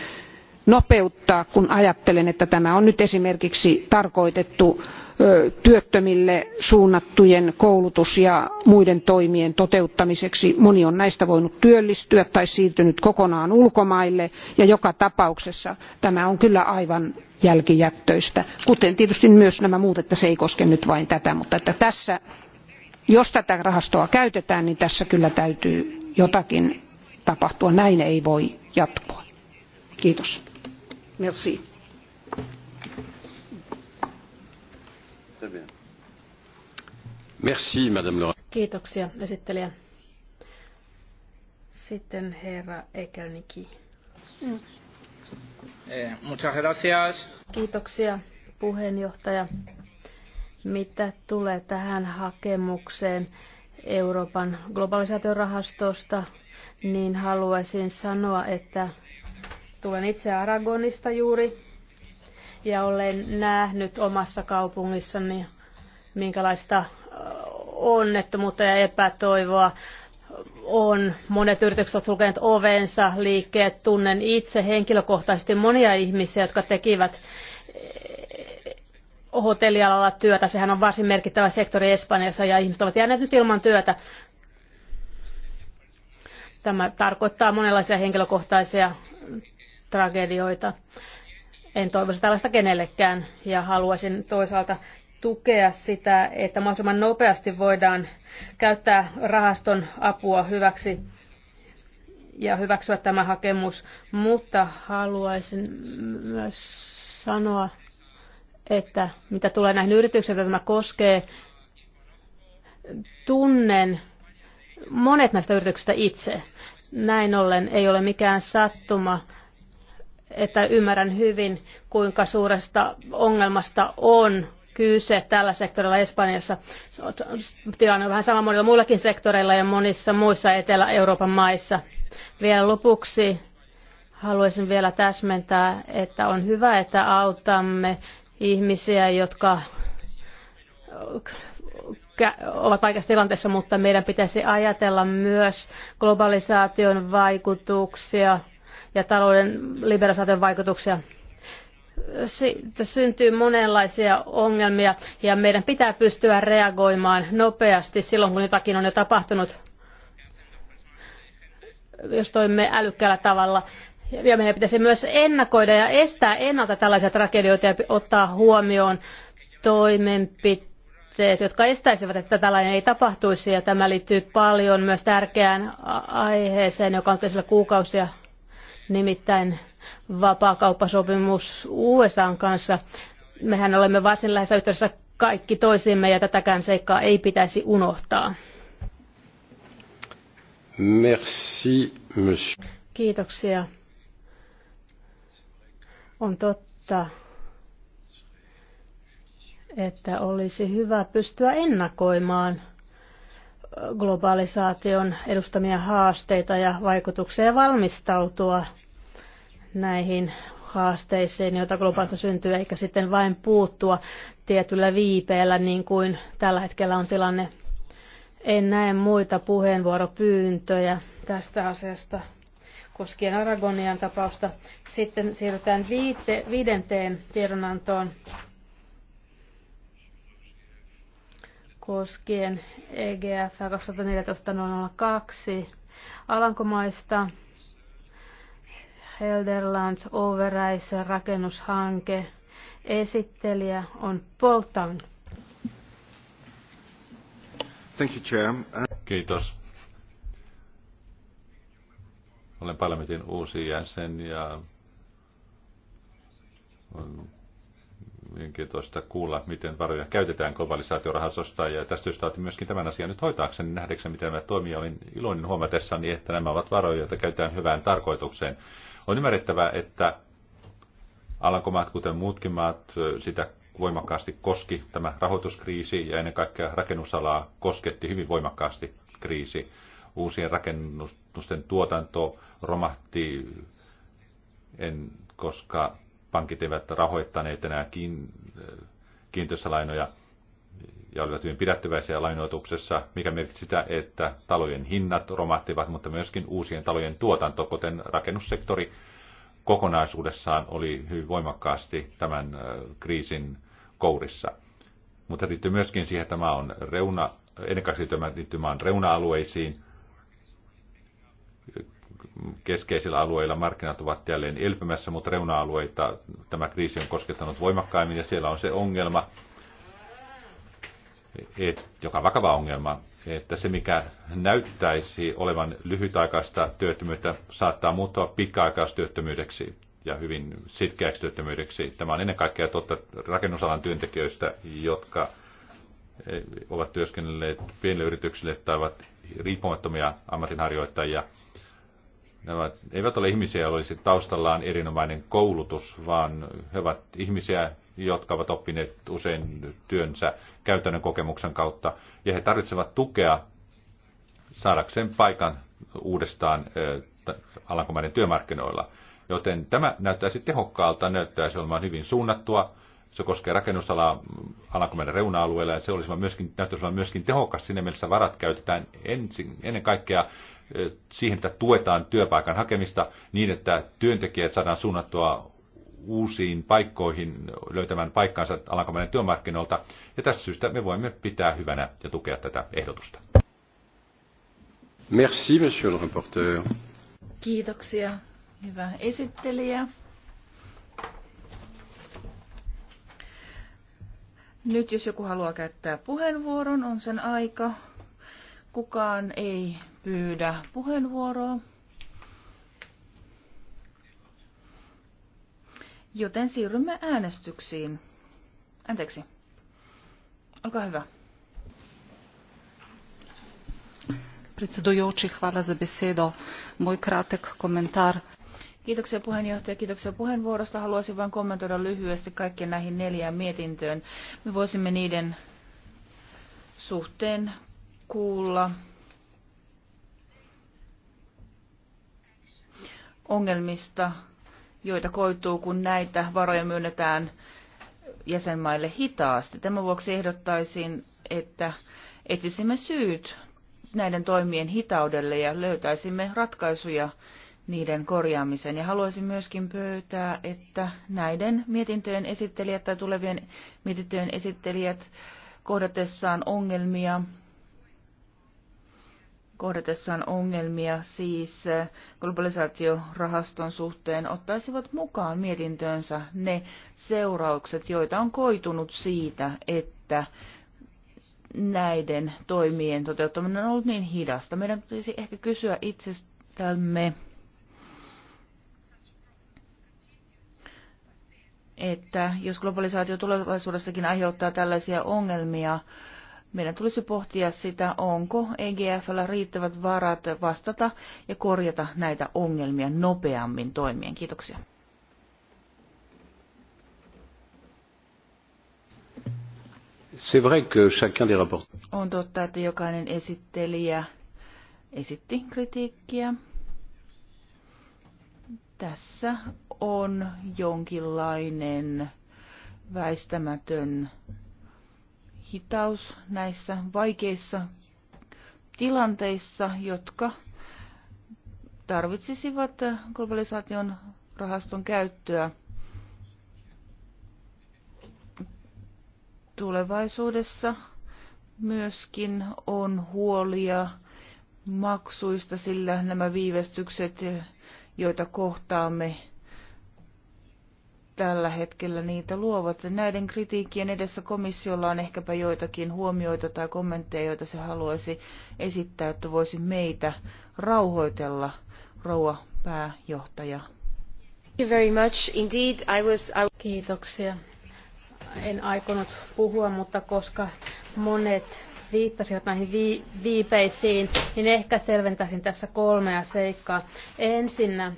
Speaker 5: nopeuttaa kun ajattelen että tämä on nyt esimerkiksi tarkoitettu työttömille suunnattujen koulutus ja muiden toimien toteuttamiseksi. moni on näistä voinut työllistyä tai siirtynyt kokonaan ulkomaille ja joka tapauksessa tämä on kyllä aivan jälkijättöistä kuten tietysti myös nämä muut että se ei koske nyt vain tätä mutta että tässä jos tätä rahastoa käytetään niin tässä kyllä täytyy jotakin tapahtua näin ei voi jatkua. Kiitos. Merci.
Speaker 1: Merci, Madame Laura.
Speaker 2: Kiitoksia, esittelijä. Sitten herra Ekelniki. Mm.
Speaker 1: Eh, muchas gracias.
Speaker 2: Kiitoksia, puheenjohtaja. Mitä tulee tähän hakemukseen Euroopan globalisaatiorahastosta, niin haluaisin sanoa, että tulen itse Aragonista juuri ja olen nähnyt omassa kaupungissani, minkälaista onnettomuutta ja epätoivoa on. Monet yritykset ovat sulkeneet ovensa, liikkeet, tunnen itse henkilökohtaisesti monia ihmisiä, jotka tekivät hotellialalla työtä. Sehän on varsin merkittävä sektori Espanjassa ja ihmiset ovat jääneet nyt ilman työtä. Tämä tarkoittaa monenlaisia henkilökohtaisia tragedioita. En toivoisi tällaista kenellekään ja haluaisin toisaalta tukea sitä, että mahdollisimman nopeasti voidaan käyttää rahaston apua hyväksi ja hyväksyä tämä hakemus, mutta haluaisin myös sanoa, että mitä tulee näihin yrityksiin, joita tämä koskee, tunnen monet näistä yrityksistä itse. Näin ollen ei ole mikään sattuma, että ymmärrän hyvin, kuinka suuresta ongelmasta on kyse tällä sektorilla Espanjassa. Tilanne on vähän sama monilla muillakin sektoreilla ja monissa muissa Etelä-Euroopan maissa. Vielä lopuksi haluaisin vielä täsmentää, että on hyvä, että autamme ihmisiä, jotka ovat vaikeassa tilanteessa, mutta meidän pitäisi ajatella myös globalisaation vaikutuksia ja talouden liberalisaation vaikutuksia siitä syntyy monenlaisia ongelmia ja meidän pitää pystyä reagoimaan nopeasti silloin, kun jotakin on jo tapahtunut, jos toimimme älykkäällä tavalla. Ja meidän pitäisi myös ennakoida ja estää ennalta tällaisia tragedioita ja ottaa huomioon toimenpiteet, jotka estäisivät, että tällainen ei tapahtuisi. Ja tämä liittyy paljon myös tärkeään aiheeseen, joka on tässä kuukausia nimittäin vapaakauppasopimus USAn kanssa. Mehän olemme varsin lähes yhteydessä kaikki toisimme ja tätäkään seikkaa ei pitäisi unohtaa.
Speaker 1: Merci, monsieur.
Speaker 2: Kiitoksia. On totta, että olisi hyvä pystyä ennakoimaan globalisaation edustamia haasteita ja vaikutuksia ja valmistautua – näihin haasteisiin, joita globaalista syntyy, eikä sitten vain puuttua tietyllä viipeellä, niin kuin tällä hetkellä on tilanne. En näe muita puheenvuoropyyntöjä tästä asiasta koskien Aragonian tapausta. Sitten siirrytään viite, viidenteen tiedonantoon koskien EGF 2014 002 Alankomaista. Helderlands Overäisen rakennushanke. Esittelijä on Poltan.
Speaker 3: Thank you, Chair. Kiitos. Olen parlamentin uusi jäsen ja on mielenkiintoista kuulla, miten varoja käytetään globalisaatiorahastosta. Ja tästä syystä otin myöskin tämän asian nyt hoitaakseni nähdäkseni, miten nämä toimii, Olin iloinen huomatessani, että nämä ovat varoja, joita käytetään hyvään tarkoitukseen. On ymmärrettävää, että Alankomaat, kuten muutkin maat, sitä voimakkaasti koski tämä rahoituskriisi ja ennen kaikkea rakennusalaa kosketti hyvin voimakkaasti kriisi. Uusien rakennusten tuotanto romahti, en, koska pankit eivät rahoittaneet enää kiin, kiinteistölainoja – ja olivat hyvin pidättyväisiä lainoituksessa, mikä merkitsi sitä, että talojen hinnat romahtivat, mutta myöskin uusien talojen tuotanto, kuten rakennussektori kokonaisuudessaan oli hyvin voimakkaasti tämän kriisin kourissa. Mutta liittyy myöskin siihen, että maa on reuna, ennen kaikkea tämä liittyy maan reuna-alueisiin. Keskeisillä alueilla markkinat ovat jälleen elpymässä, mutta reuna-alueita tämä kriisi on koskettanut voimakkaimmin ja siellä on se ongelma, et, joka on vakava ongelma, että se mikä näyttäisi olevan lyhytaikaista työttömyyttä saattaa muuttua pitkäaikaistyöttömyydeksi ja hyvin sitkeäksi työttömyydeksi. Tämä on ennen kaikkea totta rakennusalan työntekijöistä, jotka e, ovat työskennelleet pienille yrityksille tai ovat riippumattomia ammatinharjoittajia. Nämä eivät ole ihmisiä, joilla olisi taustallaan erinomainen koulutus, vaan he ovat ihmisiä, jotka ovat oppineet usein työnsä käytännön kokemuksen kautta, ja he tarvitsevat tukea saadakseen paikan uudestaan Alankomaiden työmarkkinoilla. Joten tämä näyttäisi tehokkaalta, näyttäisi olemaan hyvin suunnattua. Se koskee rakennusalaa Alankomaiden reuna-alueella ja se olisi myöskin, näyttäisi olevan myöskin tehokas. sinne mielessä varat käytetään ensin, ennen kaikkea siihen, että tuetaan työpaikan hakemista niin, että työntekijät saadaan suunnattua uusiin paikkoihin löytämään paikkaansa alankomainen työmarkkinoilta. Ja tästä syystä me voimme pitää hyvänä ja tukea tätä
Speaker 1: ehdotusta. Merci, monsieur le rapporteur.
Speaker 4: Kiitoksia, hyvä esittelijä. Nyt jos joku haluaa käyttää puheenvuoron, on sen aika. Kukaan ei pyydä puheenvuoroa. Joten siirrymme äänestyksiin. Anteeksi. Olkaa hyvä. Predsedujouči, hvala za besedo. Moj kratek komentar. Kiitoksia puheenjohtaja, kiitoksia puheenvuorosta. Haluaisin vain kommentoida lyhyesti kaikkien näihin neljään mietintöön. Me voisimme niiden suhteen kuulla ongelmista, joita koituu, kun näitä varoja myönnetään jäsenmaille hitaasti. Tämän vuoksi ehdottaisin, että etsisimme syyt näiden toimien hitaudelle ja löytäisimme ratkaisuja niiden korjaamiseen. Ja haluaisin myöskin pöytää, että näiden mietintöjen esittelijät tai tulevien mietintöjen esittelijät kohdatessaan ongelmia kohdatessaan ongelmia siis eh, globalisaatiorahaston suhteen ottaisivat mukaan mietintöönsä ne seuraukset, joita on koitunut siitä, että näiden toimien toteuttaminen on ollut niin hidasta. Meidän tulisi ehkä kysyä itsestämme, että jos globalisaatio tulevaisuudessakin aiheuttaa tällaisia ongelmia, meidän tulisi pohtia sitä, onko EGFllä riittävät varat vastata ja korjata näitä ongelmia nopeammin toimien. Kiitoksia.
Speaker 1: vrai que chacun des
Speaker 4: On totta, että jokainen esittelijä esitti kritiikkiä. Tässä on jonkinlainen väistämätön hitaus näissä vaikeissa tilanteissa, jotka tarvitsisivat globalisaation rahaston käyttöä tulevaisuudessa myöskin on huolia maksuista, sillä nämä viivästykset, joita kohtaamme, tällä hetkellä niitä luovat. Näiden kritiikkien edessä komissiolla on ehkäpä joitakin huomioita tai kommentteja, joita se haluaisi esittää, että voisi meitä rauhoitella, rouva pääjohtaja.
Speaker 2: Kiitoksia. En aikonut puhua, mutta koska monet viittasivat näihin viipeisiin, niin ehkä selventäisin tässä kolmea seikkaa. Ensinnä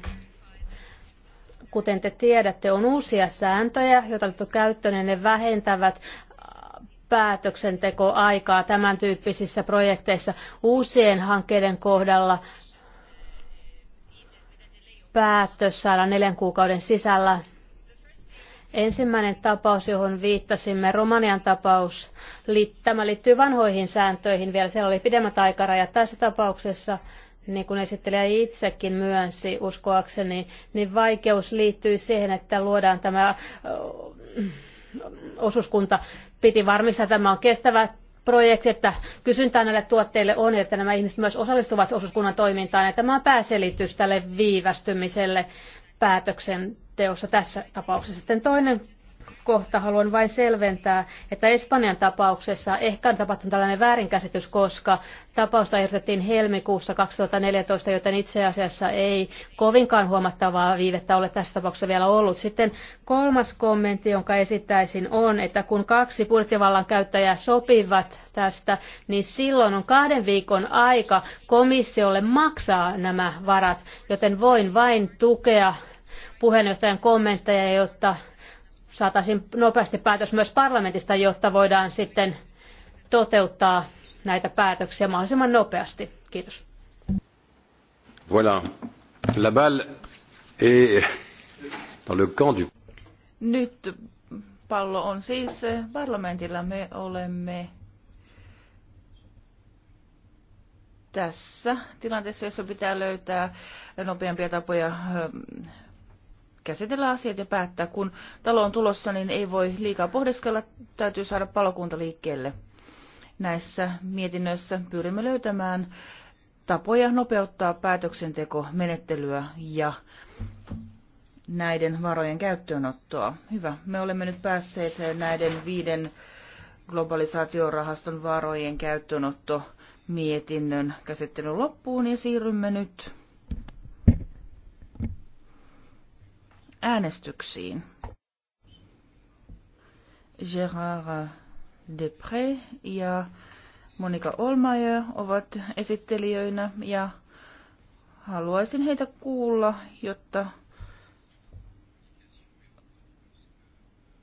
Speaker 2: Kuten te tiedätte, on uusia sääntöjä, joita on käyttöön ja ne vähentävät äh, päätöksentekoaikaa tämän tyyppisissä projekteissa uusien hankkeiden kohdalla päätös saada neljän kuukauden sisällä. Ensimmäinen tapaus, johon viittasimme, Romanian tapaus, tämä liittyy vanhoihin sääntöihin vielä. Siellä oli pidemmät aikarajat tässä tapauksessa niin kuin esittelijä itsekin myönsi uskoakseni, niin vaikeus liittyy siihen, että luodaan tämä osuuskunta. Piti varmistaa, että tämä on kestävä projekti, että kysyntää näille tuotteille on, että nämä ihmiset myös osallistuvat osuuskunnan toimintaan. Ja tämä on pääselitys tälle viivästymiselle päätöksenteossa tässä tapauksessa. Sitten toinen kohta haluan vain selventää, että Espanjan tapauksessa ehkä on tapahtunut tällainen väärinkäsitys, koska tapausta ehdotettiin helmikuussa 2014, joten itse asiassa ei kovinkaan huomattavaa viivettä ole tässä tapauksessa vielä ollut. Sitten kolmas kommentti, jonka esittäisin, on, että kun kaksi budjettivallan käyttäjää sopivat tästä, niin silloin on kahden viikon aika komissiolle maksaa nämä varat, joten voin vain tukea puheenjohtajan kommentteja, jotta saataisiin nopeasti päätös myös parlamentista, jotta voidaan sitten toteuttaa näitä päätöksiä mahdollisimman nopeasti. Kiitos.
Speaker 1: Voilà. La balle est dans le camp du...
Speaker 4: Nyt pallo on siis parlamentilla. Me olemme tässä tilanteessa, jossa pitää löytää nopeampia tapoja ähm, käsitellä asiat ja päättää. Kun talo on tulossa, niin ei voi liikaa pohdiskella, täytyy saada palokunta liikkeelle. Näissä mietinnöissä pyrimme löytämään tapoja nopeuttaa päätöksentekomenettelyä ja näiden varojen käyttöönottoa. Hyvä. Me olemme nyt päässeet näiden viiden globalisaatiorahaston varojen käyttöönotto mietinnön käsittelyn loppuun ja siirrymme nyt äänestyksiin. Gérard Depré ja Monika Olmayer ovat esittelijöinä ja haluaisin heitä kuulla, jotta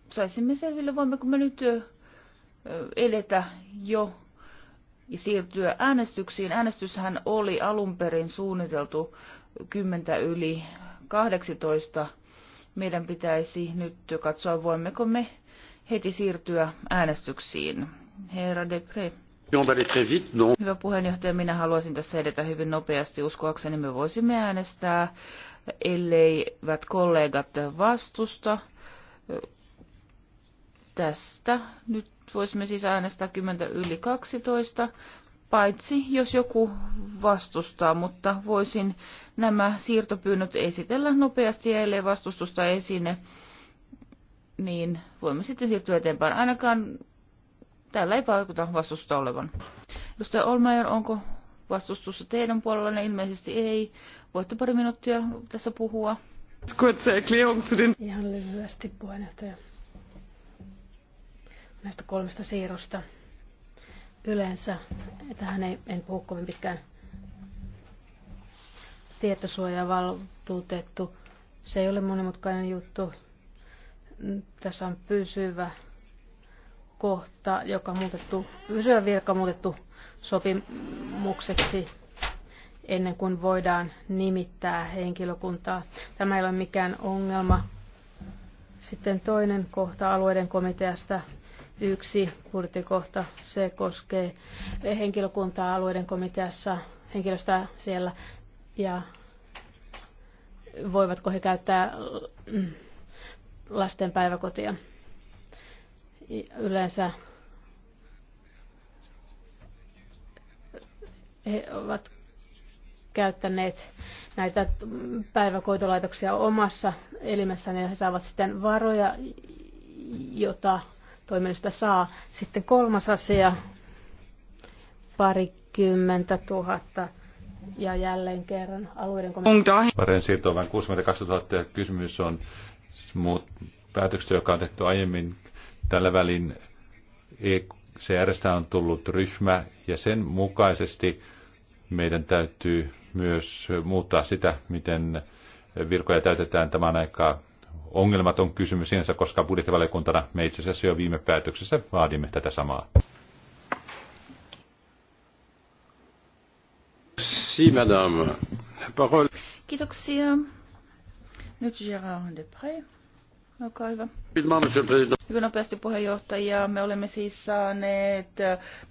Speaker 4: saisimme selville, voimmeko me nyt edetä jo ja siirtyä äänestyksiin. Äänestyshän oli alun perin suunniteltu 10 yli 18 meidän pitäisi nyt katsoa, voimmeko me heti siirtyä äänestyksiin. Herra Depre. Hyvä puheenjohtaja, minä haluaisin tässä edetä hyvin nopeasti. Uskoakseni me voisimme äänestää, elleivät kollegat vastusta. Tästä nyt voisimme siis äänestää 10 yli 12 paitsi jos joku vastustaa, mutta voisin nämä siirtopyynnöt esitellä nopeasti ja ellei vastustusta esine, niin voimme sitten siirtyä eteenpäin. Ainakaan täällä ei vaikuta vastustusta olevan. Edustaja Olmeier, onko vastustusta teidän puolellanne? Ilmeisesti ei. Voitte pari minuuttia tässä puhua. Ihan lyhyesti puheenjohtaja
Speaker 2: näistä kolmesta siirrosta yleensä, että hän ei, en puhu kovin pitkään tietosuojavaltuutettu. Se ei ole monimutkainen juttu. Tässä on pysyvä kohta, joka muutettu, pysyvä virka muutettu sopimukseksi ennen kuin voidaan nimittää henkilökuntaa. Tämä ei ole mikään ongelma. Sitten toinen kohta alueiden komiteasta Yksi budjettikohta, se koskee henkilökuntaa alueiden komiteassa, henkilöstöä siellä ja voivatko he käyttää mm, lasten päiväkotia. Yleensä he ovat käyttäneet näitä päiväkoitolaitoksia omassa elimessään ja he saavat sitten varoja, jota toimellista saa. Sitten kolmas asia, parikymmentä tuhatta ja jälleen kerran alueiden komissio.
Speaker 3: Varen siirto on vain 62 000 ja kysymys on muut päätökset, joka on tehty aiemmin tällä välin ECRstä on tullut ryhmä ja sen mukaisesti meidän täytyy myös muuttaa sitä, miten virkoja täytetään tämän aikaa ongelmaton kysymys sinänsä, koska budjettivaliokuntana me itse asiassa jo viime päätöksessä vaadimme tätä samaa.
Speaker 1: Si, madame. Parole.
Speaker 4: Kiitoksia. Nyt Gérard Depré. Olkaa hyvä. Hyvin nopeasti Me olemme siis saaneet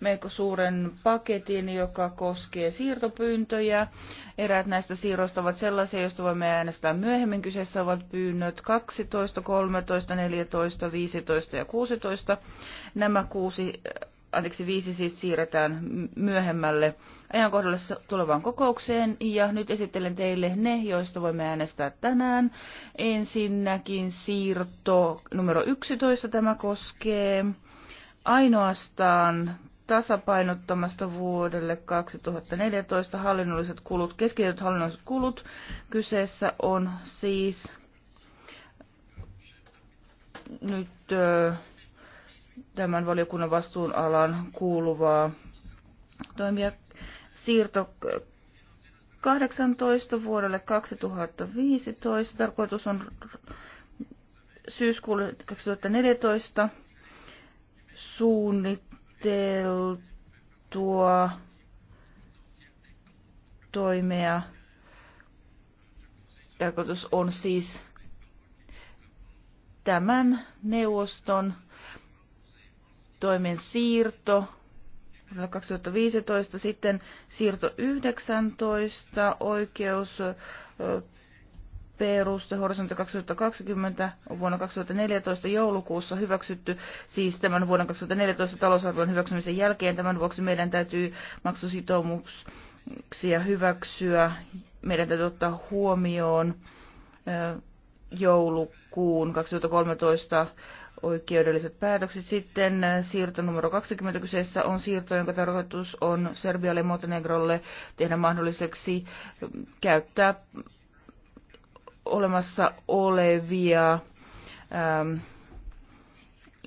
Speaker 4: melko suuren paketin, joka koskee siirtopyyntöjä. Eräät näistä siirroista ovat sellaisia, joista voimme äänestää myöhemmin. Kyseessä ovat pyynnöt 12, 13, 14, 15 ja 16. Nämä kuusi anteeksi, viisi siis siirretään myöhemmälle ajankohdalle tulevaan kokoukseen. Ja nyt esittelen teille ne, joista voimme äänestää tänään. Ensinnäkin siirto numero 11 tämä koskee ainoastaan tasapainottamasta vuodelle 2014 hallinnolliset kulut, keskitetyt hallinnolliset kulut. Kyseessä on siis nyt tämän valiokunnan vastuunalan kuuluvaa toimia siirto 18 vuodelle 2015. Tarkoitus on syyskuulle 2014 suunniteltua toimea. Tarkoitus on siis tämän neuvoston toimen siirto 2015, sitten siirto 19, oikeus peruste Horisontti 2020 on vuonna 2014 joulukuussa hyväksytty, siis tämän vuoden 2014 talousarvion hyväksymisen jälkeen. Tämän vuoksi meidän täytyy maksusitoumuksia hyväksyä. Meidän täytyy ottaa huomioon joulukuun 2013 oikeudelliset päätökset. Sitten äh, siirto numero 20 kyseessä on siirto, jonka tarkoitus on Serbialle ja Montenegrolle tehdä mahdolliseksi käyttää olemassa olevia ähm,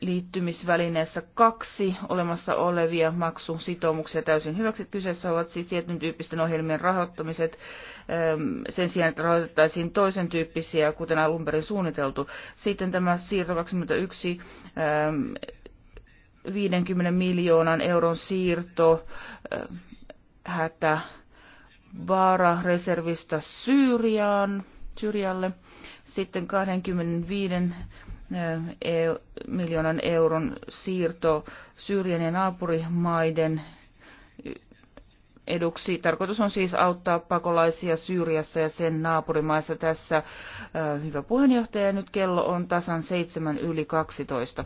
Speaker 4: liittymisvälineessä kaksi olemassa olevia maksusitoumuksia täysin hyväksi. Kyseessä ovat siis tietyn tyyppisten ohjelmien rahoittamiset ähm, sen sijaan, että rahoitettaisiin toisen tyyppisiä, kuten alun perin suunniteltu. Sitten tämä siirto 21 50 ähm, miljoonan euron siirto äh, hätä vaara reservista Syyriaan, Syyrialle. Sitten 25 miljoonan euron siirto Syyrien ja naapurimaiden eduksi. Tarkoitus on siis auttaa pakolaisia Syyriassa ja sen naapurimaissa tässä. Hyvä puheenjohtaja, nyt kello on tasan seitsemän yli 12.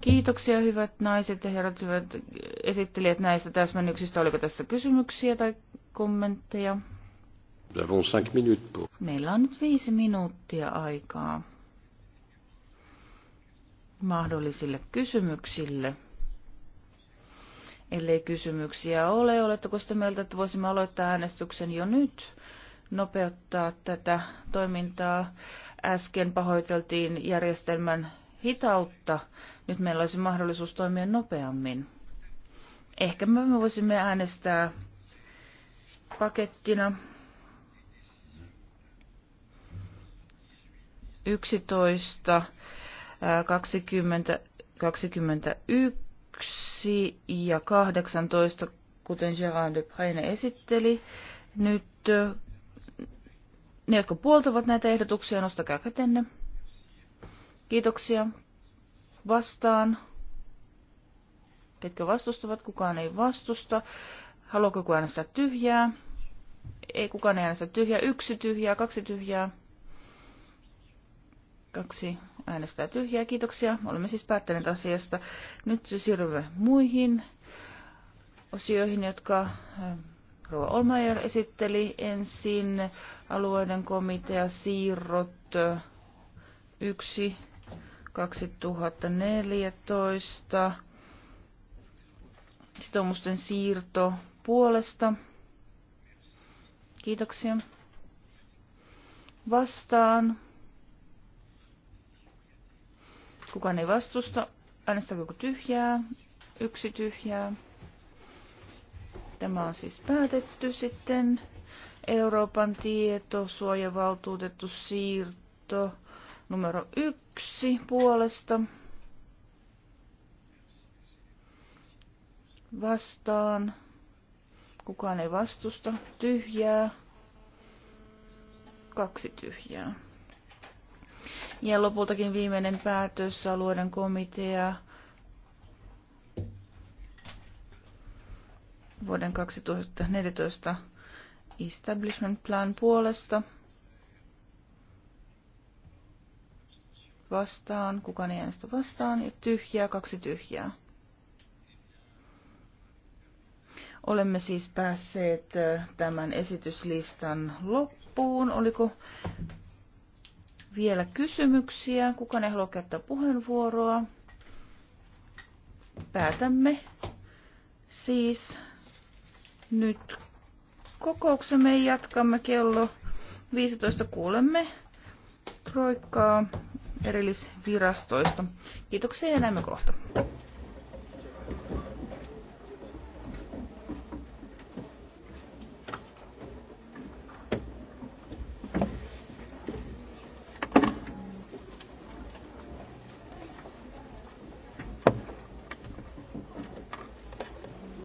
Speaker 4: Kiitoksia hyvät naiset ja herrat, hyvät esittelijät näistä täsmennyksistä. Oliko tässä kysymyksiä tai kommentteja? Meillä on nyt viisi minuuttia aikaa mahdollisille kysymyksille. Ellei kysymyksiä ole, oletteko sitä mieltä, että voisimme aloittaa äänestyksen jo nyt, nopeuttaa tätä toimintaa? Äsken pahoiteltiin järjestelmän hitautta. Nyt meillä olisi mahdollisuus toimia nopeammin. Ehkä me voisimme äänestää pakettina 11, 20, 21 ja 18, kuten de Deprene esitteli. Nyt ne, jotka puoltavat näitä ehdotuksia, nostakaa kätenne. Kiitoksia. Vastaan. Ketkä vastustavat? Kukaan ei vastusta. Haluaako joku äänestää tyhjää? Ei kukaan ei äänestä tyhjää. Yksi tyhjää, kaksi tyhjää. Kaksi äänestää tyhjää. Kiitoksia. Olemme siis päättäneet asiasta. Nyt siirrymme muihin osioihin, jotka ähm, Rova Olmeier esitteli ensin alueiden komitea siirrot 1 äh, 2014 sitoumusten siirto puolesta. Kiitoksia. Vastaan. Kukaan ei vastusta. Äänestääkö joku tyhjää? Yksi tyhjää. Tämä on siis päätetty sitten. Euroopan tietosuojavaltuutettu siirto numero yksi puolesta. Vastaan. Kukaan ei vastusta. Tyhjää. Kaksi tyhjää. Ja lopultakin viimeinen päätös alueiden komitea vuoden 2014 establishment plan puolesta. Vastaan, kukaan ei äänestä vastaan, ja tyhjää, kaksi tyhjää. Olemme siis päässeet tämän esityslistan loppuun. Oliko vielä kysymyksiä. Kuka ne haluaa käyttää puheenvuoroa. Päätämme siis nyt kokouksemme jatkamme kello 15. Kuulemme Troikkaa erillisvirastoista. Kiitoksia ja näemme kohta.